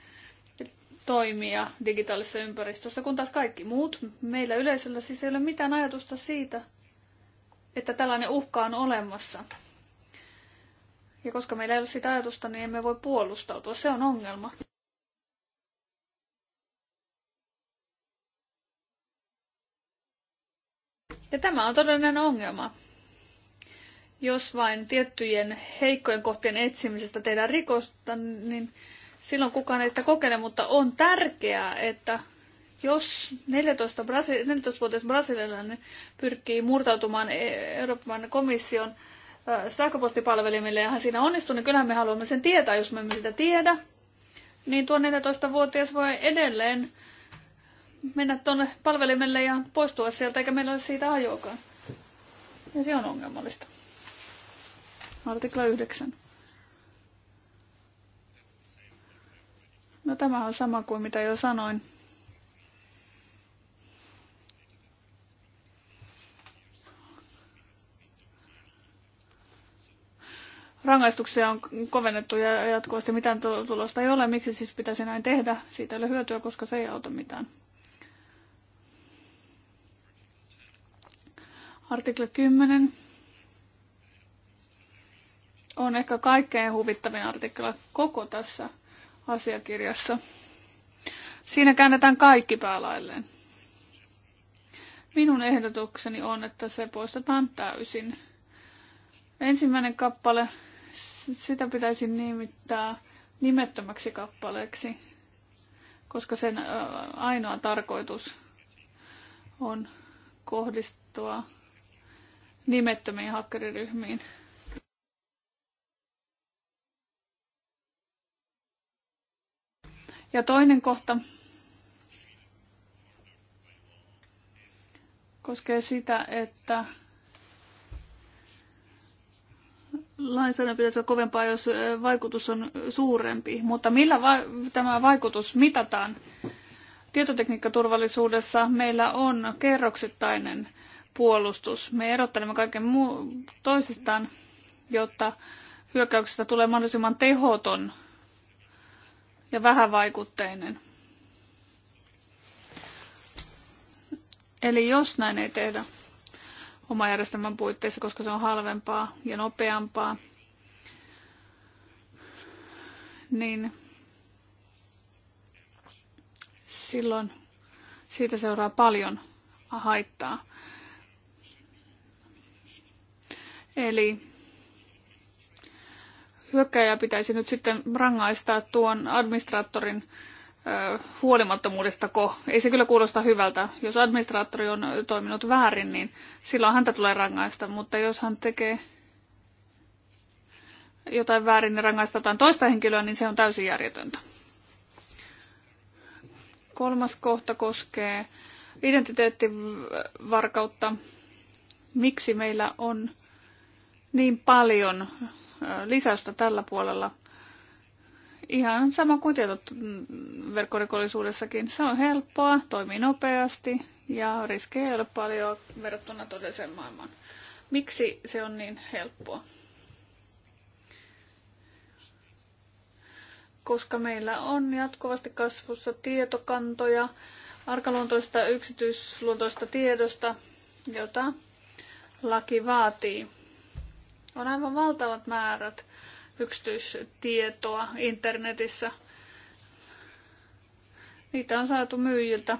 toimia digitaalisessa ympäristössä, kun taas kaikki muut, meillä yleisöllä siis ei ole mitään ajatusta siitä, että tällainen uhka on olemassa. Ja koska meillä ei ole sitä ajatusta, niin emme voi puolustautua. Se on ongelma. Ja tämä on todellinen ongelma. Jos vain tiettyjen heikkojen kohtien etsimisestä tehdään rikosta, niin silloin kukaan ei sitä kokene, mutta on tärkeää, että jos 14 vuotias 14 brasilialainen pyrkii murtautumaan e- Euroopan komission sähköpostipalvelimille ja hän siinä onnistuu, niin kyllähän me haluamme sen tietää. Jos me emme sitä tiedä, niin tuo 14-vuotias voi edelleen mennä tuonne palvelimelle ja poistua sieltä, eikä meillä ole siitä ajoakaan. Ja se on ongelmallista. Artikla 9. No tämä on sama kuin mitä jo sanoin. Rangaistuksia on kovennettu ja jatkuvasti mitään tulosta ei ole. Miksi siis pitäisi näin tehdä? Siitä ei ole hyötyä, koska se ei auta mitään. Artikla 10 on ehkä kaikkein huvittavin artikla koko tässä asiakirjassa. Siinä käännetään kaikki päälailleen. Minun ehdotukseni on, että se poistetaan täysin. Ensimmäinen kappale, sitä pitäisi nimittää nimettömäksi kappaleeksi, koska sen ainoa tarkoitus on kohdistua nimettömiin hakkeriryhmiin. Ja toinen kohta koskee sitä, että lainsäädännön pitäisi olla kovempaa, jos vaikutus on suurempi. Mutta millä va- tämä vaikutus mitataan? Tietotekniikkaturvallisuudessa meillä on kerroksittainen puolustus. Me erottelemme kaiken muu toisistaan, jotta hyökkäyksestä tulee mahdollisimman tehoton ja vähävaikutteinen. Eli jos näin ei tehdä oma järjestelmän puitteissa, koska se on halvempaa ja nopeampaa, niin silloin siitä seuraa paljon haittaa. Eli hyökkäjä pitäisi nyt sitten rangaista tuon administraattorin huolimattomuudestako. Ei se kyllä kuulosta hyvältä. Jos administraattori on toiminut väärin, niin silloin häntä tulee rangaista, mutta jos hän tekee jotain väärin ja niin rangaistetaan toista henkilöä, niin se on täysin järjetöntä. Kolmas kohta koskee identiteettivarkautta. Miksi meillä on niin paljon lisäystä tällä puolella. Ihan sama kuin mm, verkkorikollisuudessakin. Se on helppoa, toimii nopeasti ja riskejä ei ole paljon verrattuna todelliseen maailmaan. Miksi se on niin helppoa? Koska meillä on jatkuvasti kasvussa tietokantoja arkaluontoista yksityisluontoista tiedosta, jota laki vaatii on aivan valtavat määrät yksityistietoa internetissä. Niitä on saatu myyjiltä,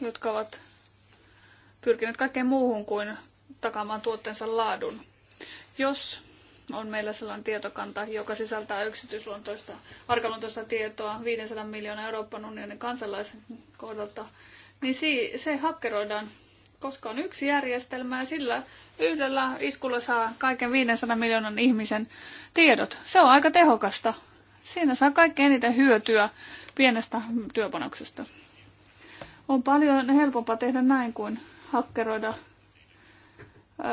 jotka ovat pyrkineet kaikkeen muuhun kuin takaamaan tuotteensa laadun. Jos on meillä sellainen tietokanta, joka sisältää yksityisluontoista, arkaluontoista tietoa 500 miljoonaa Euroopan unionin kansalaisen kohdalta, niin se hakkeroidaan koska on yksi järjestelmä ja sillä yhdellä iskulla saa kaiken 500 miljoonan ihmisen tiedot. Se on aika tehokasta. Siinä saa kaikkein eniten hyötyä pienestä työpanoksesta. On paljon helpompaa tehdä näin kuin hakkeroida äh,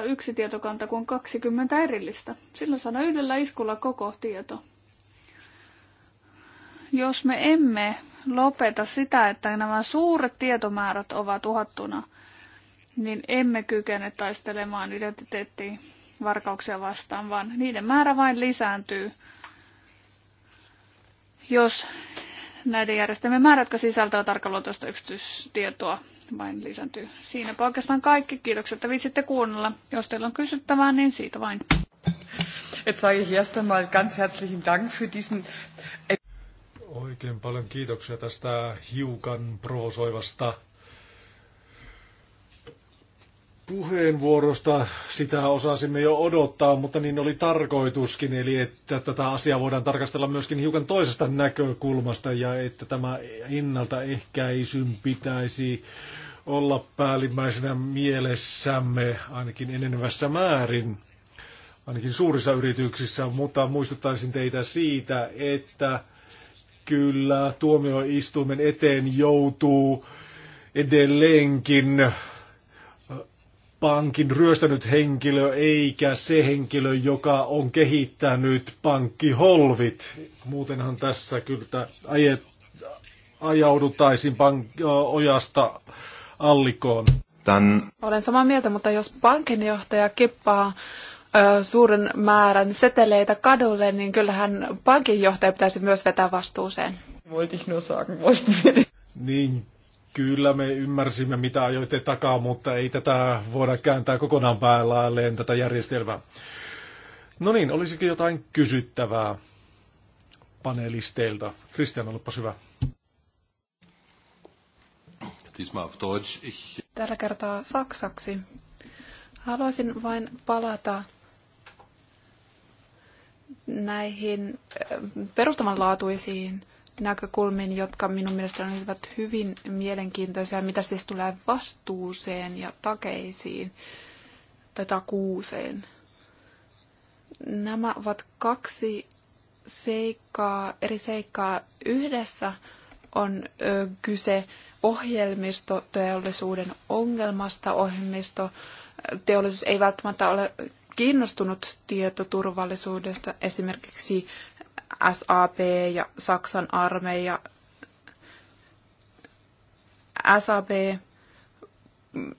yksi tietokanta kuin 20 erillistä. Silloin saadaan yhdellä iskulla koko tieto. Jos me emme lopeta sitä, että nämä suuret tietomäärät ovat uhattuna, niin emme kykene taistelemaan identiteettiin varkauksia vastaan, vaan niiden määrä vain lisääntyy, jos näiden järjestelmien määrä, jotka sisältävät tarkaluotoista yksityistietoa, vain lisääntyy. Siinä oikeastaan kaikki. Kiitokset, että viitsitte kuunnella. Jos teillä on kysyttävää, niin siitä vain. Jetzt sage ich erst einmal ganz herzlichen Dank für diesen Oikein paljon kiitoksia tästä hiukan provosoivasta puheenvuorosta. Sitä osasimme jo odottaa, mutta niin oli tarkoituskin, eli että tätä asiaa voidaan tarkastella myöskin hiukan toisesta näkökulmasta ja että tämä ennaltaehkäisyn pitäisi olla päällimmäisenä mielessämme ainakin enenevässä määrin, ainakin suurissa yrityksissä, mutta muistuttaisin teitä siitä, että kyllä tuomioistuimen eteen joutuu edelleenkin pankin ryöstänyt henkilö eikä se henkilö, joka on kehittänyt pankkiholvit. Muutenhan tässä kyllä ajet, ajauduttaisiin pank- ojasta allikoon. Tän... Olen samaa mieltä, mutta jos pankinjohtaja kippaa ö, suuren määrän seteleitä kadulle, niin kyllähän pankinjohtaja pitäisi myös vetää vastuuseen. Voit ich nur sagen, Niin, Kyllä me ymmärsimme, mitä ajoitte takaa, mutta ei tätä voida kääntää kokonaan päälailleen tätä järjestelmää. No niin, olisikin jotain kysyttävää panelisteilta. Christian, olepas hyvä. Tällä kertaa saksaksi. Haluaisin vain palata näihin eh, perustavanlaatuisiin näkökulmiin, jotka minun mielestäni olivat hyvin mielenkiintoisia, mitä siis tulee vastuuseen ja takeisiin tai takuuseen. Nämä ovat kaksi seikkaa, eri seikkaa yhdessä on ö, kyse ohjelmistoteollisuuden ongelmasta. Ohjelmisto ei välttämättä ole kiinnostunut tietoturvallisuudesta. Esimerkiksi SAP ja Saksan armeija. SAP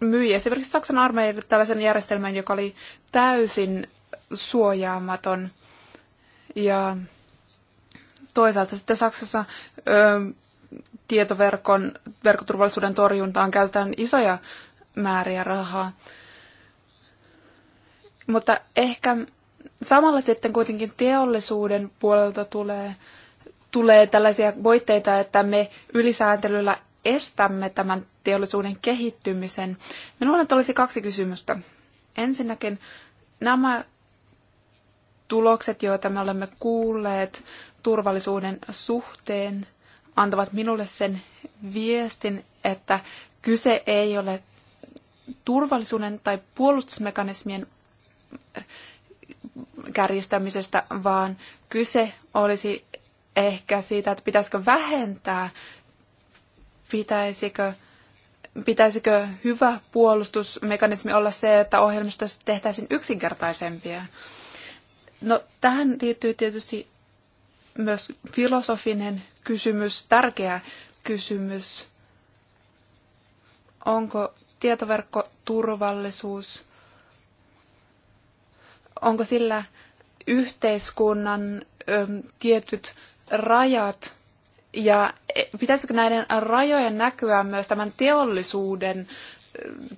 myi esimerkiksi Saksan armeijalle tällaisen järjestelmän, joka oli täysin suojaamaton. Ja toisaalta sitten Saksassa ö, tietoverkon verkkoturvallisuuden torjuntaan käytetään isoja määriä rahaa. Mutta ehkä samalla sitten kuitenkin teollisuuden puolelta tulee, tulee tällaisia voitteita, että me ylisääntelyllä estämme tämän teollisuuden kehittymisen. Minulla nyt olisi kaksi kysymystä. Ensinnäkin nämä tulokset, joita me olemme kuulleet turvallisuuden suhteen, antavat minulle sen viestin, että kyse ei ole turvallisuuden tai puolustusmekanismien kärjistämisestä, vaan kyse olisi ehkä siitä, että pitäisikö vähentää, pitäisikö, pitäisikö hyvä puolustusmekanismi olla se, että ohjelmista tehtäisiin yksinkertaisempia. No, tähän liittyy tietysti myös filosofinen kysymys, tärkeä kysymys. Onko tietoverkkoturvallisuus onko sillä yhteiskunnan ö, tietyt rajat ja e, pitäisikö näiden rajojen näkyä myös tämän teollisuuden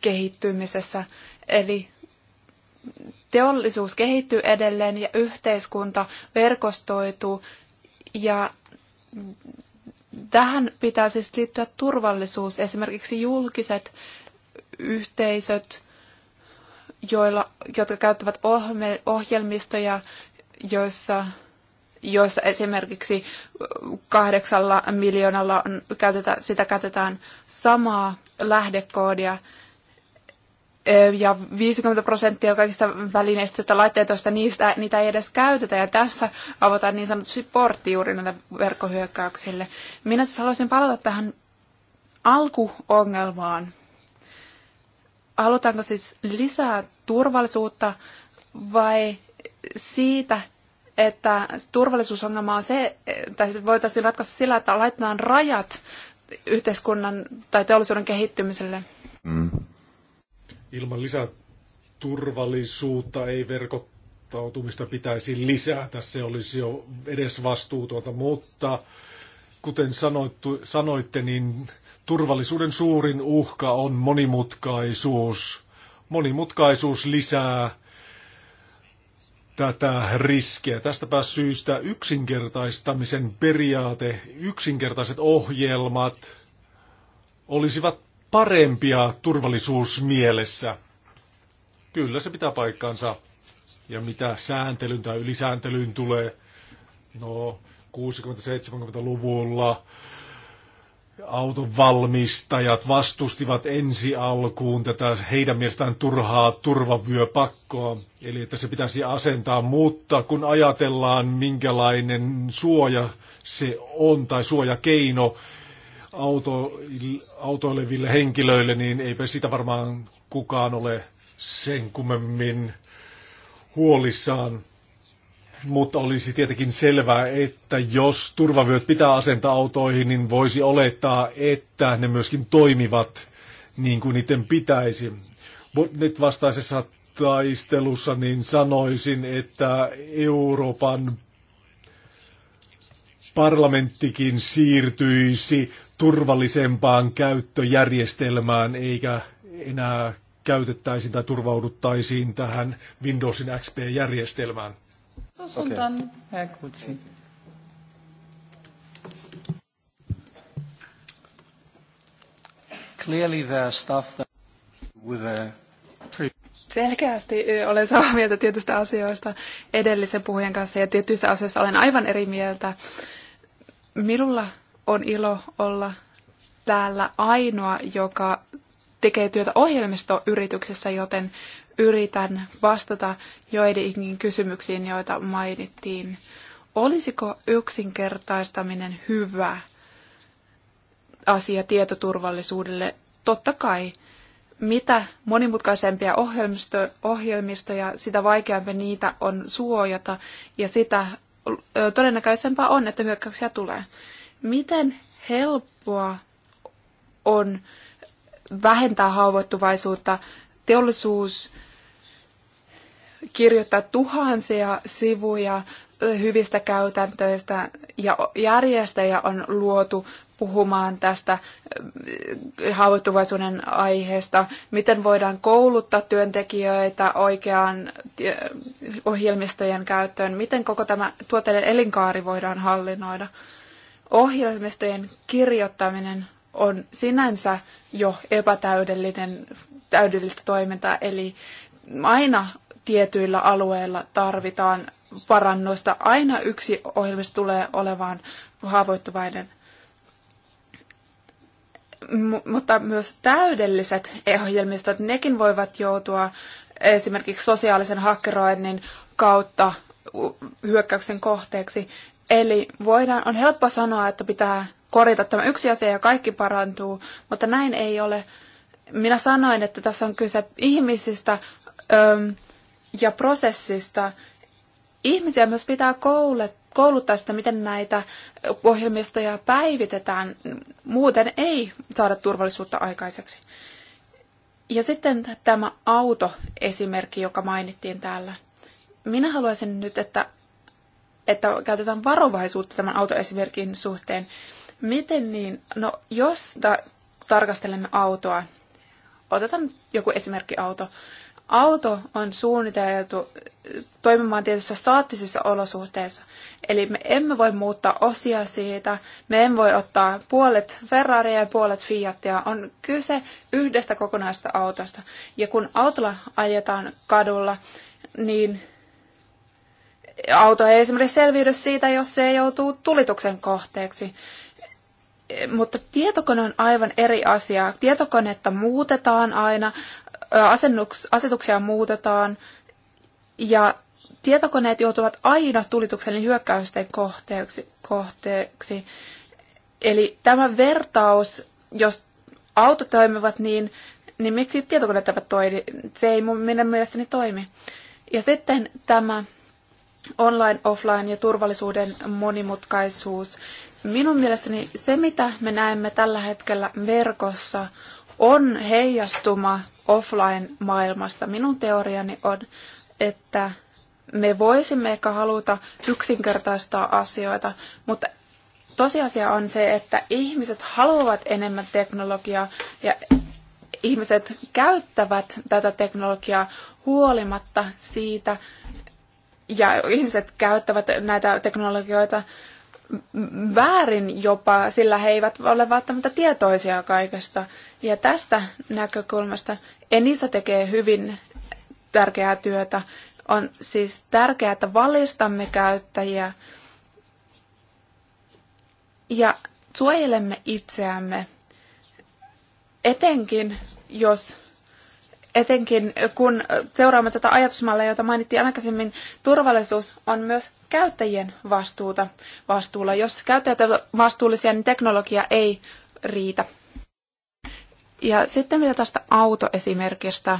kehittymisessä? Eli teollisuus kehittyy edelleen ja yhteiskunta verkostoituu ja tähän pitää siis liittyä turvallisuus, esimerkiksi julkiset yhteisöt, joilla, jotka käyttävät ohjelmistoja, joissa, joissa esimerkiksi kahdeksalla miljoonalla on, käytetä, sitä käytetään samaa lähdekoodia, ja 50 prosenttia kaikista välineistöistä, laitteista, niistä, niitä ei edes käytetä. Ja tässä avataan niin sanottu supportti juuri näille verkkohyökkäyksille. Minä siis haluaisin palata tähän alkuongelmaan. Halutaanko siis lisää turvallisuutta vai siitä, että turvallisuusongelma on se, tai voitaisiin ratkaista sillä, että laitetaan rajat yhteiskunnan tai teollisuuden kehittymiselle? Mm. Ilman lisää turvallisuutta ei verkottautumista pitäisi lisätä, se olisi jo edes vastuutonta, mutta kuten sanoittu, sanoitte, niin turvallisuuden suurin uhka on monimutkaisuus monimutkaisuus lisää tätä riskiä. Tästäpä syystä yksinkertaistamisen periaate, yksinkertaiset ohjelmat olisivat parempia turvallisuusmielessä. Kyllä se pitää paikkansa. Ja mitä sääntelyn tai ylisääntelyyn tulee, no 60-70-luvulla autovalmistajat vastustivat ensi alkuun tätä heidän mielestään turhaa turvavyöpakkoa, eli että se pitäisi asentaa, mutta kun ajatellaan minkälainen suoja se on tai suojakeino auto, autoileville henkilöille, niin eipä sitä varmaan kukaan ole sen kummemmin huolissaan mutta olisi tietenkin selvää, että jos turvavyöt pitää asentaa autoihin, niin voisi olettaa, että ne myöskin toimivat niin kuin niiden pitäisi. Nyt vastaisessa taistelussa niin sanoisin, että Euroopan parlamenttikin siirtyisi turvallisempaan käyttöjärjestelmään, eikä enää käytettäisiin tai turvauduttaisiin tähän Windowsin XP-järjestelmään. Kutsus okay. und dann Herr Clearly stuff that with Selkeästi e, olen samaa mieltä tietystä asioista edellisen puhujan kanssa ja tietyistä asioista olen aivan eri mieltä. Minulla on ilo olla täällä ainoa, joka tekee työtä ohjelmistoyrityksessä, joten yritän vastata joidenkin kysymyksiin, joita mainittiin. Olisiko yksinkertaistaminen hyvä asia tietoturvallisuudelle? Totta kai. Mitä monimutkaisempia ohjelmisto, ohjelmistoja, sitä vaikeampi niitä on suojata ja sitä todennäköisempää on, että hyökkäyksiä tulee. Miten helppoa on vähentää haavoittuvaisuutta teollisuus kirjoittaa tuhansia sivuja hyvistä käytäntöistä ja järjestäjä on luotu puhumaan tästä äh, haavoittuvaisuuden aiheesta, miten voidaan kouluttaa työntekijöitä oikeaan äh, ohjelmistojen käyttöön, miten koko tämä tuotteiden elinkaari voidaan hallinnoida. Ohjelmistojen kirjoittaminen on sinänsä jo epätäydellinen täydellistä toimintaa, eli aina tietyillä alueilla tarvitaan parannusta. Aina yksi ohjelmis tulee olevaan haavoittuvainen. M- mutta myös täydelliset ohjelmistot, nekin voivat joutua esimerkiksi sosiaalisen hakkeroinnin kautta hyökkäyksen kohteeksi. Eli voidaan, on helppo sanoa, että pitää korjata tämä yksi asia ja kaikki parantuu, mutta näin ei ole. Minä sanoin, että tässä on kyse ihmisistä öö, ja prosessista. Ihmisiä myös pitää kouluttaa sitä, miten näitä ohjelmistoja päivitetään. Muuten ei saada turvallisuutta aikaiseksi. Ja sitten tämä auto-esimerkki, joka mainittiin täällä. Minä haluaisin nyt, että, että käytetään varovaisuutta tämän autoesimerkin suhteen. Miten niin? No, jos ta- tarkastelemme autoa, otetaan joku esimerkki auto. Auto on suunniteltu toimimaan tietyissä staattisissa olosuhteissa. Eli me emme voi muuttaa osia siitä, me emme voi ottaa puolet Ferraria ja puolet Fiatia. On kyse yhdestä kokonaista autosta. Ja kun autolla ajetaan kadulla, niin auto ei esimerkiksi selviydy siitä, jos se joutuu tulituksen kohteeksi mutta tietokone on aivan eri asia. Tietokonetta muutetaan aina, asennuks, asetuksia muutetaan ja tietokoneet joutuvat aina tulituksen hyökkäysten kohteeksi, kohteeksi. Eli tämä vertaus, jos autot toimivat niin, niin miksi tietokoneet eivät toimi? Se ei minun mielestäni toimi. Ja sitten tämä online, offline ja turvallisuuden monimutkaisuus. Minun mielestäni se, mitä me näemme tällä hetkellä verkossa, on heijastuma offline-maailmasta. Minun teoriani on, että me voisimme ehkä haluta yksinkertaistaa asioita, mutta tosiasia on se, että ihmiset haluavat enemmän teknologiaa ja ihmiset käyttävät tätä teknologiaa huolimatta siitä, ja ihmiset käyttävät näitä teknologioita väärin jopa, sillä he eivät ole välttämättä tietoisia kaikesta. Ja tästä näkökulmasta Enisa tekee hyvin tärkeää työtä. On siis tärkeää, että valistamme käyttäjiä ja suojelemme itseämme, etenkin jos etenkin kun seuraamme tätä ajatusmallia, jota mainittiin aikaisemmin, turvallisuus on myös käyttäjien vastuuta vastuulla. Jos käyttäjät ovat vastuullisia, niin teknologia ei riitä. Ja sitten vielä tästä autoesimerkistä.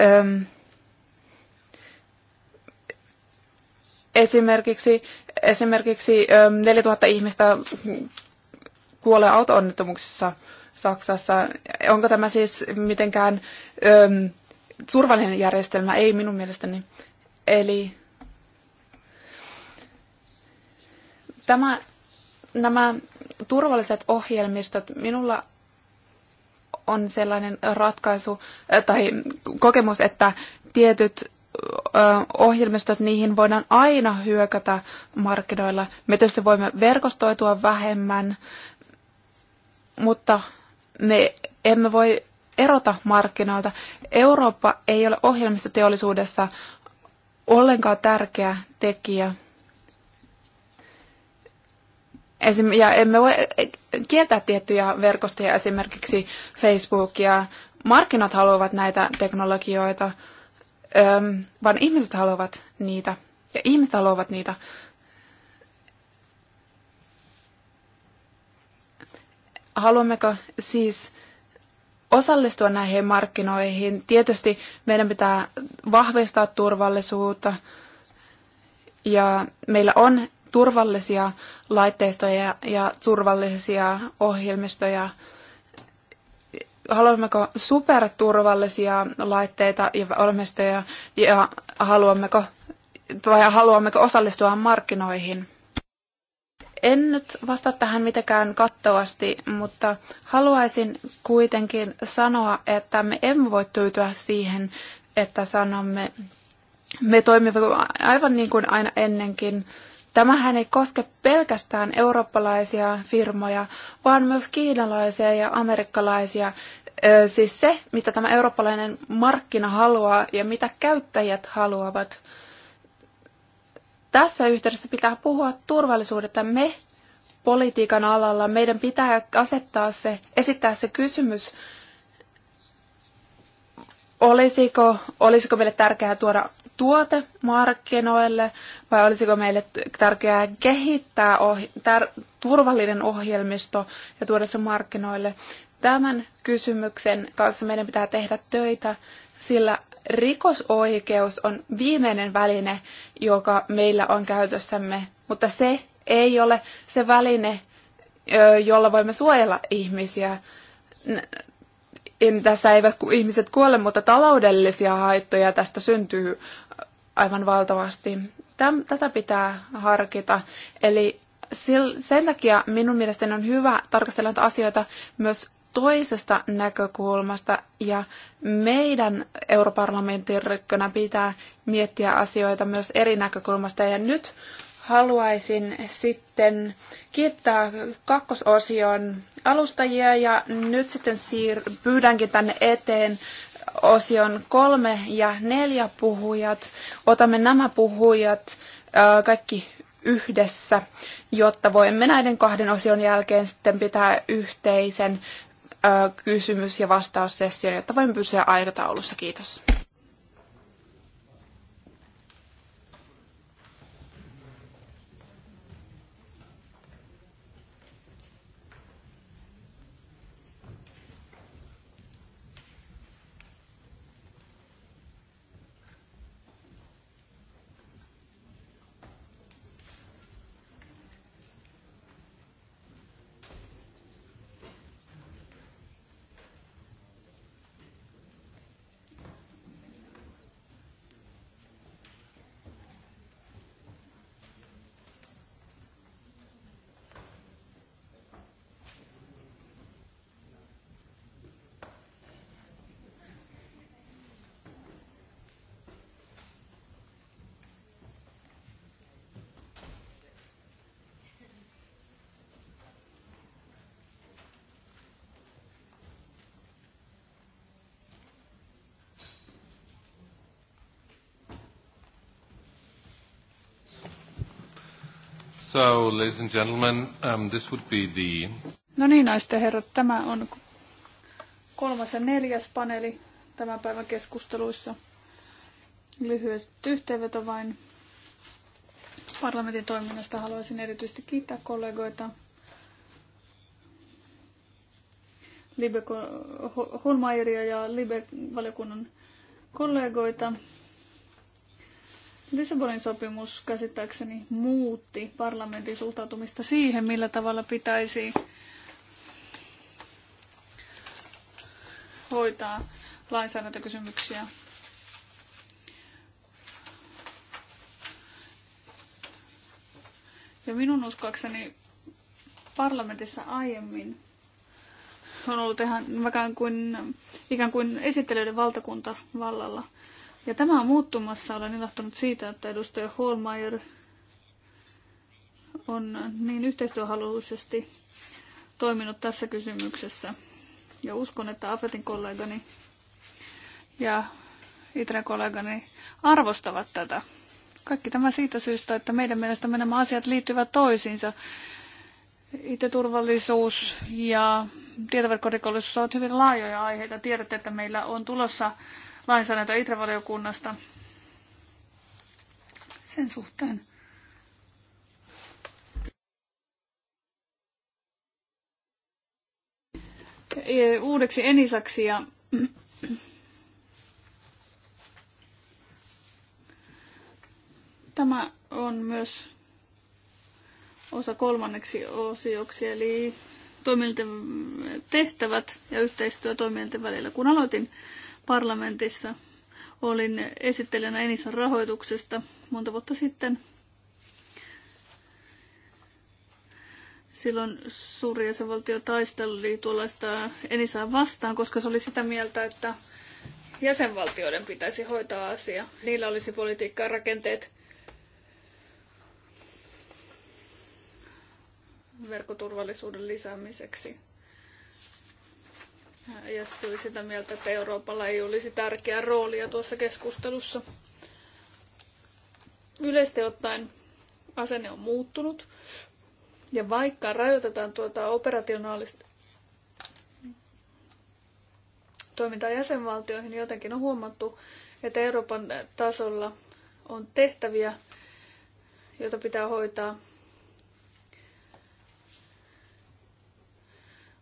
Öm, esimerkiksi esimerkiksi 4000 ihmistä kuolee auto-onnettomuuksissa Saksassa. Onko tämä siis mitenkään öm, turvallinen järjestelmä? Ei minun mielestäni. Eli tämä, nämä turvalliset ohjelmistot, minulla on sellainen ratkaisu äh, tai kokemus, että tietyt ohjelmistot, niihin voidaan aina hyökätä markkinoilla. Me tietysti voimme verkostoitua vähemmän, mutta me emme voi erota markkinoilta. Eurooppa ei ole ohjelmistoteollisuudessa ollenkaan tärkeä tekijä. Esim- ja emme voi kieltää tiettyjä verkostoja, esimerkiksi Facebookia. Markkinat haluavat näitä teknologioita, vaan ihmiset haluavat niitä. Ja ihmiset haluavat niitä. Haluammeko siis osallistua näihin markkinoihin? Tietysti meidän pitää vahvistaa turvallisuutta ja meillä on turvallisia laitteistoja ja turvallisia ohjelmistoja. Haluammeko superturvallisia laitteita ja ohjelmistoja ja haluammeko, vai haluammeko osallistua markkinoihin? En nyt vastaa tähän mitenkään kattavasti, mutta haluaisin kuitenkin sanoa, että me emme voi tyytyä siihen, että sanomme, me toimimme aivan niin kuin aina ennenkin. Tämähän ei koske pelkästään eurooppalaisia firmoja, vaan myös kiinalaisia ja amerikkalaisia. Siis se, mitä tämä eurooppalainen markkina haluaa ja mitä käyttäjät haluavat – tässä yhteydessä pitää puhua turvallisuudesta. Me politiikan alalla meidän pitää asettaa se, esittää se kysymys, olisiko, olisiko meille tärkeää tuoda tuote markkinoille vai olisiko meille tärkeää kehittää ohi, tär, turvallinen ohjelmisto ja tuoda se markkinoille. Tämän kysymyksen kanssa meidän pitää tehdä töitä sillä rikosoikeus on viimeinen väline, joka meillä on käytössämme, mutta se ei ole se väline, jolla voimme suojella ihmisiä. Tässä eivät ihmiset kuole, mutta taloudellisia haittoja tästä syntyy aivan valtavasti. Tätä pitää harkita. Eli sen takia minun mielestäni on hyvä tarkastella näitä asioita myös toisesta näkökulmasta ja meidän europarlamentin rykkönä pitää miettiä asioita myös eri näkökulmasta. Ja nyt haluaisin sitten kiittää kakkososion alustajia ja nyt sitten siir- pyydänkin tänne eteen osion kolme ja neljä puhujat. Otamme nämä puhujat kaikki yhdessä, jotta voimme näiden kahden osion jälkeen sitten pitää yhteisen kysymys- ja vastaussession, jotta voimme pysyä aikataulussa. Kiitos. So, ladies and gentlemen, um, this would be the... No niin, naisten herrat, tämä on kolmas ja neljäs paneeli tämän päivän keskusteluissa. Lyhyet yhteenveto vain. Parlamentin toiminnasta haluaisin erityisesti kiittää kollegoita. Libe Holmairia ja Libe-valiokunnan kollegoita Lissabonin sopimus käsittääkseni muutti parlamentin suhtautumista siihen, millä tavalla pitäisi hoitaa lainsäädäntökysymyksiä. Ja minun uskoakseni parlamentissa aiemmin on ollut ihan ikään kuin, ikään kuin esittelyiden valtakunta vallalla. Ja tämä on muuttumassa. Olen ilahtunut siitä, että edustaja Holmeier on niin yhteistyöhaluisesti toiminut tässä kysymyksessä. Ja uskon, että Afetin kollegani ja Itren kollegani arvostavat tätä. Kaikki tämä siitä syystä, että meidän mielestämme nämä asiat liittyvät toisiinsa. IT-turvallisuus ja tietoverkkorikollisuus ovat hyvin laajoja aiheita. Tiedätte, että meillä on tulossa lainsäädäntö Itravaliokunnasta sen suhteen. Uudeksi Enisaksi ja tämä on myös osa kolmanneksi osioksi, eli toimielinten tehtävät ja yhteistyö toimielinten välillä. Kun aloitin parlamentissa. Olin esittelijänä Enisan rahoituksesta monta vuotta sitten. Silloin suuri jäsenvaltio taisteli tuollaista Enisaa vastaan, koska se oli sitä mieltä, että jäsenvaltioiden pitäisi hoitaa asia. Niillä olisi politiikka rakenteet. verkoturvallisuuden lisäämiseksi ja se oli sitä mieltä, että Euroopalla ei olisi tärkeää roolia tuossa keskustelussa. Yleisesti ottaen asenne on muuttunut, ja vaikka rajoitetaan tuota operationaalista toimintaa jäsenvaltioihin, niin jotenkin on huomattu, että Euroopan tasolla on tehtäviä, joita pitää hoitaa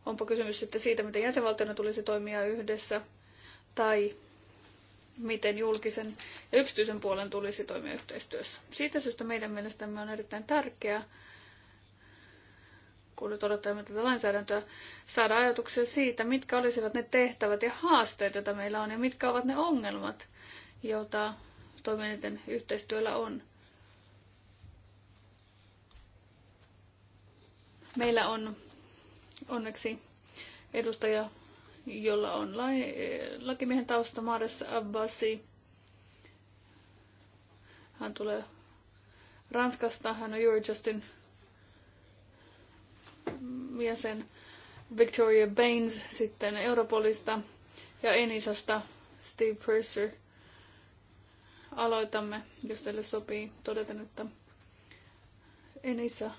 Onpa kysymys sitten siitä, miten jäsenvaltiona tulisi toimia yhdessä tai miten julkisen ja yksityisen puolen tulisi toimia yhteistyössä. Siitä syystä meidän mielestämme on erittäin tärkeää, kun nyt odotamme tätä lainsäädäntöä, saada ajatuksia siitä, mitkä olisivat ne tehtävät ja haasteet, joita meillä on, ja mitkä ovat ne ongelmat, joita toimijoiden yhteistyöllä on. Meillä on Onneksi edustaja, jolla on lai, lakimiehen tausta, Mares Abbasi. Hän tulee Ranskasta, hän on justin miesen Victoria Baines sitten Europolista ja Enisasta Steve Purser. Aloitamme, jos teille sopii, todeten, että Enisa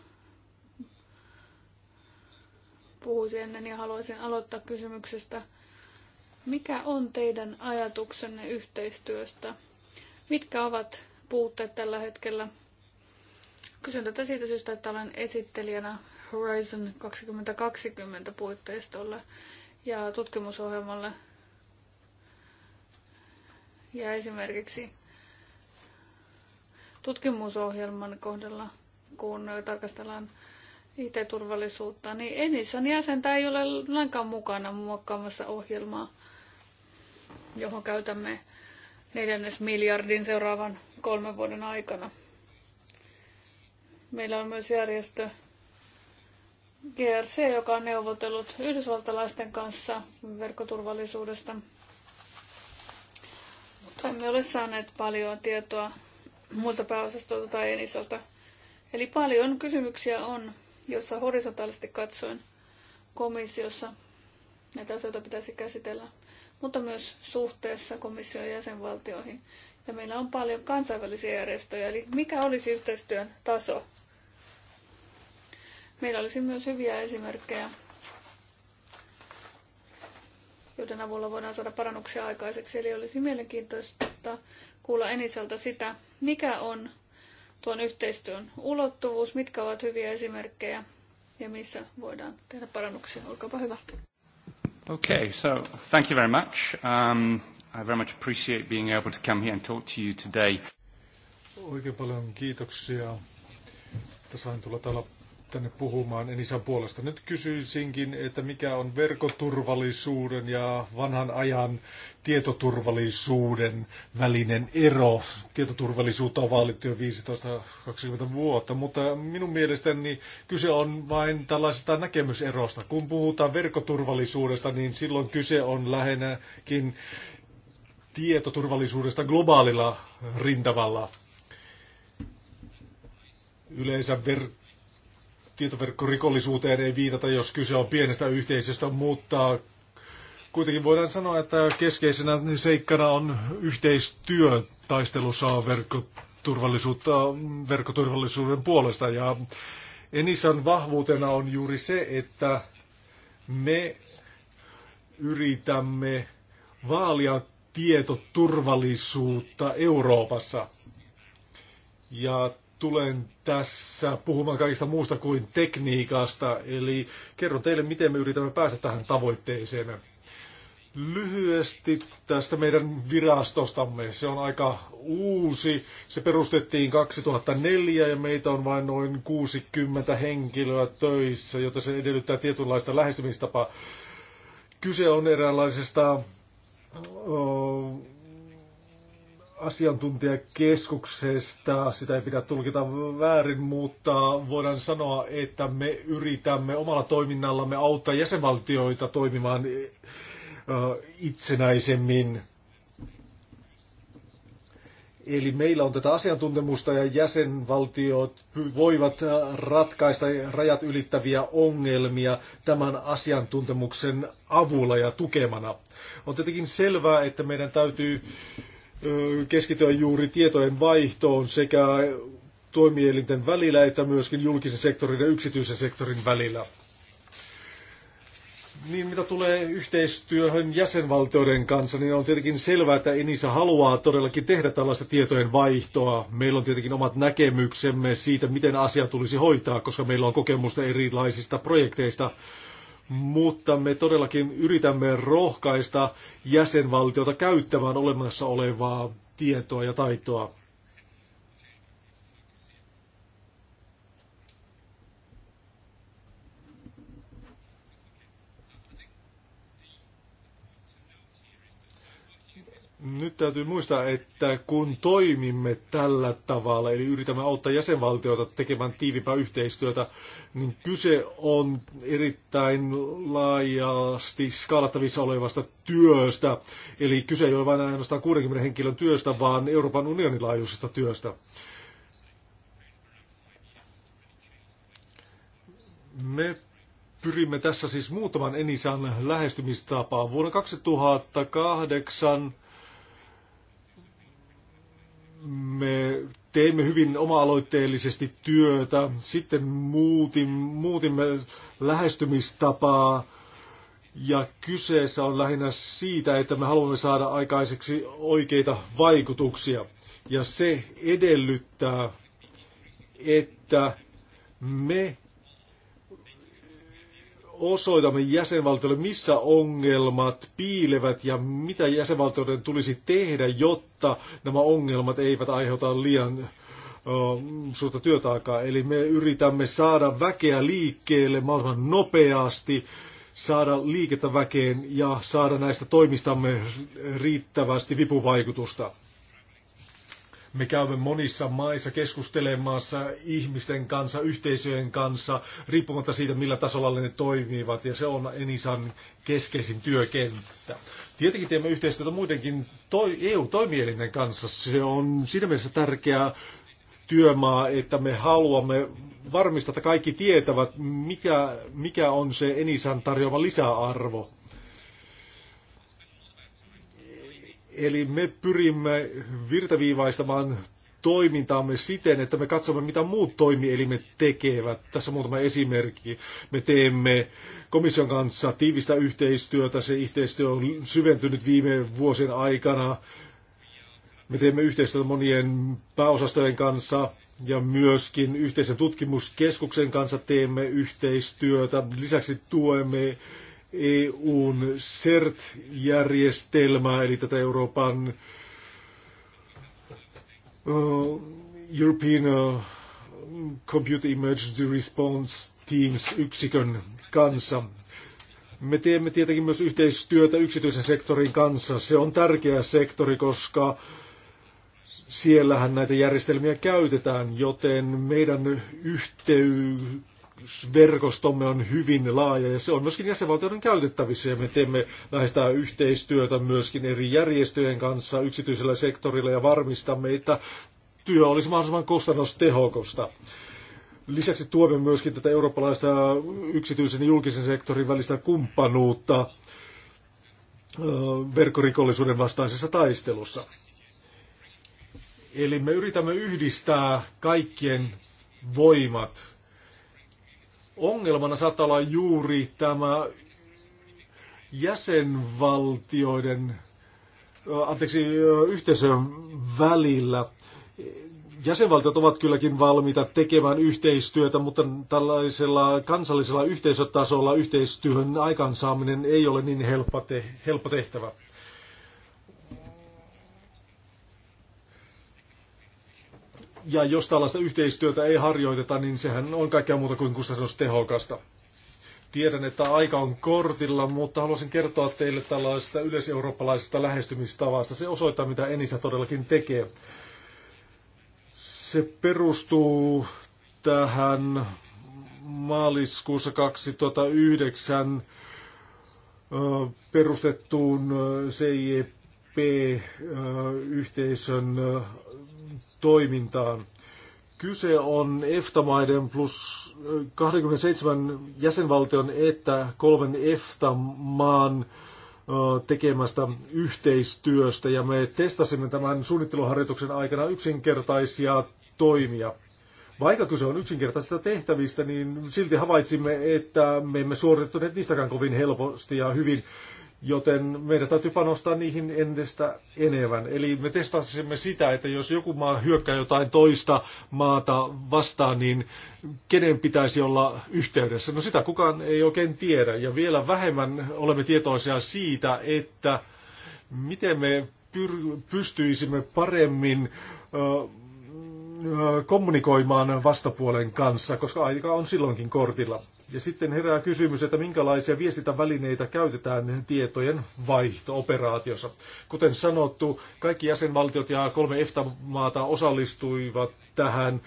puhuisi ennen niin ja haluaisin aloittaa kysymyksestä. Mikä on teidän ajatuksenne yhteistyöstä? Mitkä ovat puutteet tällä hetkellä? Kysyn tätä siitä syystä, että olen esittelijänä Horizon 2020 puitteistolle ja tutkimusohjelmalle. Ja esimerkiksi tutkimusohjelman kohdalla, kun tarkastellaan IT-turvallisuutta, niin Enisan jäsentä ei ole lainkaan mukana muokkaamassa ohjelmaa, johon käytämme neljännes miljardin seuraavan kolmen vuoden aikana. Meillä on myös järjestö GRC, joka on neuvotellut yhdysvaltalaisten kanssa verkkoturvallisuudesta. Mutta emme ole saaneet paljon tietoa muilta pääosastolta tai Enisalta. Eli paljon kysymyksiä on jossa horisontaalisesti katsoen komissiossa näitä asioita pitäisi käsitellä, mutta myös suhteessa komission jäsenvaltioihin. Ja meillä on paljon kansainvälisiä järjestöjä, eli mikä olisi yhteistyön taso? Meillä olisi myös hyviä esimerkkejä, joiden avulla voidaan saada parannuksia aikaiseksi. Eli olisi mielenkiintoista kuulla Eniseltä sitä, mikä on tuon yhteistyön ulottuvuus, mitkä ovat hyviä esimerkkejä ja missä voidaan tehdä parannuksia. Olkaapa hyvä. Okay, so thank you very much. Um, I very much appreciate being able to come here and talk to you today. Oikein paljon kiitoksia, Tässä sain tulla täällä tänne puhumaan Enisan puolesta. Nyt kysyisinkin, että mikä on verkoturvallisuuden ja vanhan ajan tietoturvallisuuden välinen ero. Tietoturvallisuutta on vaalittu jo 15-20 vuotta, mutta minun mielestäni kyse on vain tällaisesta näkemyserosta. Kun puhutaan verkoturvallisuudesta, niin silloin kyse on lähinnäkin tietoturvallisuudesta globaalilla rintavalla yleensä ver- tietoverkkorikollisuuteen ei viitata, jos kyse on pienestä yhteisöstä, mutta kuitenkin voidaan sanoa, että keskeisenä seikkana on yhteistyö taistelussa verkkoturvallisuutta, verkkoturvallisuuden puolesta. Ja Enisan vahvuutena on juuri se, että me yritämme vaalia tietoturvallisuutta Euroopassa. Ja tulen tässä puhumaan kaikista muusta kuin tekniikasta, eli kerron teille, miten me yritämme päästä tähän tavoitteeseen. Lyhyesti tästä meidän virastostamme. Se on aika uusi. Se perustettiin 2004 ja meitä on vain noin 60 henkilöä töissä, jota se edellyttää tietynlaista lähestymistapaa. Kyse on eräänlaisesta asiantuntijakeskuksesta, sitä ei pidä tulkita väärin, mutta voidaan sanoa, että me yritämme omalla toiminnallamme auttaa jäsenvaltioita toimimaan e, itsenäisemmin. Eli meillä on tätä asiantuntemusta ja jäsenvaltiot voivat ratkaista rajat ylittäviä ongelmia tämän asiantuntemuksen avulla ja tukemana. On tietenkin selvää, että meidän täytyy keskityä juuri tietojen vaihtoon sekä toimielinten välillä että myöskin julkisen sektorin ja yksityisen sektorin välillä. Niin mitä tulee yhteistyöhön jäsenvaltioiden kanssa, niin on tietenkin selvää, että Enisa haluaa todellakin tehdä tällaista tietojen vaihtoa. Meillä on tietenkin omat näkemyksemme siitä, miten asia tulisi hoitaa, koska meillä on kokemusta erilaisista projekteista, mutta me todellakin yritämme rohkaista jäsenvaltiota käyttämään olemassa olevaa tietoa ja taitoa. Nyt täytyy muistaa, että kun toimimme tällä tavalla, eli yritämme auttaa jäsenvaltioita tekemään tiivimpää yhteistyötä, niin kyse on erittäin laajasti skaalattavissa olevasta työstä. Eli kyse ei ole vain ainoastaan 60 henkilön työstä, vaan Euroopan unionin laajuisesta työstä. Me pyrimme tässä siis muutaman Enisan lähestymistapaan. Vuonna 2008 me teimme hyvin oma-aloitteellisesti työtä, sitten muutin, muutimme lähestymistapaa ja kyseessä on lähinnä siitä, että me haluamme saada aikaiseksi oikeita vaikutuksia. Ja se edellyttää, että me osoitamme jäsenvaltioille, missä ongelmat piilevät ja mitä jäsenvaltioiden tulisi tehdä, jotta nämä ongelmat eivät aiheuta liian suurta työtaakaa. Eli me yritämme saada väkeä liikkeelle mahdollisimman nopeasti, saada liikettä väkeen ja saada näistä toimistamme riittävästi vipuvaikutusta. Me käymme monissa maissa keskustelemassa ihmisten kanssa, yhteisöjen kanssa, riippumatta siitä, millä tasolla ne toimivat, ja se on Enisan keskeisin työkenttä. Tietenkin teemme yhteistyötä muidenkin EU-toimielinen kanssa. Se on siinä mielessä tärkeää työmaa, että me haluamme varmistaa, että kaikki tietävät, mikä, mikä on se Enisan tarjoama lisäarvo. Eli me pyrimme virtaviivaistamaan toimintaamme siten, että me katsomme, mitä muut toimielimet tekevät. Tässä muutama esimerkki. Me teemme komission kanssa tiivistä yhteistyötä. Se yhteistyö on syventynyt viime vuosien aikana. Me teemme yhteistyötä monien pääosastojen kanssa ja myöskin yhteisen tutkimuskeskuksen kanssa teemme yhteistyötä. Lisäksi tuemme EUn CERT-järjestelmää, eli tätä Euroopan uh, European uh, Computer Emergency Response Teams-yksikön kanssa. Me teemme tietenkin myös yhteistyötä yksityisen sektorin kanssa. Se on tärkeä sektori, koska siellähän näitä järjestelmiä käytetään, joten meidän yhteytemme verkostomme on hyvin laaja ja se on myöskin jäsenvaltioiden käytettävissä ja me teemme lähestää yhteistyötä myöskin eri järjestöjen kanssa yksityisellä sektorilla ja varmistamme, että työ olisi mahdollisimman kustannustehokasta. Lisäksi tuemme myöskin tätä eurooppalaista yksityisen ja julkisen sektorin välistä kumppanuutta verkkorikollisuuden vastaisessa taistelussa. Eli me yritämme yhdistää kaikkien voimat Ongelmana saattaa olla juuri tämä jäsenvaltioiden, anteeksi, yhteisön välillä. Jäsenvaltiot ovat kylläkin valmiita tekemään yhteistyötä, mutta tällaisella kansallisella yhteisötasolla yhteistyön aikansaaminen ei ole niin helppo tehtävä. Ja jos tällaista yhteistyötä ei harjoiteta, niin sehän on kaikkea muuta kuin kustannustehokasta. Tiedän, että aika on kortilla, mutta haluaisin kertoa teille tällaisesta yleiseurooppalaisesta lähestymistavasta. Se osoittaa, mitä Enisa todellakin tekee. Se perustuu tähän maaliskuussa 2009 perustettuun CIP-yhteisön toimintaan. Kyse on EFTA-maiden plus 27 äh, jäsenvaltion että kolmen EFTA-maan äh, tekemästä yhteistyöstä ja me testasimme tämän suunnitteluharjoituksen aikana yksinkertaisia toimia. Vaikka kyse on yksinkertaisista tehtävistä, niin silti havaitsimme, että me emme suorittaneet niistäkään kovin helposti ja hyvin joten meidän täytyy panostaa niihin entistä enemmän. Eli me testasimme sitä, että jos joku maa hyökkää jotain toista maata vastaan, niin kenen pitäisi olla yhteydessä? No sitä kukaan ei oikein tiedä. Ja vielä vähemmän olemme tietoisia siitä, että miten me pystyisimme paremmin kommunikoimaan vastapuolen kanssa, koska aika on silloinkin kortilla. Ja sitten herää kysymys, että minkälaisia viestintävälineitä käytetään tietojen vaihto-operaatiossa. Kuten sanottu, kaikki jäsenvaltiot ja kolme EFTA-maata osallistuivat tähän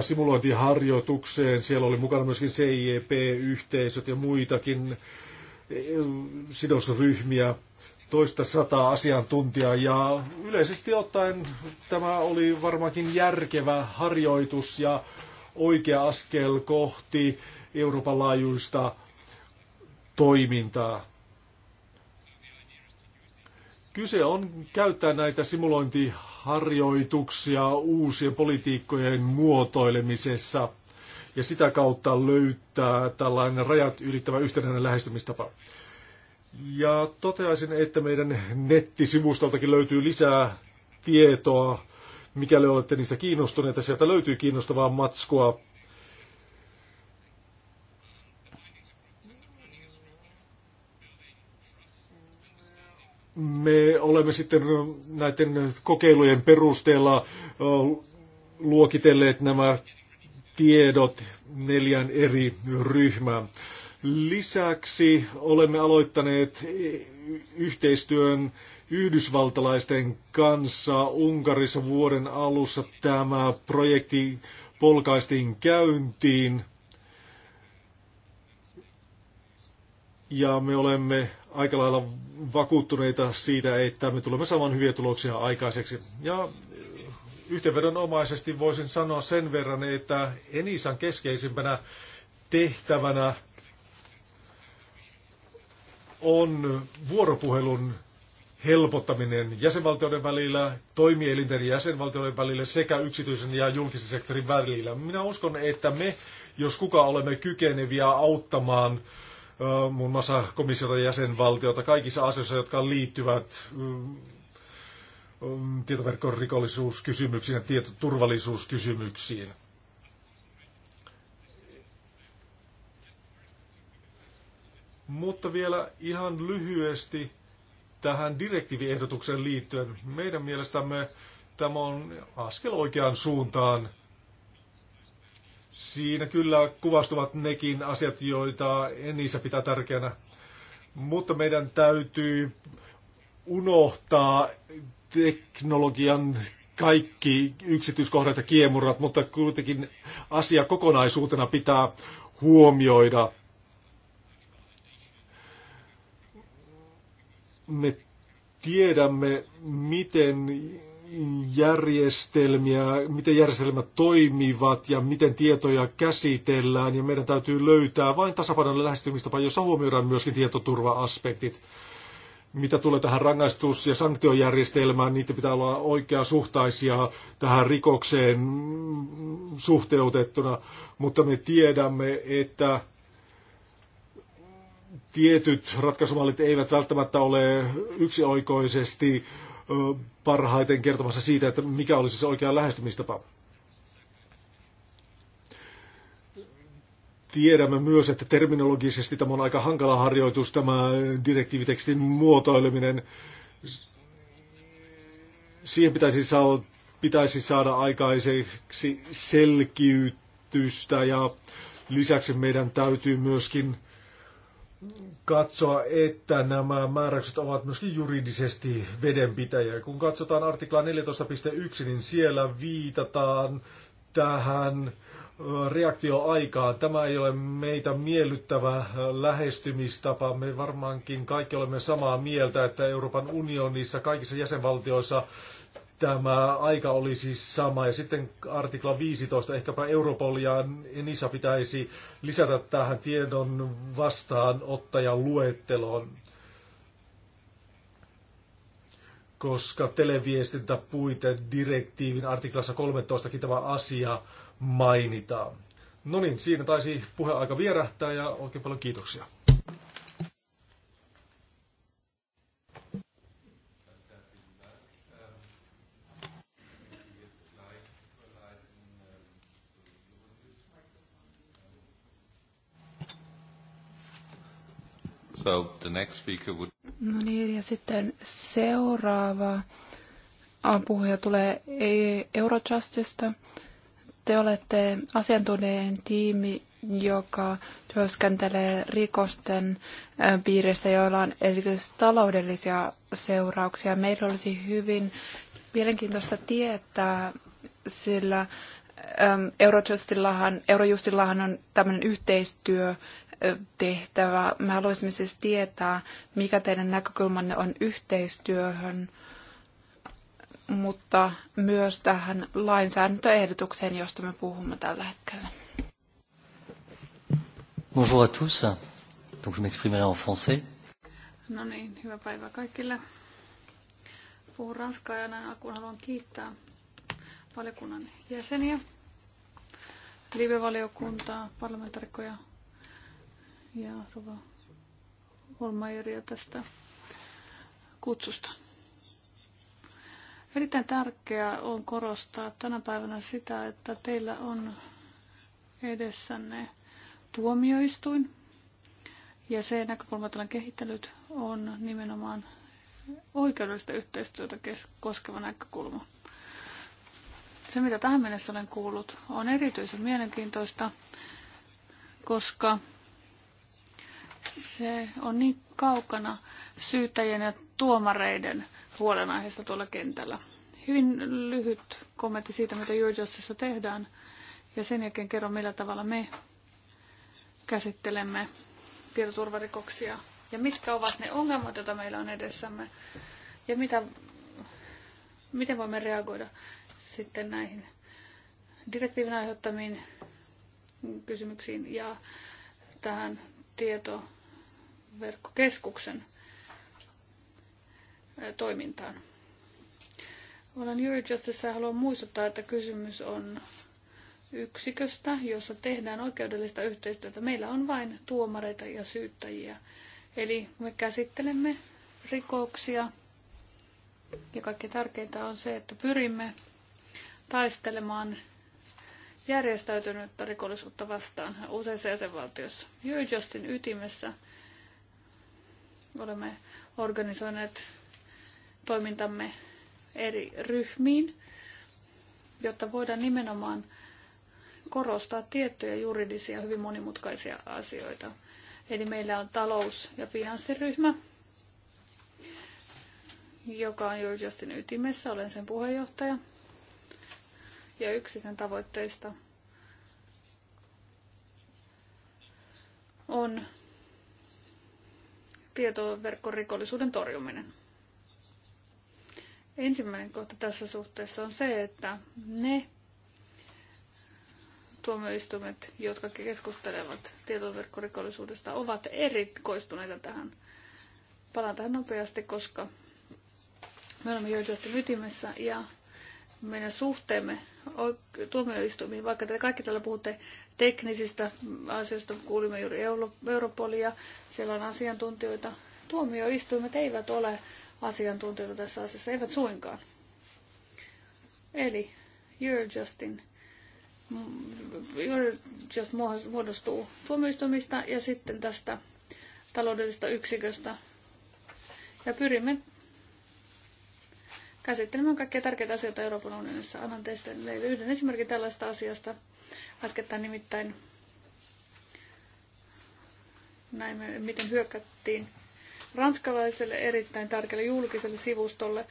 simulointiharjoitukseen. Siellä oli mukana myöskin CIEP-yhteisöt ja muitakin sidosryhmiä, toista sataa asiantuntijaa ja yleisesti ottaen tämä oli varmaankin järkevä harjoitus ja oikea askel kohti Euroopan laajuista toimintaa. Kyse on käyttää näitä simulointiharjoituksia uusien politiikkojen muotoilemisessa ja sitä kautta löytää tällainen rajat ylittävä yhtenäinen lähestymistapa. Ja toteaisin, että meidän nettisivustoltakin löytyy lisää tietoa, mikäli olette niistä kiinnostuneita. Sieltä löytyy kiinnostavaa matskua me olemme sitten näiden kokeilujen perusteella luokitelleet nämä tiedot neljän eri ryhmään. Lisäksi olemme aloittaneet e, yhteistyön yhdysvaltalaisten kanssa Unkarissa vuoden alussa tämä projekti polkaistiin käyntiin Ja me olemme aika lailla vakuuttuneita siitä, että me tulemme saamaan hyviä tuloksia aikaiseksi. Ja eh, yhteenvedonomaisesti voisin sanoa sen verran, että Enisan keskeisimpänä tehtävänä on vuoropuhelun helpottaminen jäsenvaltioiden välillä, toimielinten jäsenvaltioiden välillä sekä yksityisen ja julkisen sektorin välillä. Minä uskon, että me, jos kuka olemme kykeneviä auttamaan muun muassa komissiota jäsenvaltiota kaikissa asioissa, jotka liittyvät tietoverkon rikollisuuskysymyksiin ja tietoturvallisuuskysymyksiin. Mutta vielä ihan lyhyesti tähän direktiiviehdotukseen liittyen. Meidän mielestämme tämä on askel oikeaan suuntaan Siinä kyllä kuvastuvat nekin asiat, joita en niissä pitää tärkeänä. Mutta meidän täytyy unohtaa teknologian kaikki yksityiskohdat ja kiemurat, mutta kuitenkin asia kokonaisuutena pitää huomioida. Me tiedämme, miten järjestelmiä, miten järjestelmät toimivat ja miten tietoja käsitellään. Ja meidän täytyy löytää vain tasapainoinen lähestymistapa, jossa huomioidaan myöskin tietoturva-aspektit. Mitä tulee tähän rangaistus- ja sanktiojärjestelmään, niitä pitää olla oikeasuhtaisia tähän rikokseen suhteutettuna, mutta me tiedämme, että tietyt ratkaisumallit eivät välttämättä ole yksioikoisesti parhaiten kertomassa siitä, että mikä olisi se oikea lähestymistapa. Tiedämme myös, että terminologisesti tämä on aika hankala harjoitus, tämä direktiivitekstin muotoileminen. Siihen pitäisi saada, pitäisi saada aikaiseksi selkiytystä ja lisäksi meidän täytyy myöskin katsoa, että nämä määräykset ovat myöskin juridisesti vedenpitäjiä. Kun katsotaan artiklaa 14.1, niin siellä viitataan tähän reaktioaikaan. Tämä ei ole meitä miellyttävä lähestymistapa. Me varmaankin kaikki olemme samaa mieltä, että Euroopan unionissa kaikissa jäsenvaltioissa tämä aika olisi siis sama. Ja sitten artikla 15, ehkäpä Europol ja Enisa pitäisi lisätä tähän tiedon vastaanottajan luetteloon. Koska direktiivin artiklassa 13kin tämä asia mainitaan. No niin, siinä taisi puheaika vierähtää ja oikein paljon kiitoksia. So the next speaker would... No niin, ja sitten seuraava puhuja tulee e- Eurojustista. Te olette asiantuntijan tiimi, joka työskentelee rikosten piirissä, joilla on erityisesti taloudellisia seurauksia. Meillä olisi hyvin mielenkiintoista tietää, sillä Eurojustillahan, Eurojustillahan on tämmöinen yhteistyö tehtävä. Me haluaisimme siis tietää, mikä teidän näkökulmanne on yhteistyöhön, mutta myös tähän lainsäädäntöehdotukseen, josta me puhumme tällä hetkellä. Bonjour à tous. Donc je m'exprimerai en français. No niin, hyvää päivää kaikille. Puhun ranskaa ja näin alkuun haluan kiittää valiokunnan jäseniä, live-valiokuntaa, parlamentarikkoja, ja Rova Holmajeria tästä kutsusta. Erittäin tärkeää on korostaa tänä päivänä sitä, että teillä on edessänne tuomioistuin. Ja se näkökulma, kehittelyt on nimenomaan oikeudellista yhteistyötä koskeva näkökulma. Se, mitä tähän mennessä olen kuullut, on erityisen mielenkiintoista, koska se on niin kaukana syyttäjien ja tuomareiden huolenaiheesta tuolla kentällä. Hyvin lyhyt kommentti siitä, mitä Jurjosissa tehdään, ja sen jälkeen kerron, millä tavalla me käsittelemme tietoturvarikoksia ja mitkä ovat ne ongelmat, joita meillä on edessämme ja mitä, miten voimme reagoida sitten näihin direktiivin aiheuttamiin kysymyksiin ja tähän tieto verkkokeskuksen toimintaan. Olen Jury Justice ja haluan muistuttaa, että kysymys on yksiköstä, jossa tehdään oikeudellista yhteistyötä. Meillä on vain tuomareita ja syyttäjiä. Eli me käsittelemme rikoksia ja kaikki tärkeintä on se, että pyrimme taistelemaan järjestäytynyttä rikollisuutta vastaan useissa jäsenvaltioissa. Jyjustin ytimessä Olemme organisoineet toimintamme eri ryhmiin, jotta voidaan nimenomaan korostaa tiettyjä juridisia hyvin monimutkaisia asioita. Eli meillä on talous- ja finanssiryhmä, joka on juuri ytimessä, olen sen puheenjohtaja. Ja yksi sen tavoitteista on tietoverkkorikollisuuden torjuminen. Ensimmäinen kohta tässä suhteessa on se, että ne tuomioistuimet, jotka keskustelevat tietoverkkorikollisuudesta, ovat erikoistuneita tähän. Palaan tähän nopeasti, koska me olemme joitain ytimessä ja meidän suhteemme tuomioistuimiin, vaikka te kaikki täällä puhutte teknisistä asioista. Kuulimme juuri Europolia, siellä on asiantuntijoita. Tuomioistuimet eivät ole asiantuntijoita tässä asiassa, eivät suinkaan. Eli Eurojustin mm, just muodostuu tuomioistuimista ja sitten tästä taloudellisesta yksiköstä. Ja pyrimme käsittelemään kaikkia tärkeitä asioita Euroopan unionissa. Annan teille yhden esimerkin tällaista asiasta. Äskettäin nimittäin me, miten hyökättiin ranskalaiselle erittäin tärkeälle julkiselle sivustolle,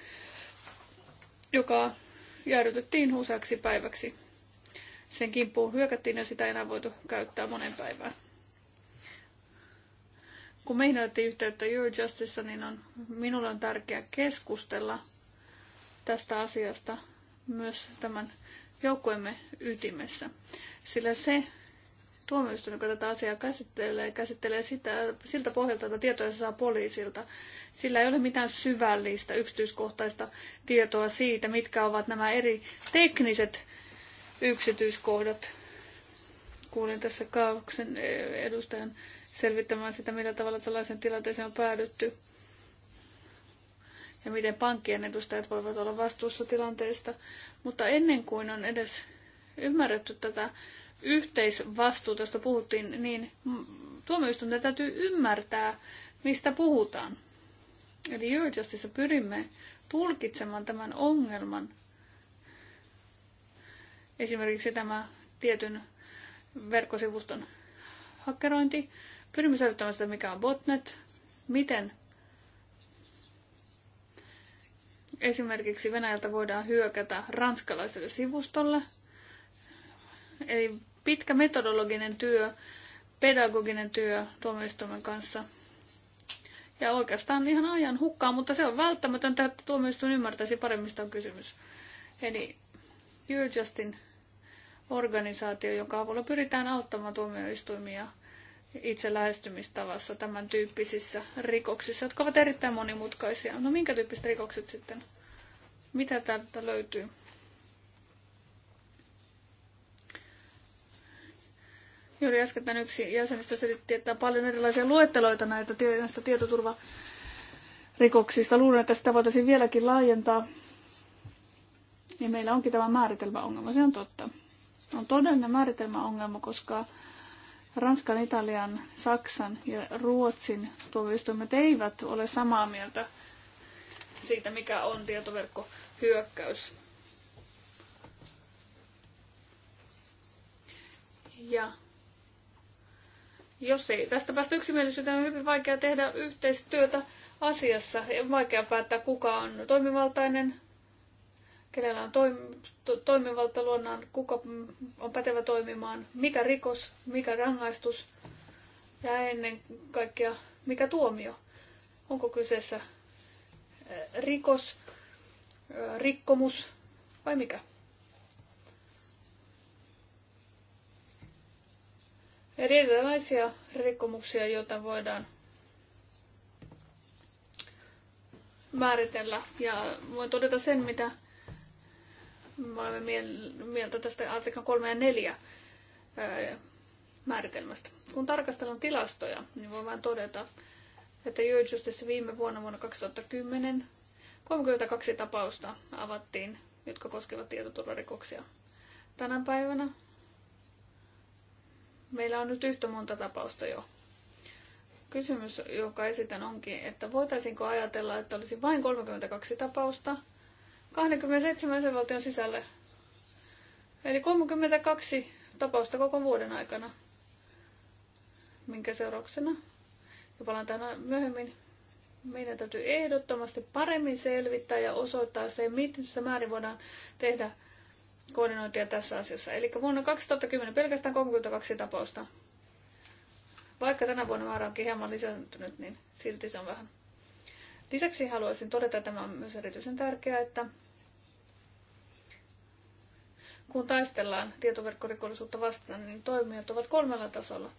joka jäädytettiin useaksi päiväksi. Sen kimppuun hyökättiin ja sitä ei enää voitu käyttää monen päivään. Kun meihin otettiin yhteyttä Your Justice, niin on, minulle on tärkeää keskustella tästä asiasta myös tämän joukkuemme ytimessä. Sillä se tuomioistuin, joka tätä asiaa käsittelee, käsittelee sitä, siltä pohjalta, että tietoja se saa poliisilta. Sillä ei ole mitään syvällistä, yksityiskohtaista tietoa siitä, mitkä ovat nämä eri tekniset yksityiskohdat. Kuulin tässä Kaaksen eh, edustajan selvittämään sitä, millä tavalla tällaisen tilanteeseen on päädytty ja miten pankkien edustajat voivat olla vastuussa tilanteesta. Mutta ennen kuin on edes ymmärretty tätä yhteisvastuuta, josta puhuttiin, niin tuomioistuinten täytyy ymmärtää, mistä puhutaan. Eli Eurojustissa pyrimme tulkitsemaan tämän ongelman. Esimerkiksi tämä tietyn verkkosivuston hakkerointi. Pyrimme selvittämään sitä, mikä on botnet, miten esimerkiksi Venäjältä voidaan hyökätä ranskalaiselle sivustolle – Eli pitkä metodologinen työ, pedagoginen työ tuomioistuimen kanssa. Ja oikeastaan ihan ajan hukkaa, mutta se on välttämätöntä, että tuomioistuin ymmärtäisi paremmin, mistä on kysymys. Eli You're Justin organisaatio, jonka avulla pyritään auttamaan tuomioistuimia itse lähestymistavassa tämän tyyppisissä rikoksissa, jotka ovat erittäin monimutkaisia. No minkä tyyppiset rikokset sitten? Mitä täältä löytyy? Juuri äsken yksi jäsenistä selitti, että on paljon erilaisia luetteloita näitä, näistä tietoturvarikoksista. Luulen, että sitä voitaisiin vieläkin laajentaa. Ja meillä onkin tämä määritelmäongelma, se on totta. On todellinen määritelmäongelma, koska Ranskan, Italian, Saksan ja Ruotsin tuomioistuimet eivät ole samaa mieltä siitä, mikä on tietoverkkohyökkäys. Ja jos ei tästä päästä yksimielisyyteen, on hyvin vaikea tehdä yhteistyötä asiassa. On vaikea päättää, kuka on toimivaltainen, kenellä on toim- to- toimivalta luonnaan, kuka on pätevä toimimaan, mikä rikos, mikä rangaistus ja ennen kaikkea mikä tuomio. Onko kyseessä rikos, rikkomus vai mikä? erilaisia rikkomuksia, joita voidaan määritellä. Ja voin todeta sen, mitä me olemme mieltä tästä artiklan 3 ja 4 määritelmästä. Kun tarkastellaan tilastoja, niin voin vain todeta, että Jyrjustissa viime vuonna vuonna 2010 32 tapausta avattiin, jotka koskevat tietoturvarikoksia. Tänä päivänä Meillä on nyt yhtä monta tapausta jo. Kysymys, joka esitän, onkin, että voitaisiinko ajatella, että olisi vain 32 tapausta 27 valtion sisälle. Eli 32 tapausta koko vuoden aikana. Minkä seurauksena? Ja palaan tänään myöhemmin. Meidän täytyy ehdottomasti paremmin selvittää ja osoittaa se, missä määrin voidaan tehdä koordinointia tässä asiassa. Eli vuonna 2010 pelkästään 32 tapausta. Vaikka tänä vuonna määrä onkin hieman lisääntynyt, niin silti se on vähän. Lisäksi haluaisin todeta, että tämä on myös erityisen tärkeää, että kun taistellaan tietoverkkorikollisuutta vastaan, niin toimijat ovat kolmella tasolla.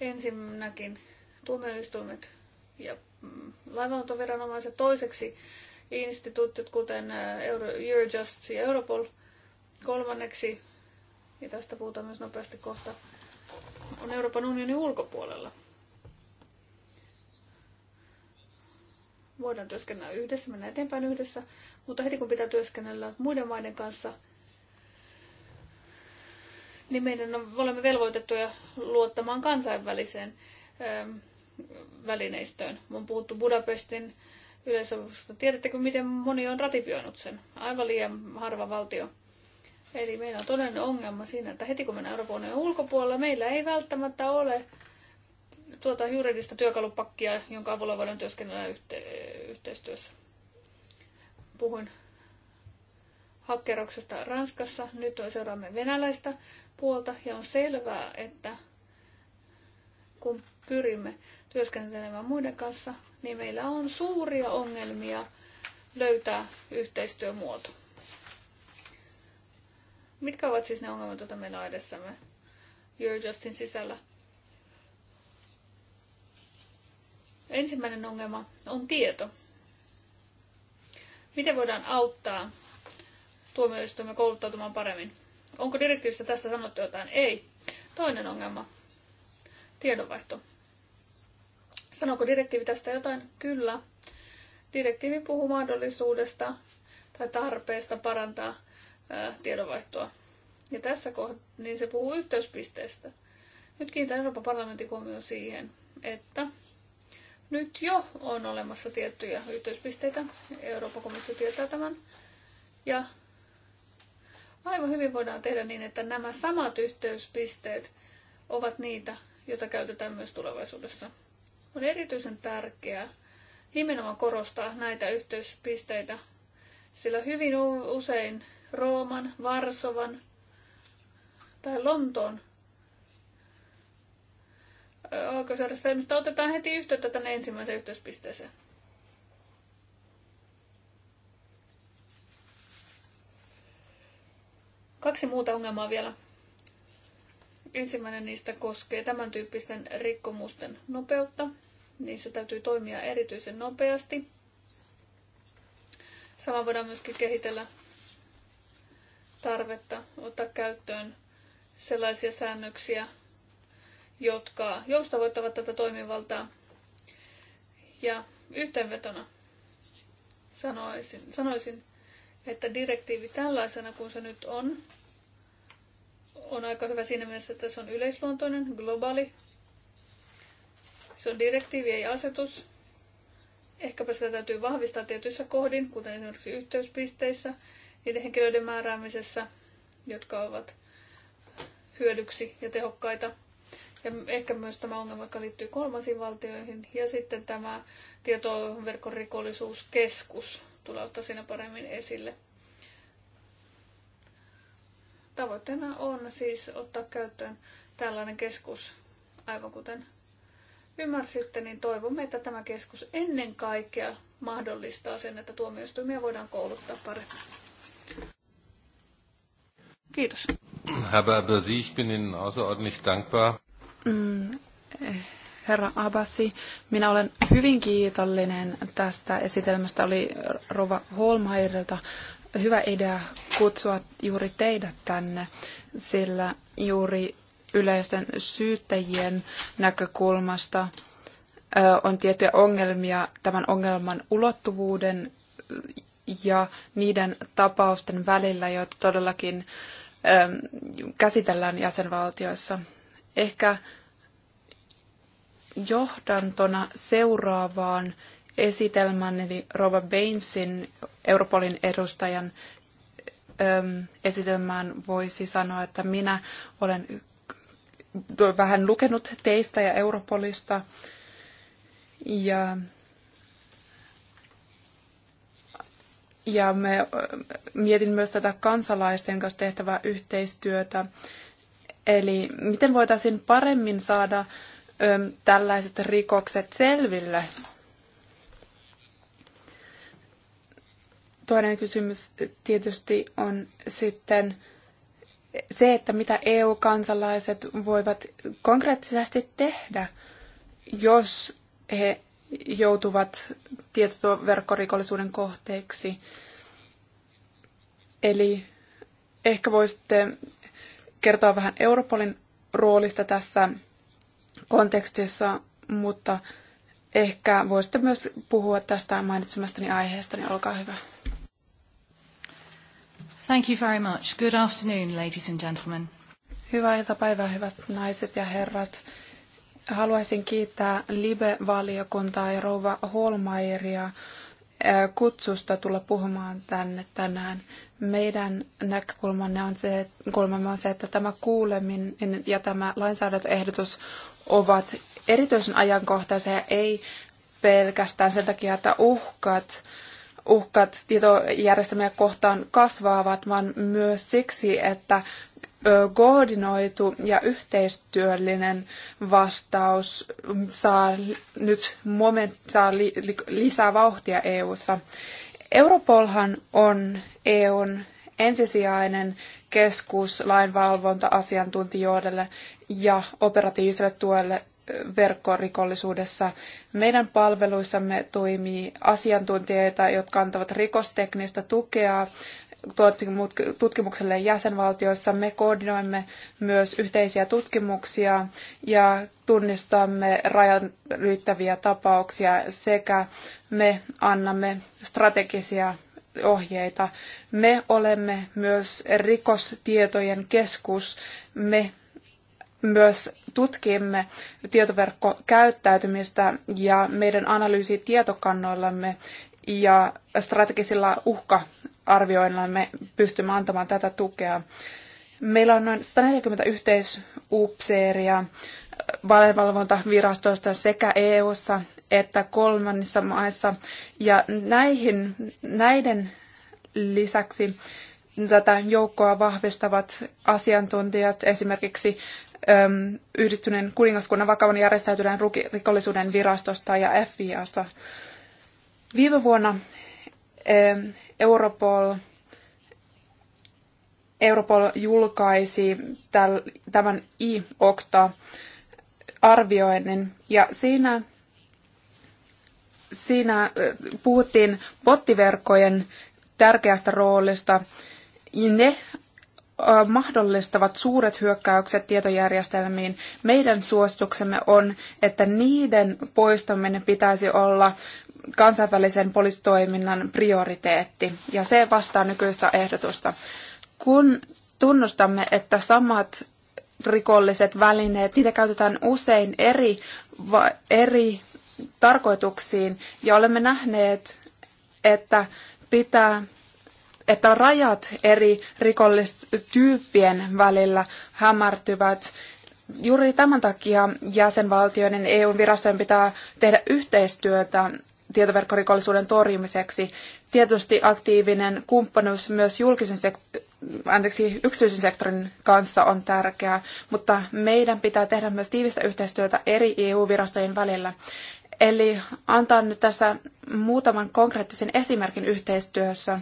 Ensinnäkin tuomioistuimet ja mm, laivanotoviranomaiset, toiseksi instituutit kuten äh, Eurojust ja Europol – Kolmanneksi, ja tästä puhutaan myös nopeasti kohta, on Euroopan unionin ulkopuolella. Voidaan työskennellä yhdessä, mennä eteenpäin yhdessä, mutta heti kun pitää työskennellä muiden maiden kanssa, niin meidän on, olemme velvoitettuja luottamaan kansainväliseen ö, ähm, välineistöön. On puhuttu Budapestin yleisöstä Tiedättekö, miten moni on ratifioinut sen? Aivan liian harva valtio. Eli meillä on todellinen ongelma siinä, että heti kun mennään Euroopan unionin ulkopuolella, meillä ei välttämättä ole tuota juridista työkalupakkia, jonka avulla voidaan työskennellä yhte- yhteistyössä. Puhuin hakkeroksesta Ranskassa, nyt on seuraamme venäläistä puolta ja on selvää, että kun pyrimme työskentelemään muiden kanssa, niin meillä on suuria ongelmia löytää yhteistyömuoto. Mitkä ovat siis ne ongelmat, joita meillä on edessämme Eurojustin sisällä? Ensimmäinen ongelma on tieto. Miten voidaan auttaa tuomioistuimia kouluttautumaan paremmin? Onko direktiivissä tästä sanottu jotain? Ei. Toinen ongelma. Tiedonvaihto. Sanooko direktiivi tästä jotain? Kyllä. Direktiivi puhuu mahdollisuudesta tai tarpeesta parantaa tiedonvaihtoa. Ja tässä kohdassa niin se puhuu yhteyspisteestä. Nyt kiinnitän Euroopan parlamentin huomioon siihen, että nyt jo on olemassa tiettyjä yhteyspisteitä. Euroopan komissio tietää tämän. Ja aivan hyvin voidaan tehdä niin, että nämä samat yhteyspisteet ovat niitä, joita käytetään myös tulevaisuudessa. On erityisen tärkeää nimenomaan korostaa näitä yhteyspisteitä, sillä hyvin usein Rooman, Varsovan tai Lontoon Onko alkusairastelmista otetaan heti yhteyttä tänne ensimmäiseen yhteyspisteeseen. Kaksi muuta ongelmaa vielä. Ensimmäinen niistä koskee tämän tyyppisten rikkomusten nopeutta. Niissä täytyy toimia erityisen nopeasti. Sama voidaan myöskin kehitellä tarvetta ottaa käyttöön sellaisia säännöksiä, jotka joustavoittavat tätä toimivaltaa. Ja yhteenvetona sanoisin, sanoisin että direktiivi tällaisena kuin se nyt on, on aika hyvä siinä mielessä, että se on yleisluontoinen, globaali. Se on direktiivi, ei asetus. Ehkäpä sitä täytyy vahvistaa tietyissä kohdin, kuten esimerkiksi yhteyspisteissä, niiden henkilöiden määräämisessä, jotka ovat hyödyksi ja tehokkaita. Ja ehkä myös tämä ongelma, joka liittyy kolmansiin valtioihin. Ja sitten tämä rikollisuuskeskus tulee ottaa siinä paremmin esille. Tavoitteena on siis ottaa käyttöön tällainen keskus, aivan kuten ymmärsitte, niin toivomme, että tämä keskus ennen kaikkea mahdollistaa sen, että tuomioistuimia voidaan kouluttaa paremmin. Kiitos. Herr ich bin Ihnen außerordentlich dankbar. Mm, eh, herra Abasi, minä olen hyvin kiitollinen tästä esitelmästä. Oli Rova Holmairilta hyvä idea kutsua juuri teidät tänne, sillä juuri yleisten syyttäjien näkökulmasta eh, on tiettyjä ongelmia tämän ongelman ulottuvuuden ja niiden tapausten välillä, joita todellakin ähm, käsitellään jäsenvaltioissa. Ehkä johdantona seuraavaan esitelmän, eli Robert Bainsin Europolin edustajan ähm, esitelmään voisi sanoa, että minä olen vähän lukenut teistä ja Europolista. Ja Ja me, mietin myös tätä kansalaisten kanssa tehtävää yhteistyötä. Eli miten voitaisiin paremmin saada ö, tällaiset rikokset selville? Toinen kysymys tietysti on sitten se, että mitä EU-kansalaiset voivat konkreettisesti tehdä, jos he joutuvat tietoverkkorikollisuuden kohteeksi. Eli ehkä voisitte kertoa vähän Europolin roolista tässä kontekstissa, mutta ehkä voisitte myös puhua tästä mainitsemastani aiheesta, niin olkaa hyvä. Thank you very much. Good afternoon, ladies and gentlemen. Hyvää iltapäivää, hyvät naiset ja herrat. Haluaisin kiittää Libe-valiokuntaa ja Rouva Holmairia kutsusta tulla puhumaan tänne tänään. Meidän näkökulmamme on se, kulmamme on se, että tämä kuuleminen ja tämä lainsäädäntöehdotus ovat erityisen ajankohtaisia, ei pelkästään sen takia, että uhkat, uhkat tietojärjestelmiä kohtaan kasvaavat, vaan myös siksi, että koordinoitu ja yhteistyöllinen vastaus saa nyt moment, saa li, li, lisää vauhtia EU:ssa. Europolhan on EUn ensisijainen keskus lainvalvonta-asiantuntijoille ja operatiiviselle tuelle verkkorikollisuudessa. Meidän palveluissamme toimii asiantuntijoita, jotka antavat rikosteknistä tukea tutkimukselle jäsenvaltioissa. Me koordinoimme myös yhteisiä tutkimuksia ja tunnistamme rajan ylittäviä tapauksia sekä me annamme strategisia ohjeita. Me olemme myös rikostietojen keskus. Me myös tutkimme tietoverkkokäyttäytymistä ja meidän analyysi tietokannoillamme ja strategisilla uhka arvioinnillamme pystymme antamaan tätä tukea. Meillä on noin 140 yhteisupseeria valevalvontavirastoista sekä EU:ssa että kolmannissa maissa. Ja näihin, näiden lisäksi tätä joukkoa vahvistavat asiantuntijat, esimerkiksi äm, yhdistyneen kuningaskunnan vakavan järjestäytyneen rikollisuuden virastosta ja FBIsta. Viime vuonna Europol, Europol julkaisi tämän i-okta-arvioinnin ja siinä, siinä puhuttiin bottiverkkojen tärkeästä roolista. Ne mahdollistavat suuret hyökkäykset tietojärjestelmiin. Meidän suosituksemme on, että niiden poistaminen pitäisi olla kansainvälisen poliisitoiminnan prioriteetti, ja se vastaa nykyistä ehdotusta. Kun tunnustamme, että samat rikolliset välineet, niitä käytetään usein eri, va, eri tarkoituksiin, ja olemme nähneet, että pitää että rajat eri rikollistyyppien välillä hämärtyvät. Juuri tämän takia jäsenvaltioiden EU-virastojen pitää tehdä yhteistyötä tietoverkkorikollisuuden torjumiseksi. Tietysti aktiivinen kumppanuus myös julkisen sek- anteeksi, yksityisen sektorin kanssa on tärkeää, mutta meidän pitää tehdä myös tiivistä yhteistyötä eri EU-virastojen välillä. Eli antaa nyt tässä muutaman konkreettisen esimerkin yhteistyössä.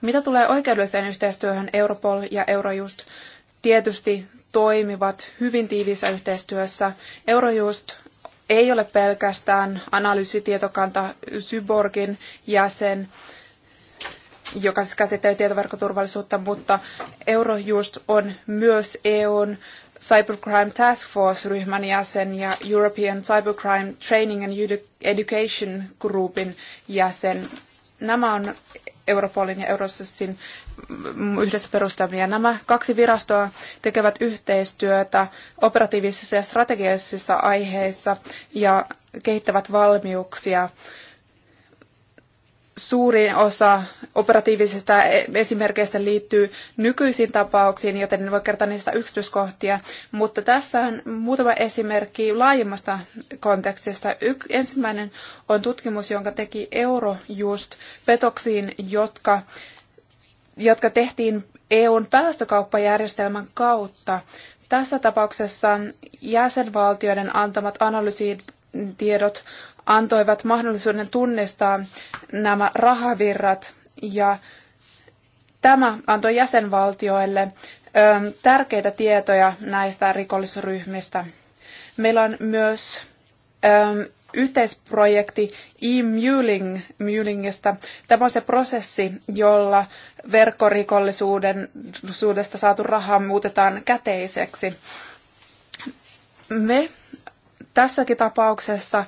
Mitä tulee oikeudelliseen yhteistyöhön, Europol ja Eurojust tietysti toimivat hyvin tiiviissä yhteistyössä. Eurojust ei ole pelkästään analyysitietokanta Syborgin jäsen, joka siis käsittelee tietoverkkoturvallisuutta, mutta Eurojust on myös EUn Cybercrime Task Force-ryhmän jäsen ja European Cybercrime Training and Education Groupin jäsen. Nämä on Europolin ja Eurosystin yhdessä perustamia. Nämä kaksi virastoa tekevät yhteistyötä operatiivisissa ja strategisissa aiheissa ja kehittävät valmiuksia. Suurin osa operatiivisista esimerkkeistä liittyy nykyisiin tapauksiin, joten en voi kertoa niistä yksityiskohtia. Mutta tässä on muutama esimerkki laajemmasta kontekstista. Yks, ensimmäinen on tutkimus, jonka teki Eurojust petoksiin, jotka jotka tehtiin EUn päästökauppajärjestelmän kautta. Tässä tapauksessa jäsenvaltioiden antamat analyysitiedot antoivat mahdollisuuden tunnistaa nämä rahavirrat ja tämä antoi jäsenvaltioille tärkeitä tietoja näistä rikollisryhmistä. Meillä on myös yhteisprojekti e-muling mulingista. Tämä on se prosessi, jolla verkkorikollisuudesta saatu raha muutetaan käteiseksi. Me tässäkin tapauksessa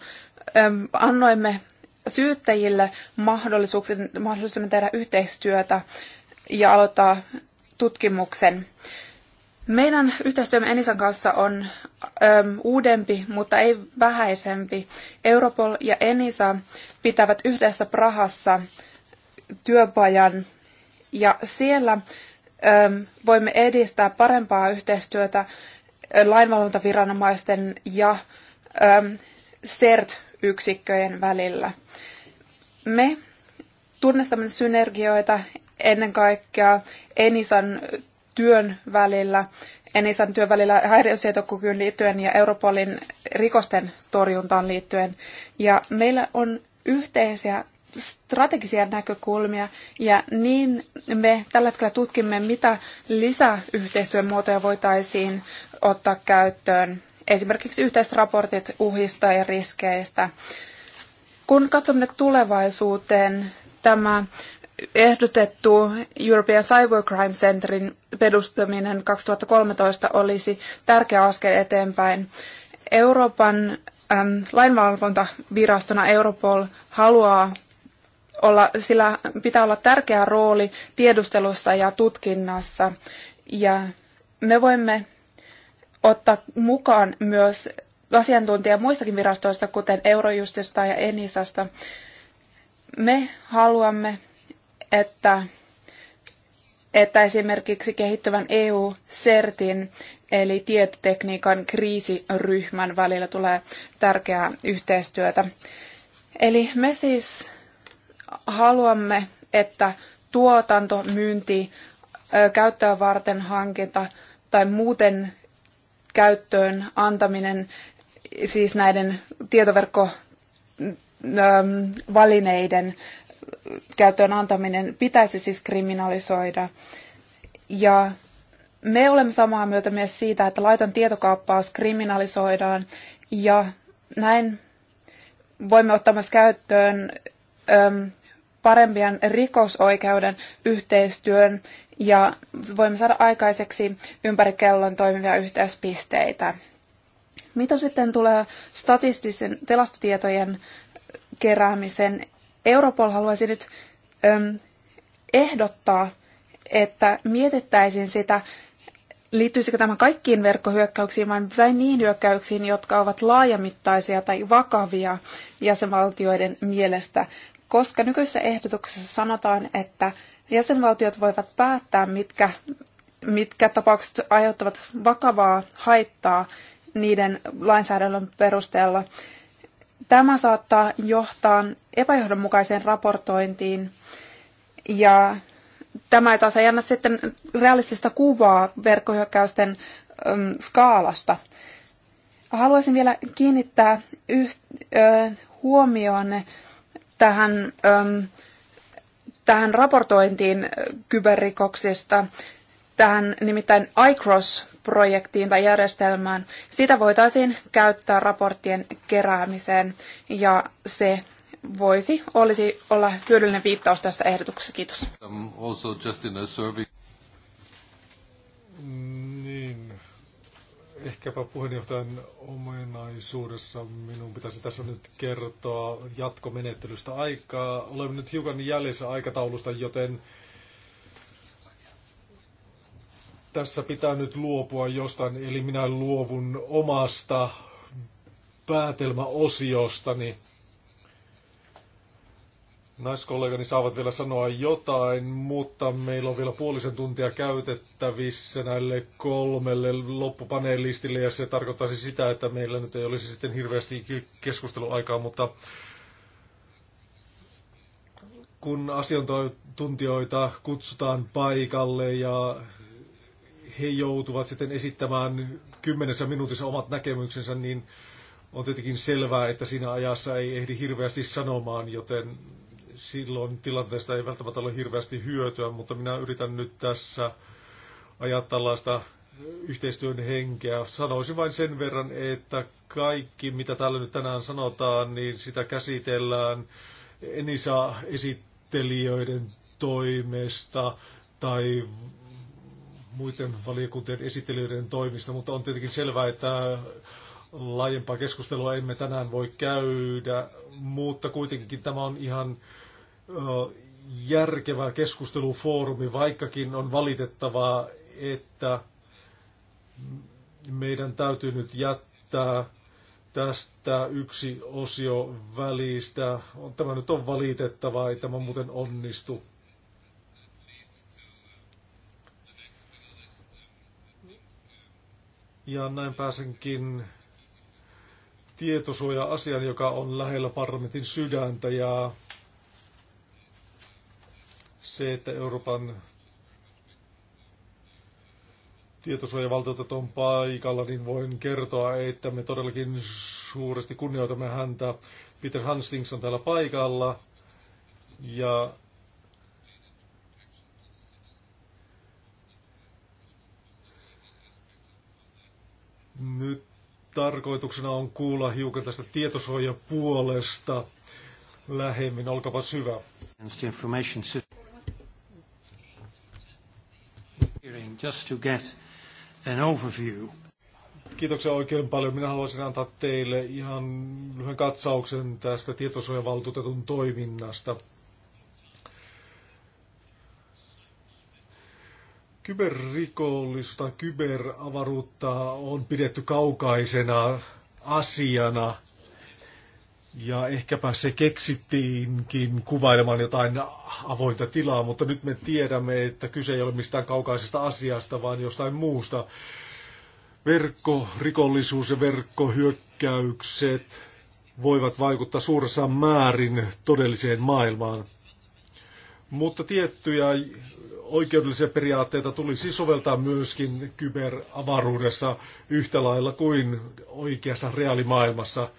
äm, annoimme syyttäjille mahdollisuuden, mahdollisuuden tehdä yhteistyötä ja aloittaa tutkimuksen. Meidän yhteistyömme Enisan kanssa on äm, uudempi, mutta ei vähäisempi. Europol ja Enisa pitävät yhdessä Prahassa työpajan ja siellä äm, voimme edistää parempaa yhteistyötä lainvalvontaviranomaisten ja äm, CERT-yksikköjen välillä. Me tunnistamme synergioita ennen kaikkea Enisan työn välillä, Enisan työn välillä häiriösietokykyyn liittyen ja Europolin rikosten torjuntaan liittyen. Ja meillä on yhteisiä strategisia näkökulmia ja niin me tällä hetkellä tutkimme, mitä lisäyhteistyön muotoja voitaisiin ottaa käyttöön. Esimerkiksi yhteisraportit uhista ja riskeistä. Kun katsomme tulevaisuuteen, tämä ehdotettu European Cybercrime Centerin perustaminen 2013 olisi tärkeä askel eteenpäin. Euroopan äm, lainvalvontavirastona Europol haluaa olla, sillä pitää olla tärkeä rooli tiedustelussa ja tutkinnassa. Ja me voimme ottaa mukaan myös asiantuntija muistakin virastoista, kuten Eurojustista ja Enisasta. Me haluamme että, että esimerkiksi kehittyvän EU-sertin eli tietotekniikan kriisiryhmän välillä tulee tärkeää yhteistyötä. Eli me siis haluamme, että tuotanto, myynti, käyttöä varten hankinta tai muuten käyttöön antaminen siis näiden tietoverkkovalineiden käyttöön antaminen pitäisi siis kriminalisoida. Ja me olemme samaa mieltä myös siitä, että laiton tietokaappaus kriminalisoidaan ja näin voimme ottaa myös käyttöön äm, parempien rikosoikeuden yhteistyön ja voimme saada aikaiseksi ympäri kellon toimivia yhteyspisteitä. Mitä sitten tulee statistisen tilastotietojen keräämisen Europol haluaisi nyt äm, ehdottaa, että mietittäisiin sitä, liittyisikö tämä kaikkiin verkkohyökkäyksiin vai vain niin hyökkäyksiin, jotka ovat laajamittaisia tai vakavia jäsenvaltioiden mielestä, koska nykyisessä ehdotuksessa sanotaan, että jäsenvaltiot voivat päättää, mitkä, mitkä tapaukset aiheuttavat vakavaa haittaa niiden lainsäädännön perusteella. Tämä saattaa johtaa epäjohdonmukaiseen raportointiin. Ja tämä taas ei anna sitten realistista kuvaa verkkohyökkäysten skaalasta. Haluaisin vielä kiinnittää ö, huomioon tähän, ö, tähän raportointiin äh, kyberrikoksista, tähän nimittäin iCross-projektiin tai järjestelmään. Sitä voitaisiin käyttää raporttien keräämiseen ja se voisi olisi olla hyödyllinen viittaus tässä ehdotuksessa. Kiitos. Also just in a survey. Niin, ehkäpä puheenjohtajan ominaisuudessa minun pitäisi tässä nyt kertoa jatkomenettelystä aikaa. Olemme nyt hiukan jäljessä aikataulusta, joten tässä pitää nyt luopua jostain, eli minä luovun omasta päätelmäosiostani. Niin naiskollegani saavat vielä sanoa jotain, mutta meillä on vielä puolisen tuntia käytettävissä näille kolmelle loppupaneelistille ja se tarkoittaisi sitä, että meillä nyt ei olisi sitten hirveästi keskusteluaikaa, mutta kun asiantuntijoita kutsutaan paikalle ja he joutuvat sitten esittämään kymmenessä minuutissa omat näkemyksensä, niin on tietenkin selvää, että siinä ajassa ei ehdi hirveästi sanomaan, joten silloin tilanteesta ei välttämättä ole hirveästi hyötyä, mutta minä yritän nyt tässä ajaa tällaista yhteistyön henkeä. Sanoisin vain sen verran, että kaikki mitä täällä nyt tänään sanotaan, niin sitä käsitellään enisa esittelijöiden toimesta tai muiden valiokuntien esittelijöiden toimista, mutta on tietenkin selvää, että laajempaa keskustelua emme tänään voi käydä, mutta kuitenkin tämä on ihan järkevä keskustelufoorumi, vaikkakin on valitettavaa, että meidän täytyy nyt jättää tästä yksi osio välistä. Tämä nyt on valitettavaa, ei tämä muuten onnistu. Ja näin pääsenkin tietosuoja-asian, joka on lähellä parlamentin sydäntä ja se, että Euroopan tietosuojavaltuutettu on paikalla, niin voin kertoa, että me todellakin suuresti kunnioitamme häntä. Peter Hanstings on täällä paikalla ja nyt tarkoituksena on kuulla hiukan tästä tietosuojapuolesta lähemmin. Olkapa hyvä. just to get an overview. Kiitoksia oikein paljon. Minä haluaisin antaa teille ihan lyhyen katsauksen tästä tietosuojavaltuutetun toiminnasta. Kyberrikollisuutta, kyberavaruutta on pidetty kaukaisena asiana ja ehkäpä se keksittiinkin kuvailemaan jotain avointa tilaa, mutta nyt me tiedämme, että kyse ei ole mistään kaukaisesta asiasta, vaan jostain muusta. Verkkorikollisuus ja verkkohyökkäykset voivat vaikuttaa suuressa määrin todelliseen maailmaan. Mutta tiettyjä oikeudellisia periaatteita tulisi soveltaa myöskin kyberavaruudessa yhtä lailla kuin oikeassa reaalimaailmassa –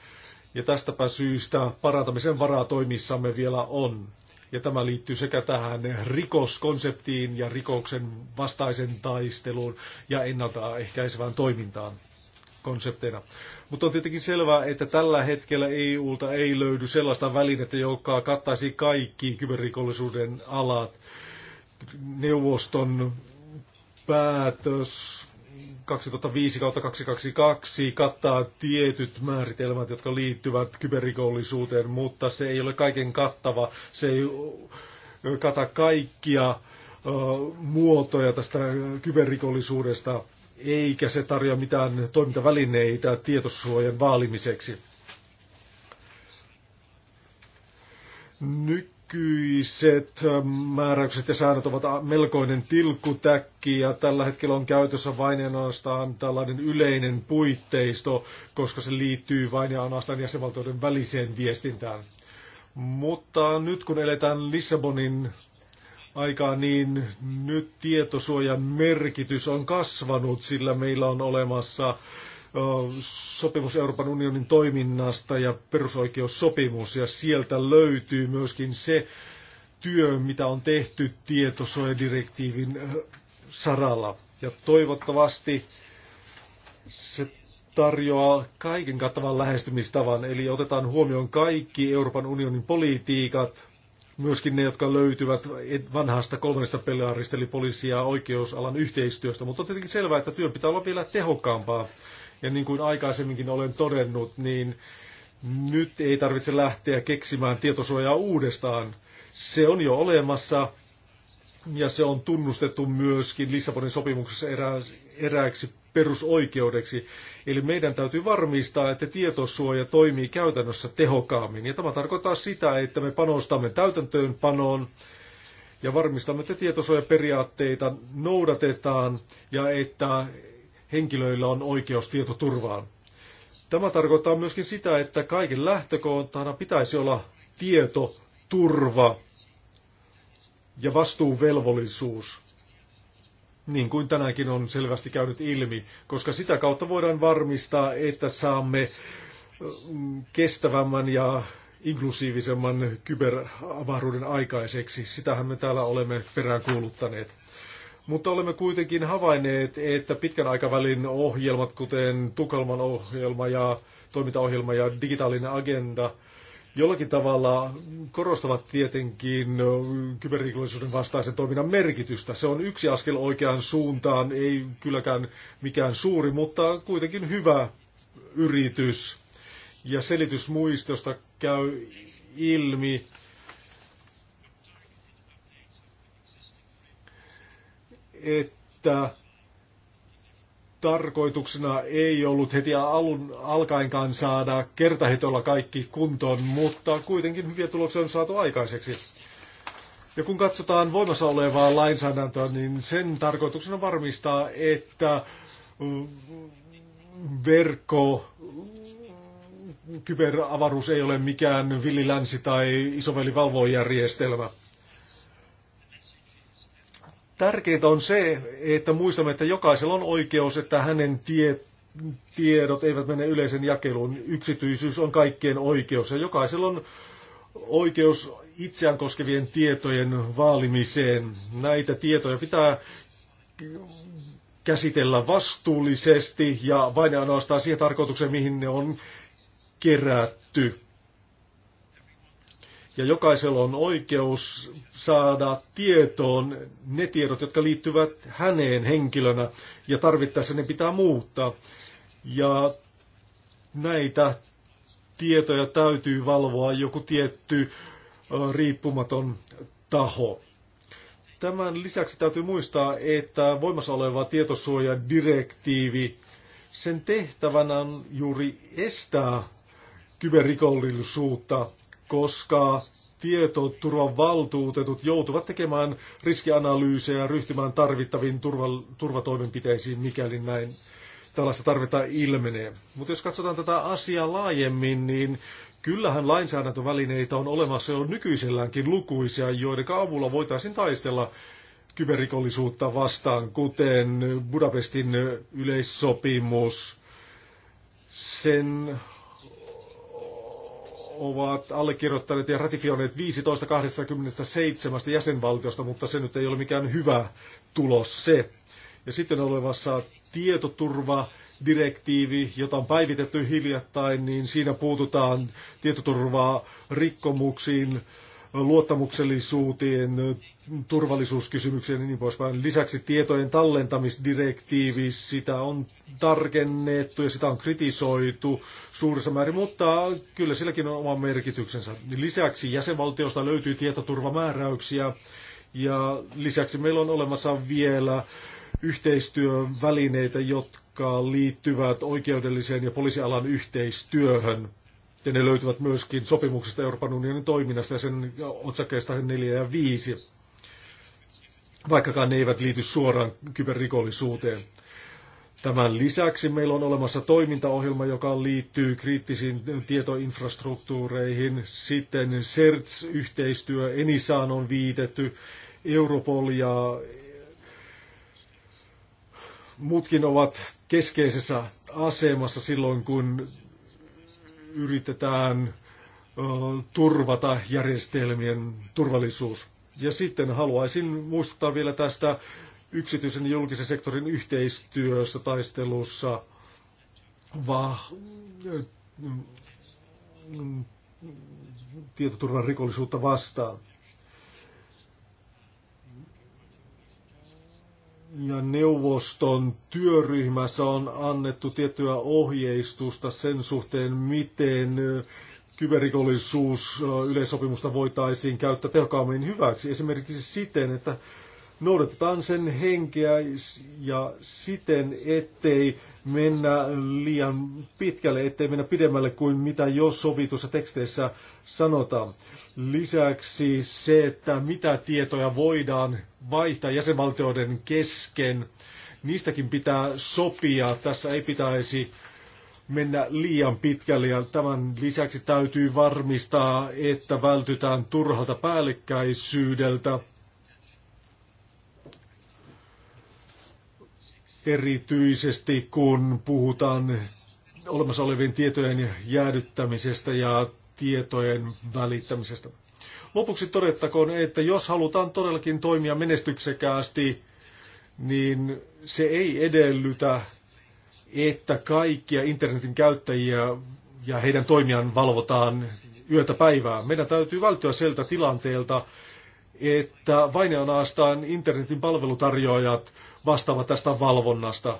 ja tästäpä syystä parantamisen varaa toimissamme vielä on. Ja tämä liittyy sekä tähän rikoskonseptiin ja rikoksen vastaisen taisteluun ja ennaltaehkäisevään toimintaan konsepteina. Mutta on tietenkin selvää, että tällä hetkellä EUlta ei löydy sellaista välinettä, joka kattaisi kaikki kyberrikollisuuden alat. Neuvoston päätös 2005 2022 kattaa tietyt määritelmät, jotka liittyvät kyberrikollisuuteen, mutta se ei ole kaiken kattava. Se ei kata kaikkia muotoja tästä kyberrikollisuudesta, eikä se tarjoa mitään toimintavälineitä tietosuojan vaalimiseksi. Nyt nykyiset ähm, määräykset ja säännöt ovat melkoinen tilkkutäkki ja tällä hetkellä on käytössä vain ja ainoastaan tällainen yleinen puitteisto, koska se liittyy vain ja ainoastaan jäsenvaltioiden väliseen viestintään. Mutta nyt kun eletään Lissabonin aikaa, niin nyt tietosuojan merkitys on kasvanut, sillä meillä on olemassa sopimus Euroopan unionin toiminnasta ja perusoikeussopimus, ja sieltä löytyy myöskin se työ, mitä on tehty tietosuojadirektiivin saralla. Ja toivottavasti se tarjoaa kaiken kattavan lähestymistavan, eli otetaan huomioon kaikki Euroopan unionin politiikat, myöskin ne, jotka löytyvät vanhasta kolmannesta pelaarista, eli poliisia oikeusalan yhteistyöstä. Mutta on tietenkin selvää, että työn pitää olla vielä tehokkaampaa. Ja niin kuin aikaisemminkin olen todennut, niin nyt ei tarvitse lähteä keksimään tietosuojaa uudestaan. Se on jo olemassa ja se on tunnustettu myöskin Lissabonin sopimuksessa erääksi perusoikeudeksi. Eli meidän täytyy varmistaa, että tietosuoja toimii käytännössä tehokkaammin. Ja tämä tarkoittaa sitä, että me panostamme täytäntöönpanoon ja varmistamme, että tietosuojaperiaatteita noudatetaan ja että henkilöillä on oikeus tietoturvaan. Tämä tarkoittaa myöskin sitä, että kaiken lähtökohtana pitäisi olla tietoturva ja vastuuvelvollisuus, niin kuin tänäänkin on selvästi käynyt ilmi, koska sitä kautta voidaan varmistaa, että saamme mm, kestävämmän ja inklusiivisemman kyberavaruuden aikaiseksi. Sitähän me täällä olemme peräänkuuluttaneet. Mutta olemme kuitenkin havainneet, että pitkän aikavälin ohjelmat, kuten Tukalman ohjelma ja toimintaohjelma ja digitaalinen agenda, jollakin tavalla korostavat tietenkin kyberrikollisuuden vastaisen toiminnan merkitystä. Se on yksi askel oikeaan suuntaan, ei kylläkään mikään suuri, mutta kuitenkin hyvä yritys. Ja selitysmuistosta käy ilmi, että tarkoituksena ei ollut heti alun alkaenkaan saada kertahitolla kaikki kuntoon, mutta kuitenkin hyviä tuloksia on saatu aikaiseksi. Ja kun katsotaan voimassa olevaa lainsäädäntöä, niin sen tarkoituksena varmistaa, että verkko kyberavaruus ei ole mikään villilänsi tai isovelivalvojärjestelmä. järjestelmä Tärkeintä on se, että muistamme, että jokaisella on oikeus, että hänen tie, tiedot eivät mene yleisen jakeluun. Yksityisyys on kaikkien oikeus ja jokaisella on oikeus itseään koskevien tietojen vaalimiseen. Näitä tietoja pitää käsitellä vastuullisesti ja vain ainoastaan siihen tarkoitukseen, mihin ne on kerätty. Ja jokaisella on oikeus saada tietoon ne tiedot, jotka liittyvät häneen henkilönä, ja tarvittaessa ne pitää muuttaa. Ja näitä tietoja täytyy valvoa joku tietty riippumaton taho. Tämän lisäksi täytyy muistaa, että voimassa oleva tietosuojadirektiivi, sen tehtävänä on juuri estää kyberrikollisuutta koska valtuutetut joutuvat tekemään riskianalyysejä ja ryhtymään tarvittaviin turva, turvatoimenpiteisiin, mikäli näin tällaista tarvetta ilmenee. Mutta jos katsotaan tätä asiaa laajemmin, niin kyllähän lainsäädäntövälineitä on olemassa jo nykyiselläänkin lukuisia, joiden avulla voitaisiin taistella kyberrikollisuutta vastaan, kuten Budapestin yleissopimus, sen ovat allekirjoittaneet ja ratifioineet 15 27 jäsenvaltiosta, mutta se nyt ei ole mikään hyvä tulos se. Ja sitten olevassa tietoturvadirektiivi, jota on päivitetty hiljattain, niin siinä puututaan tietoturvaa rikkomuksiin, luottamuksellisuuteen, turvallisuuskysymyksiä ja niin poispäin. Lisäksi tietojen tallentamisdirektiivi, sitä on tarkennettu ja sitä on kritisoitu suurissa määrin, mutta kyllä silläkin on oma merkityksensä. Lisäksi jäsenvaltiosta löytyy tietoturvamääräyksiä ja lisäksi meillä on olemassa vielä yhteistyövälineitä, jotka liittyvät oikeudelliseen ja poliisialan yhteistyöhön. Ja ne löytyvät myöskin sopimuksesta Euroopan unionin toiminnasta ja sen otsakkeesta 4 ja 5 vaikkakaan ne eivät liity suoraan kyberrikollisuuteen. Tämän lisäksi meillä on olemassa toimintaohjelma, joka liittyy kriittisiin tietoinfrastruktuureihin. Sitten CERTS-yhteistyö, Enisaan on viitetty, Europol ja muutkin ovat keskeisessä asemassa silloin, kun yritetään turvata järjestelmien turvallisuus. Ja sitten haluaisin muistuttaa vielä tästä yksityisen ja julkisen sektorin yhteistyössä taistelussa va- tietoturvan rikollisuutta vastaan. Ja neuvoston työryhmässä on annettu tiettyä ohjeistusta sen suhteen, miten kyberrikollisuus yleissopimusta voitaisiin käyttää tehokkaammin hyväksi, esimerkiksi siten, että noudatetaan sen henkeä ja siten, ettei mennä liian pitkälle, ettei mennä pidemmälle kuin mitä jo sovitussa teksteissä sanotaan. Lisäksi se, että mitä tietoja voidaan vaihtaa jäsenvaltioiden kesken, niistäkin pitää sopia. Tässä ei pitäisi mennä liian pitkälle ja tämän lisäksi täytyy varmistaa, että vältytään turhalta päällekkäisyydeltä. Erityisesti kun puhutaan olemassa olevien tietojen jäädyttämisestä ja tietojen välittämisestä. Lopuksi todettakoon, että jos halutaan todellakin toimia menestyksekäästi, niin se ei edellytä että kaikkia internetin käyttäjiä ja heidän toimijan valvotaan yötä päivää. Meidän täytyy välttyä siltä tilanteelta, että vain ja ainoastaan internetin palvelutarjoajat vastaavat tästä valvonnasta.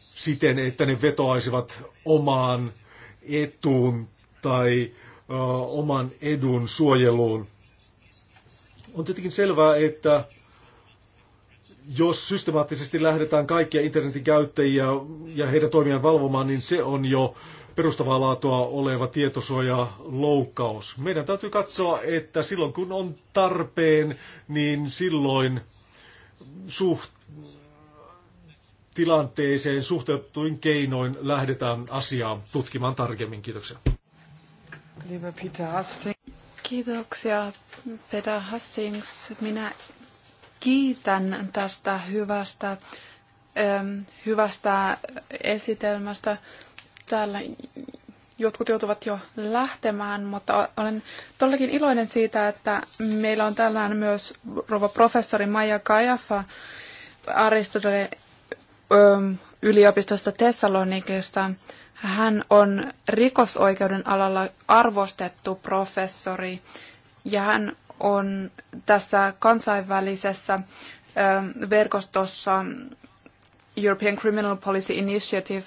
siten, että ne vetoaisivat omaan etuun tai ö, oman edun suojeluun. On tietenkin selvää, että jos systemaattisesti lähdetään kaikkia internetin käyttäjiä ja heidän toimijan valvomaan, niin se on jo perustavaa laatua oleva tietosuoja-loukkaus. Meidän täytyy katsoa, että silloin kun on tarpeen, niin silloin suht tilanteeseen suhteutuin keinoin lähdetään asiaa tutkimaan tarkemmin. Kiitoksia. Kiitoksia, Peter Hastings. Minä kiitän tästä hyvästä, ähm, hyvästä esitelmästä. Täällä jotkut joutuvat jo lähtemään, mutta olen todellakin iloinen siitä, että meillä on tällään myös rova professori Maija Kajafa ähm, yliopistosta Thessalonikista. Hän on rikosoikeuden alalla arvostettu professori ja hän on tässä kansainvälisessä verkostossa European Criminal Policy Initiative,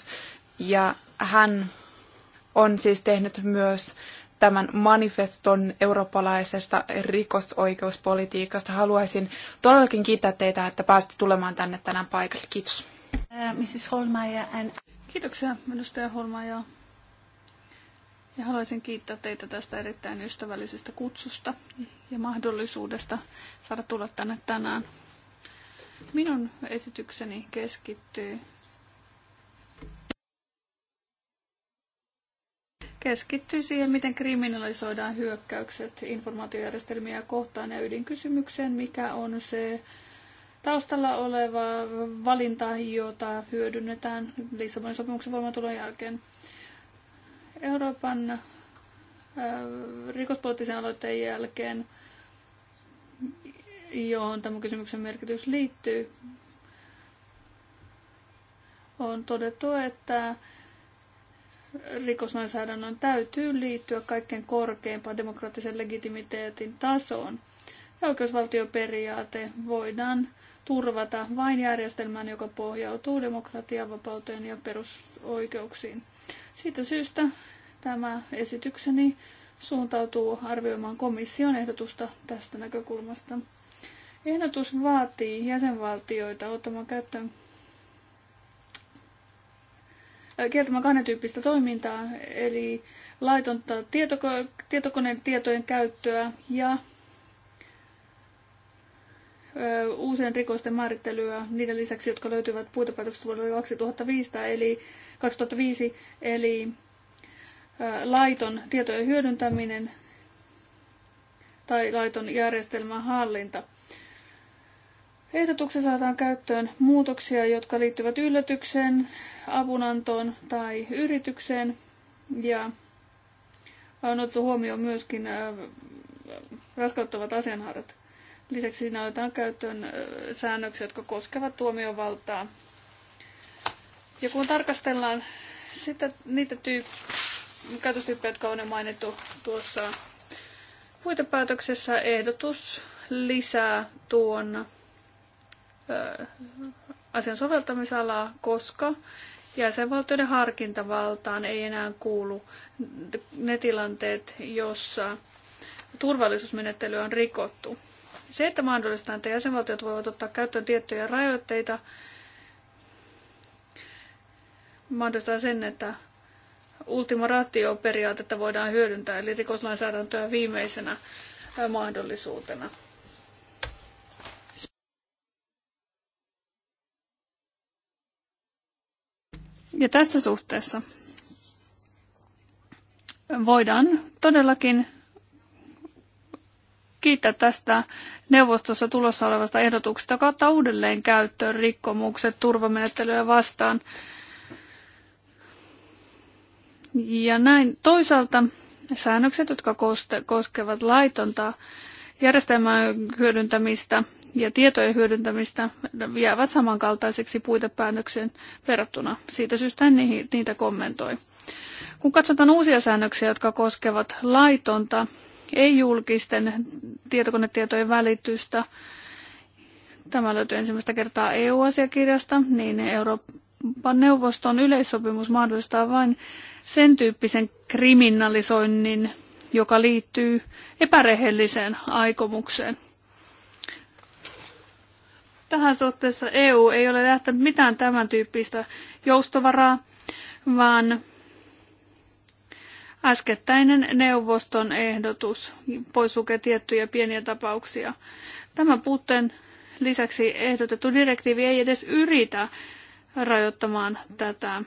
ja hän on siis tehnyt myös tämän manifeston eurooppalaisesta rikosoikeuspolitiikasta. Haluaisin todellakin kiittää teitä, että pääsitte tulemaan tänne tänään paikalle. Kiitos. Äh, Mrs. Holmeier and... Kiitoksia, edustaja Holmaja. Ja haluaisin kiittää teitä tästä erittäin ystävällisestä kutsusta ja mahdollisuudesta saada tulla tänne tänään. Minun esitykseni keskittyy keskittyy siihen, miten kriminalisoidaan hyökkäykset informaatiojärjestelmiä kohtaan ja ydinkysymykseen, mikä on se taustalla oleva valinta, jota hyödynnetään Lissabonin sopimuksen voimatulon jälkeen. Euroopan äh, rikospoliittisen aloitteen jälkeen, johon tämän kysymyksen merkitys liittyy, on todettu, että rikoslainsäädännön täytyy liittyä kaikkein korkeimpaan demokraattisen legitimiteetin tasoon. Ja oikeusvaltioperiaate voidaan turvata vain järjestelmään, joka pohjautuu demokratian, vapauteen ja perusoikeuksiin. Siitä syystä tämä esitykseni suuntautuu arvioimaan komission ehdotusta tästä näkökulmasta. Ehdotus vaatii jäsenvaltioita ottamaan käyttöön äh, kieltämään kahden tyyppistä toimintaa, eli laitonta tietoko- tietokoneen tietojen käyttöä ja uusien rikosten määrittelyä niiden lisäksi, jotka löytyvät puitepäätöksestä vuodelta 2005, eli 2005, eli laiton tietojen hyödyntäminen tai laiton järjestelmän hallinta. Ehdotuksessa saadaan käyttöön muutoksia, jotka liittyvät yllätykseen, avunantoon tai yritykseen. Ja on otettu huomioon myöskin raskauttavat asianhaarat. Lisäksi siinä otetaan käyttöön säännöksiä, jotka koskevat tuomiovaltaa. Ja kun tarkastellaan sitä, niitä tyyp- käytöstyyppejä, jotka on jo mainittu tuossa puitepäätöksessä, ehdotus lisää tuon ö, asian soveltamisalaa, koska jäsenvaltioiden harkintavaltaan ei enää kuulu ne tilanteet, jossa turvallisuusmenettely on rikottu. Se, että mahdollistaa, että jäsenvaltiot voivat ottaa käyttöön tiettyjä rajoitteita, mahdollistaa sen, että ultima ratio-periaatetta voidaan hyödyntää, eli rikoslainsäädäntöä viimeisenä mahdollisuutena. Ja tässä suhteessa voidaan todellakin kiittää tästä neuvostossa tulossa olevasta ehdotuksesta, joka ottaa uudelleen käyttöön rikkomukset turvamenettelyä vastaan. Ja näin toisaalta säännökset, jotka koskevat laitonta järjestelmän hyödyntämistä ja tietojen hyödyntämistä, jäävät samankaltaiseksi puitepäännöksen verrattuna. Siitä syystä en niitä kommentoi. Kun katsotaan uusia säännöksiä, jotka koskevat laitonta ei-julkisten tietokonetietojen välitystä. Tämä löytyy ensimmäistä kertaa EU-asiakirjasta, niin Euroopan neuvoston yleissopimus mahdollistaa vain sen tyyppisen kriminalisoinnin, joka liittyy epärehelliseen aikomukseen. Tähän suhteessa EU ei ole lähtenyt mitään tämän tyyppistä joustovaraa, vaan äskettäinen neuvoston ehdotus poissulkee tiettyjä pieniä tapauksia. Tämä puutteen lisäksi ehdotettu direktiivi ei edes yritä rajoittamaan tätä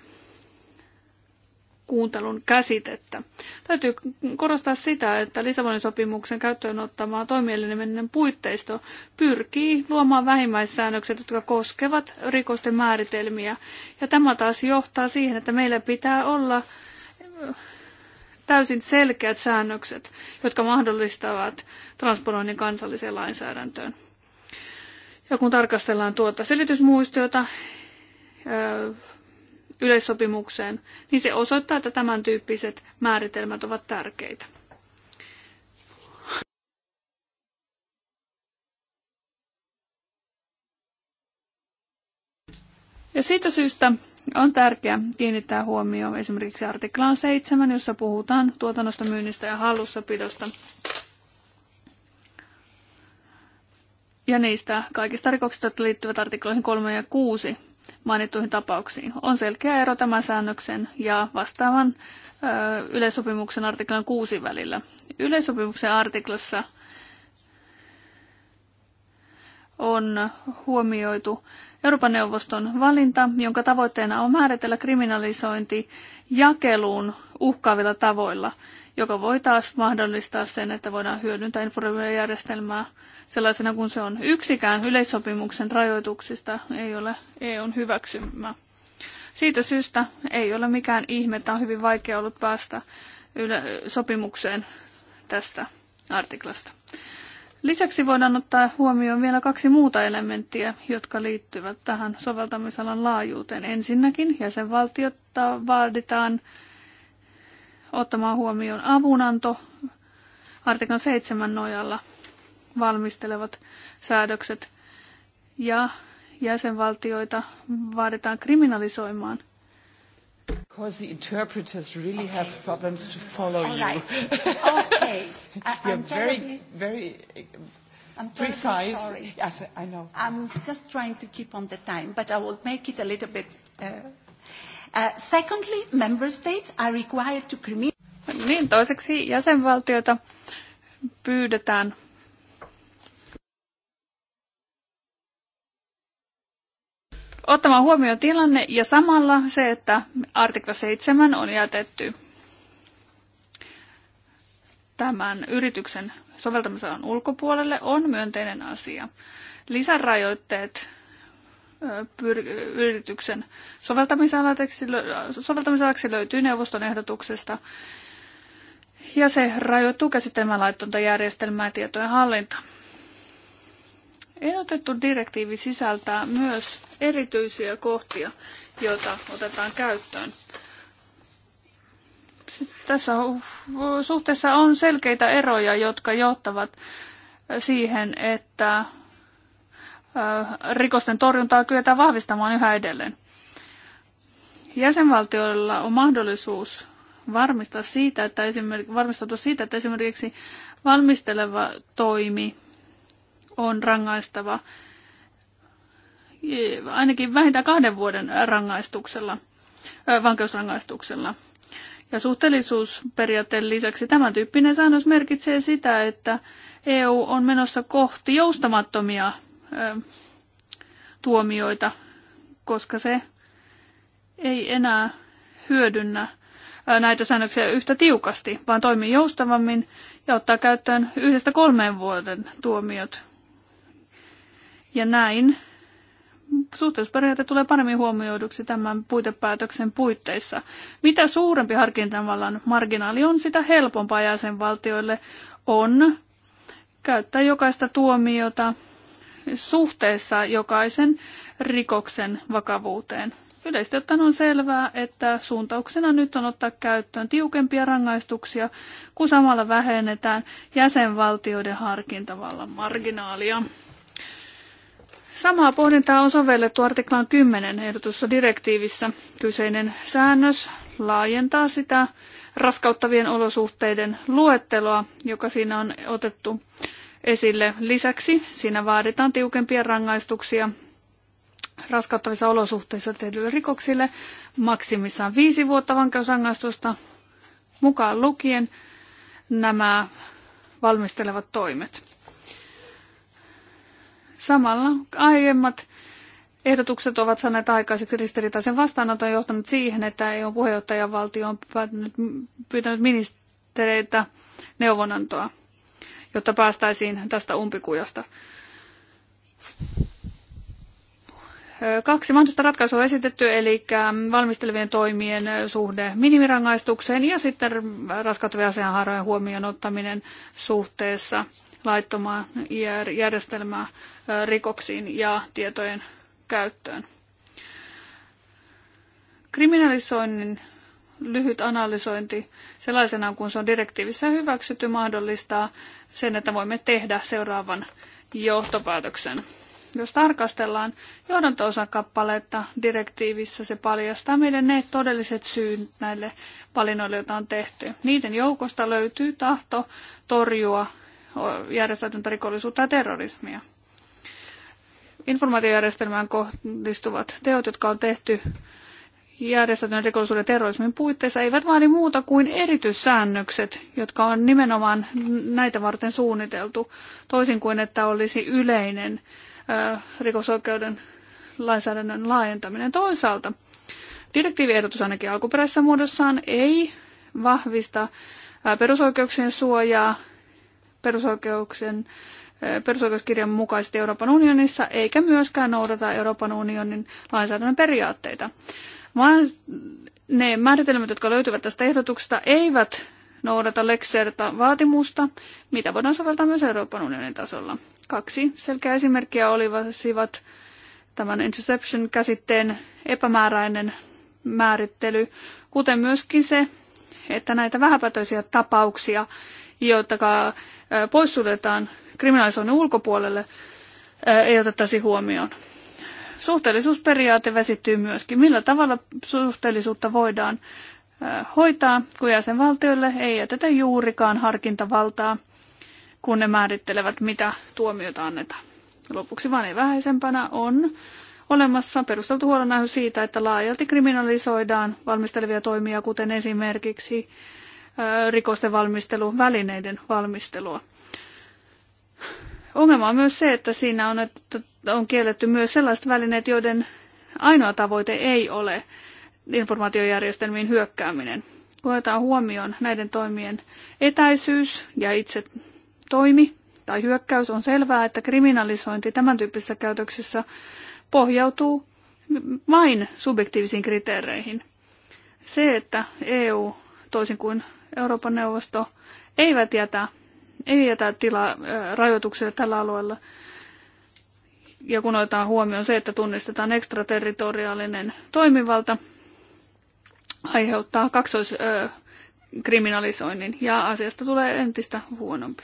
kuuntelun käsitettä. Täytyy korostaa sitä, että Lisabonin sopimuksen käyttöön ottamaa toimielinen puitteisto pyrkii luomaan vähimmäissäännökset, jotka koskevat rikosten määritelmiä. Ja tämä taas johtaa siihen, että meillä pitää olla täysin selkeät säännökset, jotka mahdollistavat transponoinnin kansalliseen lainsäädäntöön. Ja kun tarkastellaan tuota selitysmuistiota yleissopimukseen, niin se osoittaa, että tämän tyyppiset määritelmät ovat tärkeitä. Ja siitä syystä on tärkeää kiinnittää huomio esimerkiksi artiklaan 7, jossa puhutaan tuotannosta, myynnistä ja hallussapidosta. Ja niistä kaikista rikoksista, jotka liittyvät artikloihin 3 ja 6 mainittuihin tapauksiin. On selkeä ero tämän säännöksen ja vastaavan ö, yleissopimuksen artiklan 6 välillä. Yleissopimuksen artiklassa on huomioitu Euroopan neuvoston valinta, jonka tavoitteena on määritellä kriminalisointi jakeluun uhkaavilla tavoilla, joka voi taas mahdollistaa sen, että voidaan hyödyntää informaatiojärjestelmää sellaisena kuin se on. Yksikään yleissopimuksen rajoituksista ei ole EUn hyväksymä. Siitä syystä ei ole mikään ihme, että on hyvin vaikea ollut päästä yle- sopimukseen tästä artiklasta. Lisäksi voidaan ottaa huomioon vielä kaksi muuta elementtiä, jotka liittyvät tähän soveltamisalan laajuuteen. Ensinnäkin jäsenvaltiota vaaditaan ottamaan huomioon avunanto artiklan 7 nojalla valmistelevat säädökset ja jäsenvaltioita vaaditaan kriminalisoimaan – Because the interpreters really okay. have problems to follow All you. right. okay. I, I'm You're terribly, very, very uh, I'm precise. Sorry. Yes, I know. I'm just trying to keep on the time, but I will make it a little bit. Uh, uh, secondly, member states are required to Niin toiseksi jäsenvaltiota pyydetään ottamaan huomioon tilanne ja samalla se, että artikla 7 on jätetty tämän yrityksen soveltamisalan ulkopuolelle, on myönteinen asia. Lisärajoitteet yrityksen soveltamisalaksi löytyy neuvoston ehdotuksesta ja se rajoittuu käsittelemään laittonta järjestelmää ja tietojen hallinta. Ehdotettu direktiivi sisältää myös erityisiä kohtia, joita otetaan käyttöön. Tässä suhteessa on selkeitä eroja, jotka johtavat siihen, että äh, rikosten torjuntaa kyetään vahvistamaan yhä edelleen. Jäsenvaltioilla on mahdollisuus varmistaa siitä, että esimerkiksi, varmistautua siitä, että esimerkiksi valmisteleva toimi on rangaistava ainakin vähintään kahden vuoden rangaistuksella, vankeusrangaistuksella. Ja suhteellisuusperiaatteen lisäksi tämän tyyppinen säännös merkitsee sitä, että EU on menossa kohti joustamattomia ö, tuomioita, koska se ei enää hyödynnä näitä säännöksiä yhtä tiukasti, vaan toimii joustavammin ja ottaa käyttöön yhdestä kolmeen vuoden tuomiot ja näin suhteellisuusperiaate tulee paremmin huomioiduksi tämän puitepäätöksen puitteissa. Mitä suurempi harkintavallan marginaali on, sitä helpompaa jäsenvaltioille on käyttää jokaista tuomiota suhteessa jokaisen rikoksen vakavuuteen. Yleisesti ottaen on selvää, että suuntauksena nyt on ottaa käyttöön tiukempia rangaistuksia, kun samalla vähennetään jäsenvaltioiden harkintavallan marginaalia. Samaa pohdintaa on sovellettu artiklan 10 ehdotussa direktiivissä. Kyseinen säännös laajentaa sitä raskauttavien olosuhteiden luetteloa, joka siinä on otettu esille. Lisäksi siinä vaaditaan tiukempia rangaistuksia raskauttavissa olosuhteissa tehdyille rikoksille, maksimissaan viisi vuotta vankeusrangaistusta, mukaan lukien nämä valmistelevat toimet. Samalla aiemmat ehdotukset ovat saaneet aikaiseksi ristiriitaisen vastaanoton johtanut siihen, että ei puheenjohtajan valtio on päätynyt, pyytänyt ministereitä neuvonantoa, jotta päästäisiin tästä umpikujasta. Kaksi mahdollista ratkaisua on esitetty, eli valmistelevien toimien suhde minimirangaistukseen ja sitten raskautuvien asianhaarojen huomioon ottaminen suhteessa laittomaa järjestelmää rikoksiin ja tietojen käyttöön. Kriminalisoinnin lyhyt analysointi sellaisena kuin se on direktiivissä hyväksytty mahdollistaa sen, että voimme tehdä seuraavan johtopäätöksen. Jos tarkastellaan johdanto-osakappaletta direktiivissä, se paljastaa meille ne todelliset syyt näille valinnoille, joita on tehty. Niiden joukosta löytyy tahto torjua järjestäytyntä rikollisuutta ja terrorismia. Informaatiojärjestelmään kohdistuvat teot, jotka on tehty järjestäytyneen rikollisuuden ja terrorismin puitteissa, eivät vaadi muuta kuin erityissäännökset, jotka on nimenomaan näitä varten suunniteltu, toisin kuin että olisi yleinen ö, rikosoikeuden lainsäädännön laajentaminen. Toisaalta direktiiviehdotus ainakin alkuperäisessä muodossaan ei vahvista perusoikeuksien suojaa perusoikeuksien eh, perusoikeuskirjan mukaisesti Euroopan unionissa, eikä myöskään noudata Euroopan unionin lainsäädännön periaatteita. Vaan ne määritelmät, jotka löytyvät tästä ehdotuksesta, eivät noudata Lexerta vaatimusta, mitä voidaan soveltaa myös Euroopan unionin tasolla. Kaksi selkeää esimerkkiä olivat tämän interception-käsitteen epämääräinen määrittely, kuten myöskin se, että näitä vähäpätöisiä tapauksia joita poissuljetaan kriminalisoinnin ulkopuolelle, ei otettaisi huomioon. Suhteellisuusperiaate vesittyy myöskin. Millä tavalla suhteellisuutta voidaan hoitaa, kun jäsenvaltioille ei jätetä juurikaan harkintavaltaa, kun ne määrittelevät, mitä tuomiota annetaan. Lopuksi vain ei vähäisempänä on olemassa perusteltu huolenaihe siitä, että laajalti kriminalisoidaan valmistelevia toimia, kuten esimerkiksi rikosten valmistelu, välineiden valmistelua. Ongelma on myös se, että siinä on, että on kielletty myös sellaiset välineet, joiden ainoa tavoite ei ole informaatiojärjestelmiin hyökkääminen. Kun otetaan huomioon näiden toimien etäisyys ja itse toimi tai hyökkäys, on selvää, että kriminalisointi tämän tyyppisessä käytöksessä pohjautuu vain subjektiivisiin kriteereihin. Se, että EU, toisin kuin Euroopan neuvosto eivät jätä, ei jätä tilaa rajoituksia tällä alueella. Ja kun otetaan huomioon se, että tunnistetaan ekstraterritoriaalinen toimivalta, aiheuttaa kaksoiskriminalisoinnin ja asiasta tulee entistä huonompi.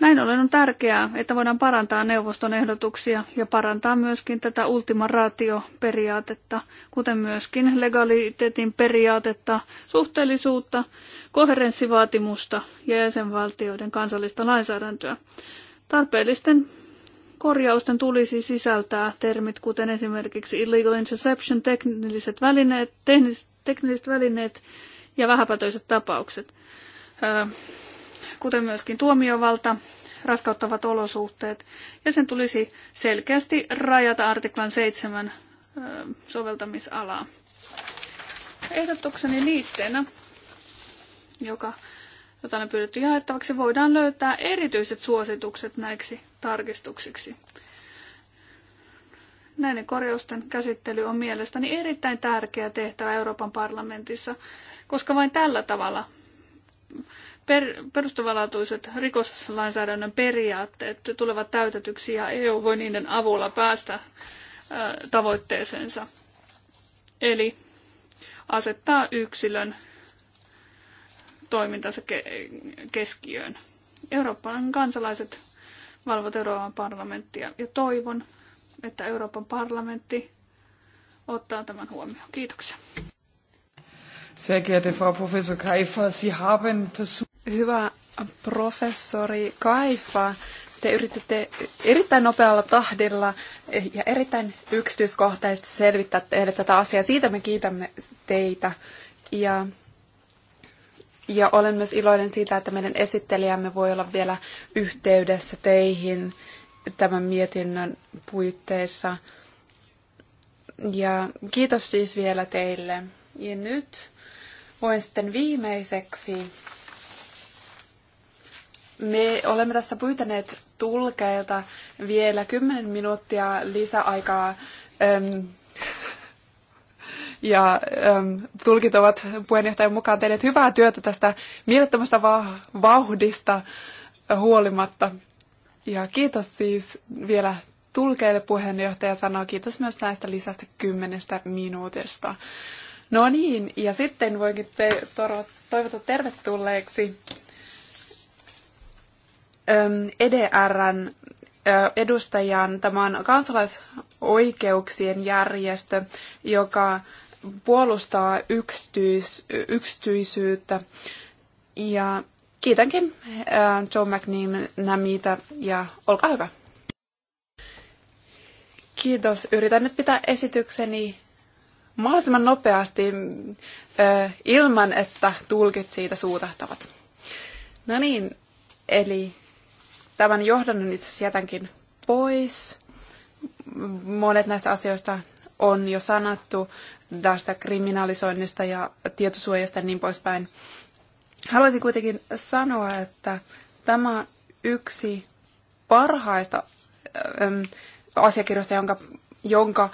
Näin ollen on tärkeää, että voidaan parantaa neuvoston ehdotuksia ja parantaa myöskin tätä ultima ratio-periaatetta, kuten myöskin legaliteetin periaatetta, suhteellisuutta, koherenssivaatimusta ja jäsenvaltioiden kansallista lainsäädäntöä. Tarpeellisten korjausten tulisi sisältää termit kuten esimerkiksi illegal interception, teknilliset välineet, tekniset, teknilliset välineet ja vähäpätöiset tapaukset. Öö, kuten myöskin tuomiovalta, raskauttavat olosuhteet, ja sen tulisi selkeästi rajata artiklan 7 soveltamisalaa. Ehdotukseni liitteenä, joka, jota on pyydetty jaettavaksi, voidaan löytää erityiset suositukset näiksi tarkistuksiksi. Näiden korjausten käsittely on mielestäni erittäin tärkeä tehtävä Euroopan parlamentissa, koska vain tällä tavalla per, perustavanlaatuiset rikoslainsäädännön periaatteet tulevat täytetyksi ja EU voi niiden avulla päästä tavoitteeseensa. Eli asettaa yksilön toimintansa keskiöön. Euroopan kansalaiset valvovat Euroopan parlamenttia ja toivon, että Euroopan parlamentti ottaa tämän huomioon. Kiitoksia. Sehr geehrte Frau Professor Kaifer, Sie haben versucht... Hyvä professori Kaifa, te yritätte erittäin nopealla tahdilla ja erittäin yksityiskohtaisesti selvittää teille tätä asiaa. Siitä me kiitämme teitä. Ja, ja olen myös iloinen siitä, että meidän esittelijämme voi olla vielä yhteydessä teihin tämän mietinnön puitteissa. Ja kiitos siis vielä teille. Ja nyt voin sitten viimeiseksi me olemme tässä pyytäneet tulkeilta vielä 10 minuuttia lisäaikaa. Öm, ja äm, tulkit ovat puheenjohtajan mukaan tehneet hyvää työtä tästä mielettömästä va- vauhdista huolimatta. Ja kiitos siis vielä tulkeille puheenjohtaja sanoo kiitos myös näistä lisästä kymmenestä minuutista. No niin, ja sitten voinkin te- toivottaa tervetulleeksi EDRn edustajan. Tämä on kansalaisoikeuksien järjestö, joka puolustaa yksityis, yksityisyyttä. Ja kiitänkin Joe McNamita ja olkaa hyvä. Kiitos. Yritän nyt pitää esitykseni mahdollisimman nopeasti ilman, että tulkit siitä suutahtavat. No niin, eli Tämän johdannon itse asiassa jätänkin pois. Monet näistä asioista on jo sanottu tästä kriminalisoinnista ja tietosuojasta ja niin poispäin. Haluaisin kuitenkin sanoa, että tämä yksi parhaista asiakirjoista, jonka, jonka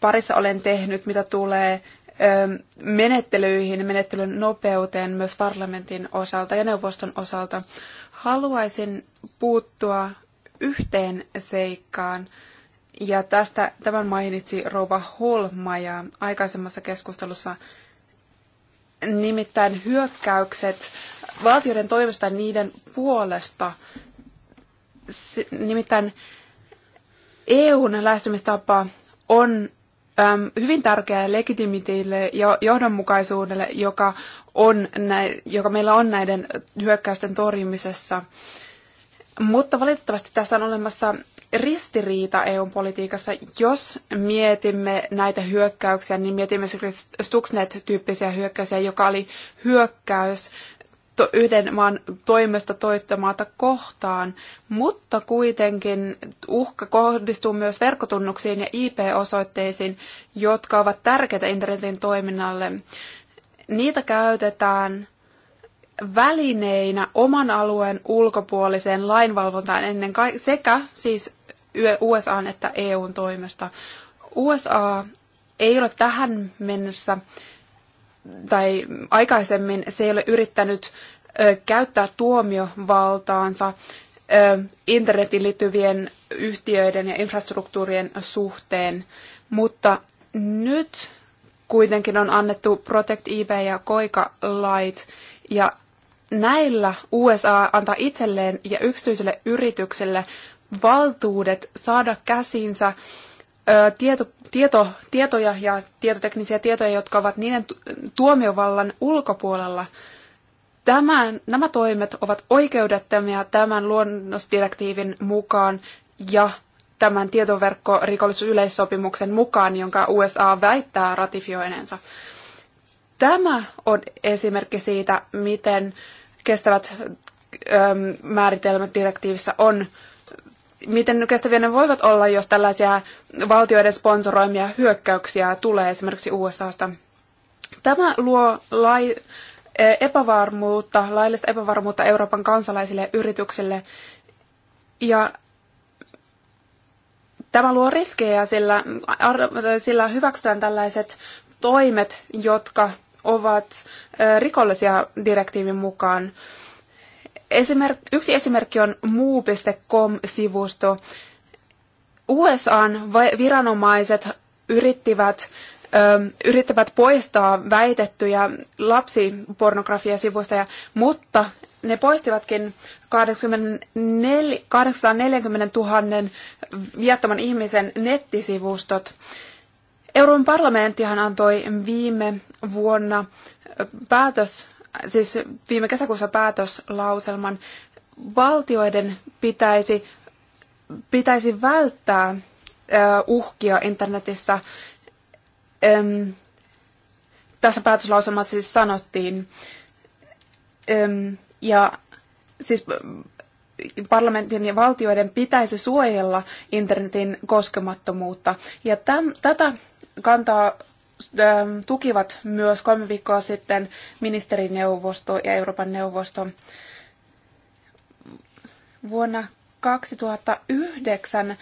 parissa olen tehnyt, mitä tulee menettelyihin, menettelyn nopeuteen myös parlamentin osalta ja neuvoston osalta. Haluaisin puuttua yhteen seikkaan, ja tästä tämän mainitsi rouva Holma ja aikaisemmassa keskustelussa nimittäin hyökkäykset valtioiden toimesta niiden puolesta. Nimittäin EUn lähestymistapa on hyvin tärkeää legitimiteille ja johdonmukaisuudelle, joka, on joka meillä on näiden hyökkäysten torjumisessa. Mutta valitettavasti tässä on olemassa ristiriita EU-politiikassa. Jos mietimme näitä hyökkäyksiä, niin mietimme esimerkiksi Stuxnet-tyyppisiä hyökkäyksiä, joka oli hyökkäys to, yhden maan toimesta toittamaata kohtaan, mutta kuitenkin uhka kohdistuu myös verkkotunnuksiin ja IP-osoitteisiin, jotka ovat tärkeitä internetin toiminnalle. Niitä käytetään välineinä oman alueen ulkopuoliseen lainvalvontaan ennen kaikkea sekä siis USA että EUn toimesta. USA ei ole tähän mennessä tai aikaisemmin se ei ole yrittänyt käyttää tuomiovaltaansa internetin liittyvien yhtiöiden ja infrastruktuurien suhteen, mutta nyt kuitenkin on annettu Protect eBay ja koika Light, ja näillä USA antaa itselleen ja yksityisille yrityksille valtuudet saada käsinsä tieto, tieto, tietoja ja tietoteknisiä tietoja, jotka ovat niiden tuomiovallan ulkopuolella. Tämän, nämä toimet ovat oikeudettomia tämän luonnosdirektiivin mukaan ja tämän tietoverkkorikollisuusyleissopimuksen mukaan, jonka USA väittää ratifioineensa. Tämä on esimerkki siitä, miten kestävät määritelmät direktiivissä on miten kestäviä ne voivat olla, jos tällaisia valtioiden sponsoroimia hyökkäyksiä tulee esimerkiksi USAsta. Tämä luo lai, e, epävarmuutta, laillista epävarmuutta Euroopan kansalaisille yrityksille. Ja tämä luo riskejä, sillä, sillä hyväksytään tällaiset toimet, jotka ovat e, rikollisia direktiivin mukaan. Esimerk- yksi esimerkki on muu.com-sivusto. USAn viranomaiset yrittivät yrittävät poistaa väitettyjä lapsipornografiasivustoja, mutta ne poistivatkin 840 000 viattoman ihmisen nettisivustot. Euroopan parlamenttihan antoi viime vuonna päätös siis viime kesäkuussa päätöslauselman, valtioiden pitäisi, pitäisi välttää uhkia internetissä. Tässä päätöslauselmassa siis sanottiin, ja siis parlamentin ja valtioiden pitäisi suojella internetin koskemattomuutta. Ja täm, tätä kantaa Ähm, tukivat myös kolme viikkoa sitten ministerineuvosto ja Euroopan neuvosto. Vuonna 2009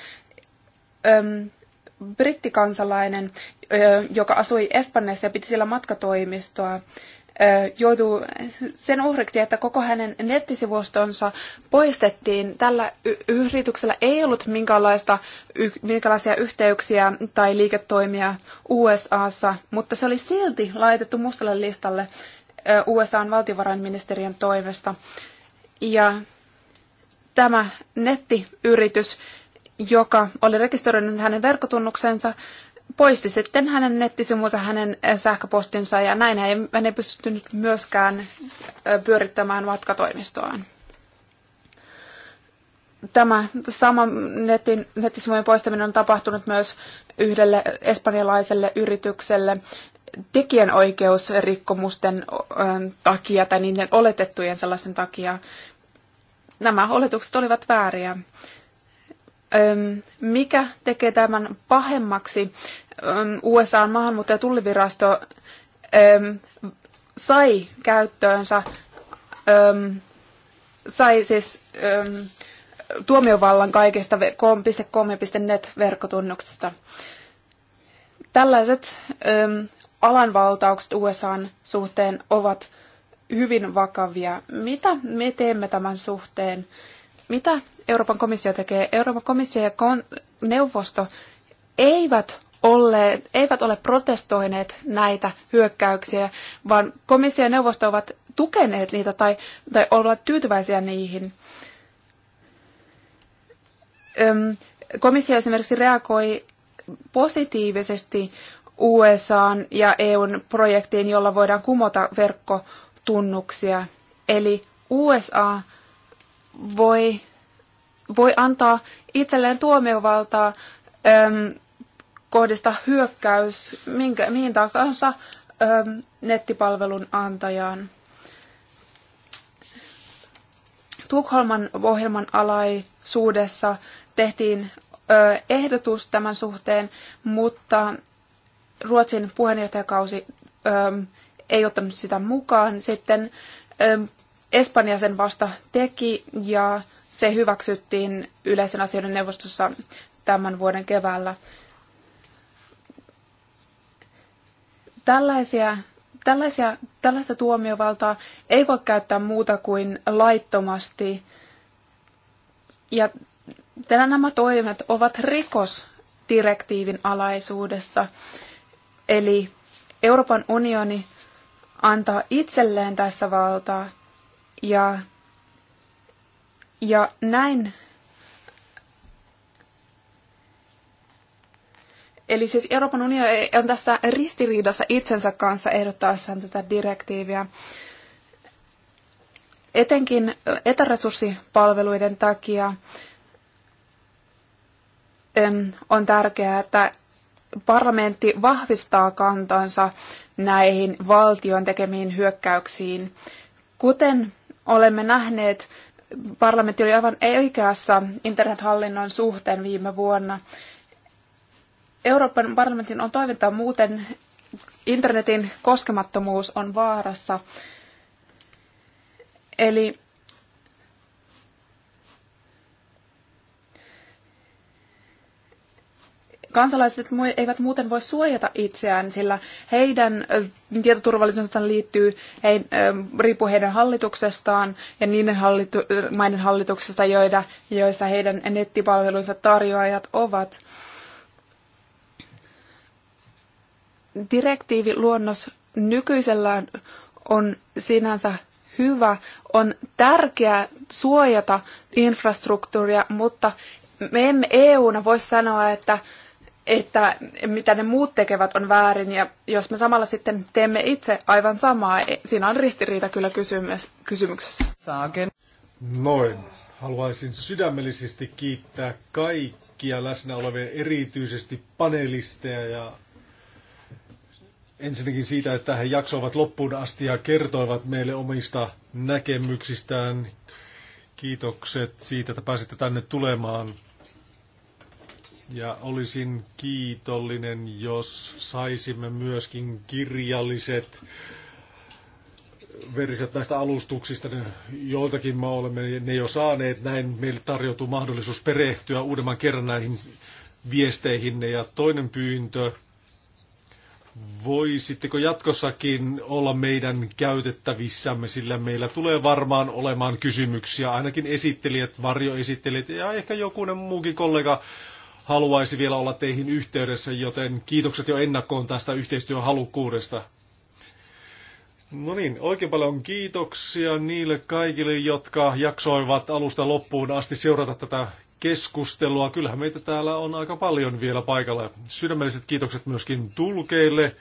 äm, brittikansalainen, äh, joka asui Espanjassa ja piti siellä matkatoimistoa, joutuu sen uhriksi, että koko hänen nettisivustonsa poistettiin. Tällä yrityksellä ei ollut minkäänlaista, minkälaisia yhteyksiä tai liiketoimia USAssa, mutta se oli silti laitettu mustalle listalle USAn valtiovarainministeriön toimesta. Ja tämä nettiyritys, joka oli rekisteröinyt hänen verkkotunnuksensa, poisti sitten hänen nettisivunsa, hänen eh, sähköpostinsa ja näin hän ei, hän pystynyt myöskään eh, pyörittämään matkatoimistoaan. Tämä sama netin, nettisivujen poistaminen on tapahtunut myös yhdelle espanjalaiselle yritykselle tekijänoikeusrikkomusten eh, takia tai niiden oletettujen sellaisten takia. Nämä oletukset olivat vääriä mikä tekee tämän pahemmaksi? USAn maahanmuutto- ja tullivirasto sai käyttöönsä, sai siis tuomiovallan kaikista 3.3.net-verkkotunnuksista. Tällaiset alanvaltaukset USAn suhteen ovat hyvin vakavia. Mitä me teemme tämän suhteen? Mitä Euroopan komissio tekee. Euroopan komissio ja neuvosto eivät ole eivät ole protestoineet näitä hyökkäyksiä, vaan komissio ja neuvosto ovat tukeneet niitä tai, tai ovat tyytyväisiä niihin. Öm, komissio esimerkiksi reagoi positiivisesti USAn ja EUn projektiin, jolla voidaan kumota verkkotunnuksia. Eli USA voi voi antaa itselleen tuomiovaltaa äm, kohdistaa hyökkäys minkä, mihin tahansa ähm, nettipalvelun antajaan. Tukholman ohjelman alaisuudessa tehtiin ö, ehdotus tämän suhteen, mutta Ruotsin puheenjohtajakausi ö, ei ottanut sitä mukaan. Sitten ö, Espanja sen vasta teki ja se hyväksyttiin yleisen asioiden neuvostossa tämän vuoden keväällä. Tällaisia, tällaisia, tällaista tuomiovaltaa ei voi käyttää muuta kuin laittomasti. Ja nämä toimet ovat rikosdirektiivin alaisuudessa. Eli Euroopan unioni antaa itselleen tässä valtaa ja ja näin. Eli siis Euroopan unioni on tässä ristiriidassa itsensä kanssa ehdottaessaan tätä direktiiviä. Etenkin etäresurssipalveluiden takia on tärkeää, että parlamentti vahvistaa kantansa näihin valtion tekemiin hyökkäyksiin. Kuten olemme nähneet, parlamentti oli aivan oikeassa internethallinnon suhteen viime vuonna. Euroopan parlamentin on toivottava muuten internetin koskemattomuus on vaarassa. Eli Kansalaiset eivät muuten voi suojata itseään, sillä heidän tietoturvallisuutensa liittyy, he, riippuu heidän hallituksestaan ja niiden hallitu, maiden hallituksesta, joida, joissa heidän nettipalvelunsa tarjoajat ovat. Direktiiviluonnos nykyisellään on sinänsä hyvä, on tärkeää suojata infrastruktuuria, mutta me emme EUna voi sanoa, että että mitä ne muut tekevät on väärin ja jos me samalla sitten teemme itse aivan samaa, e, siinä on ristiriita kyllä kysymys, kysymyksessä. Saaken. Noin. Haluaisin sydämellisesti kiittää kaikkia läsnä olevia, erityisesti panelisteja ja ensinnäkin siitä, että he jaksoivat loppuun asti ja kertoivat meille omista näkemyksistään. Kiitokset siitä, että pääsitte tänne tulemaan. Ja olisin kiitollinen, jos saisimme myöskin kirjalliset versiot näistä alustuksista, joiltakin me olemme ne jo saaneet, näin meille tarjoutuu mahdollisuus perehtyä uudemman kerran näihin viesteihinne. Ja toinen pyyntö, voisitteko jatkossakin olla meidän käytettävissämme, sillä meillä tulee varmaan olemaan kysymyksiä, ainakin esittelijät, varjoesittelijät ja ehkä jokunen muukin kollega haluaisi vielä olla teihin yhteydessä, joten kiitokset jo ennakkoon tästä yhteistyöhalukkuudesta. No niin, oikein paljon kiitoksia niille kaikille, jotka jaksoivat alusta loppuun asti seurata tätä keskustelua. Kyllähän meitä täällä on aika paljon vielä paikalla. Sydämelliset kiitokset myöskin tulkeille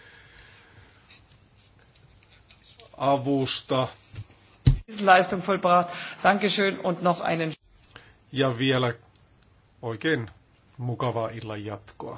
avusta. Leistung vollbracht. Dankeschön und noch einen... Ja vielä oikein mukavaa illan jatkoa.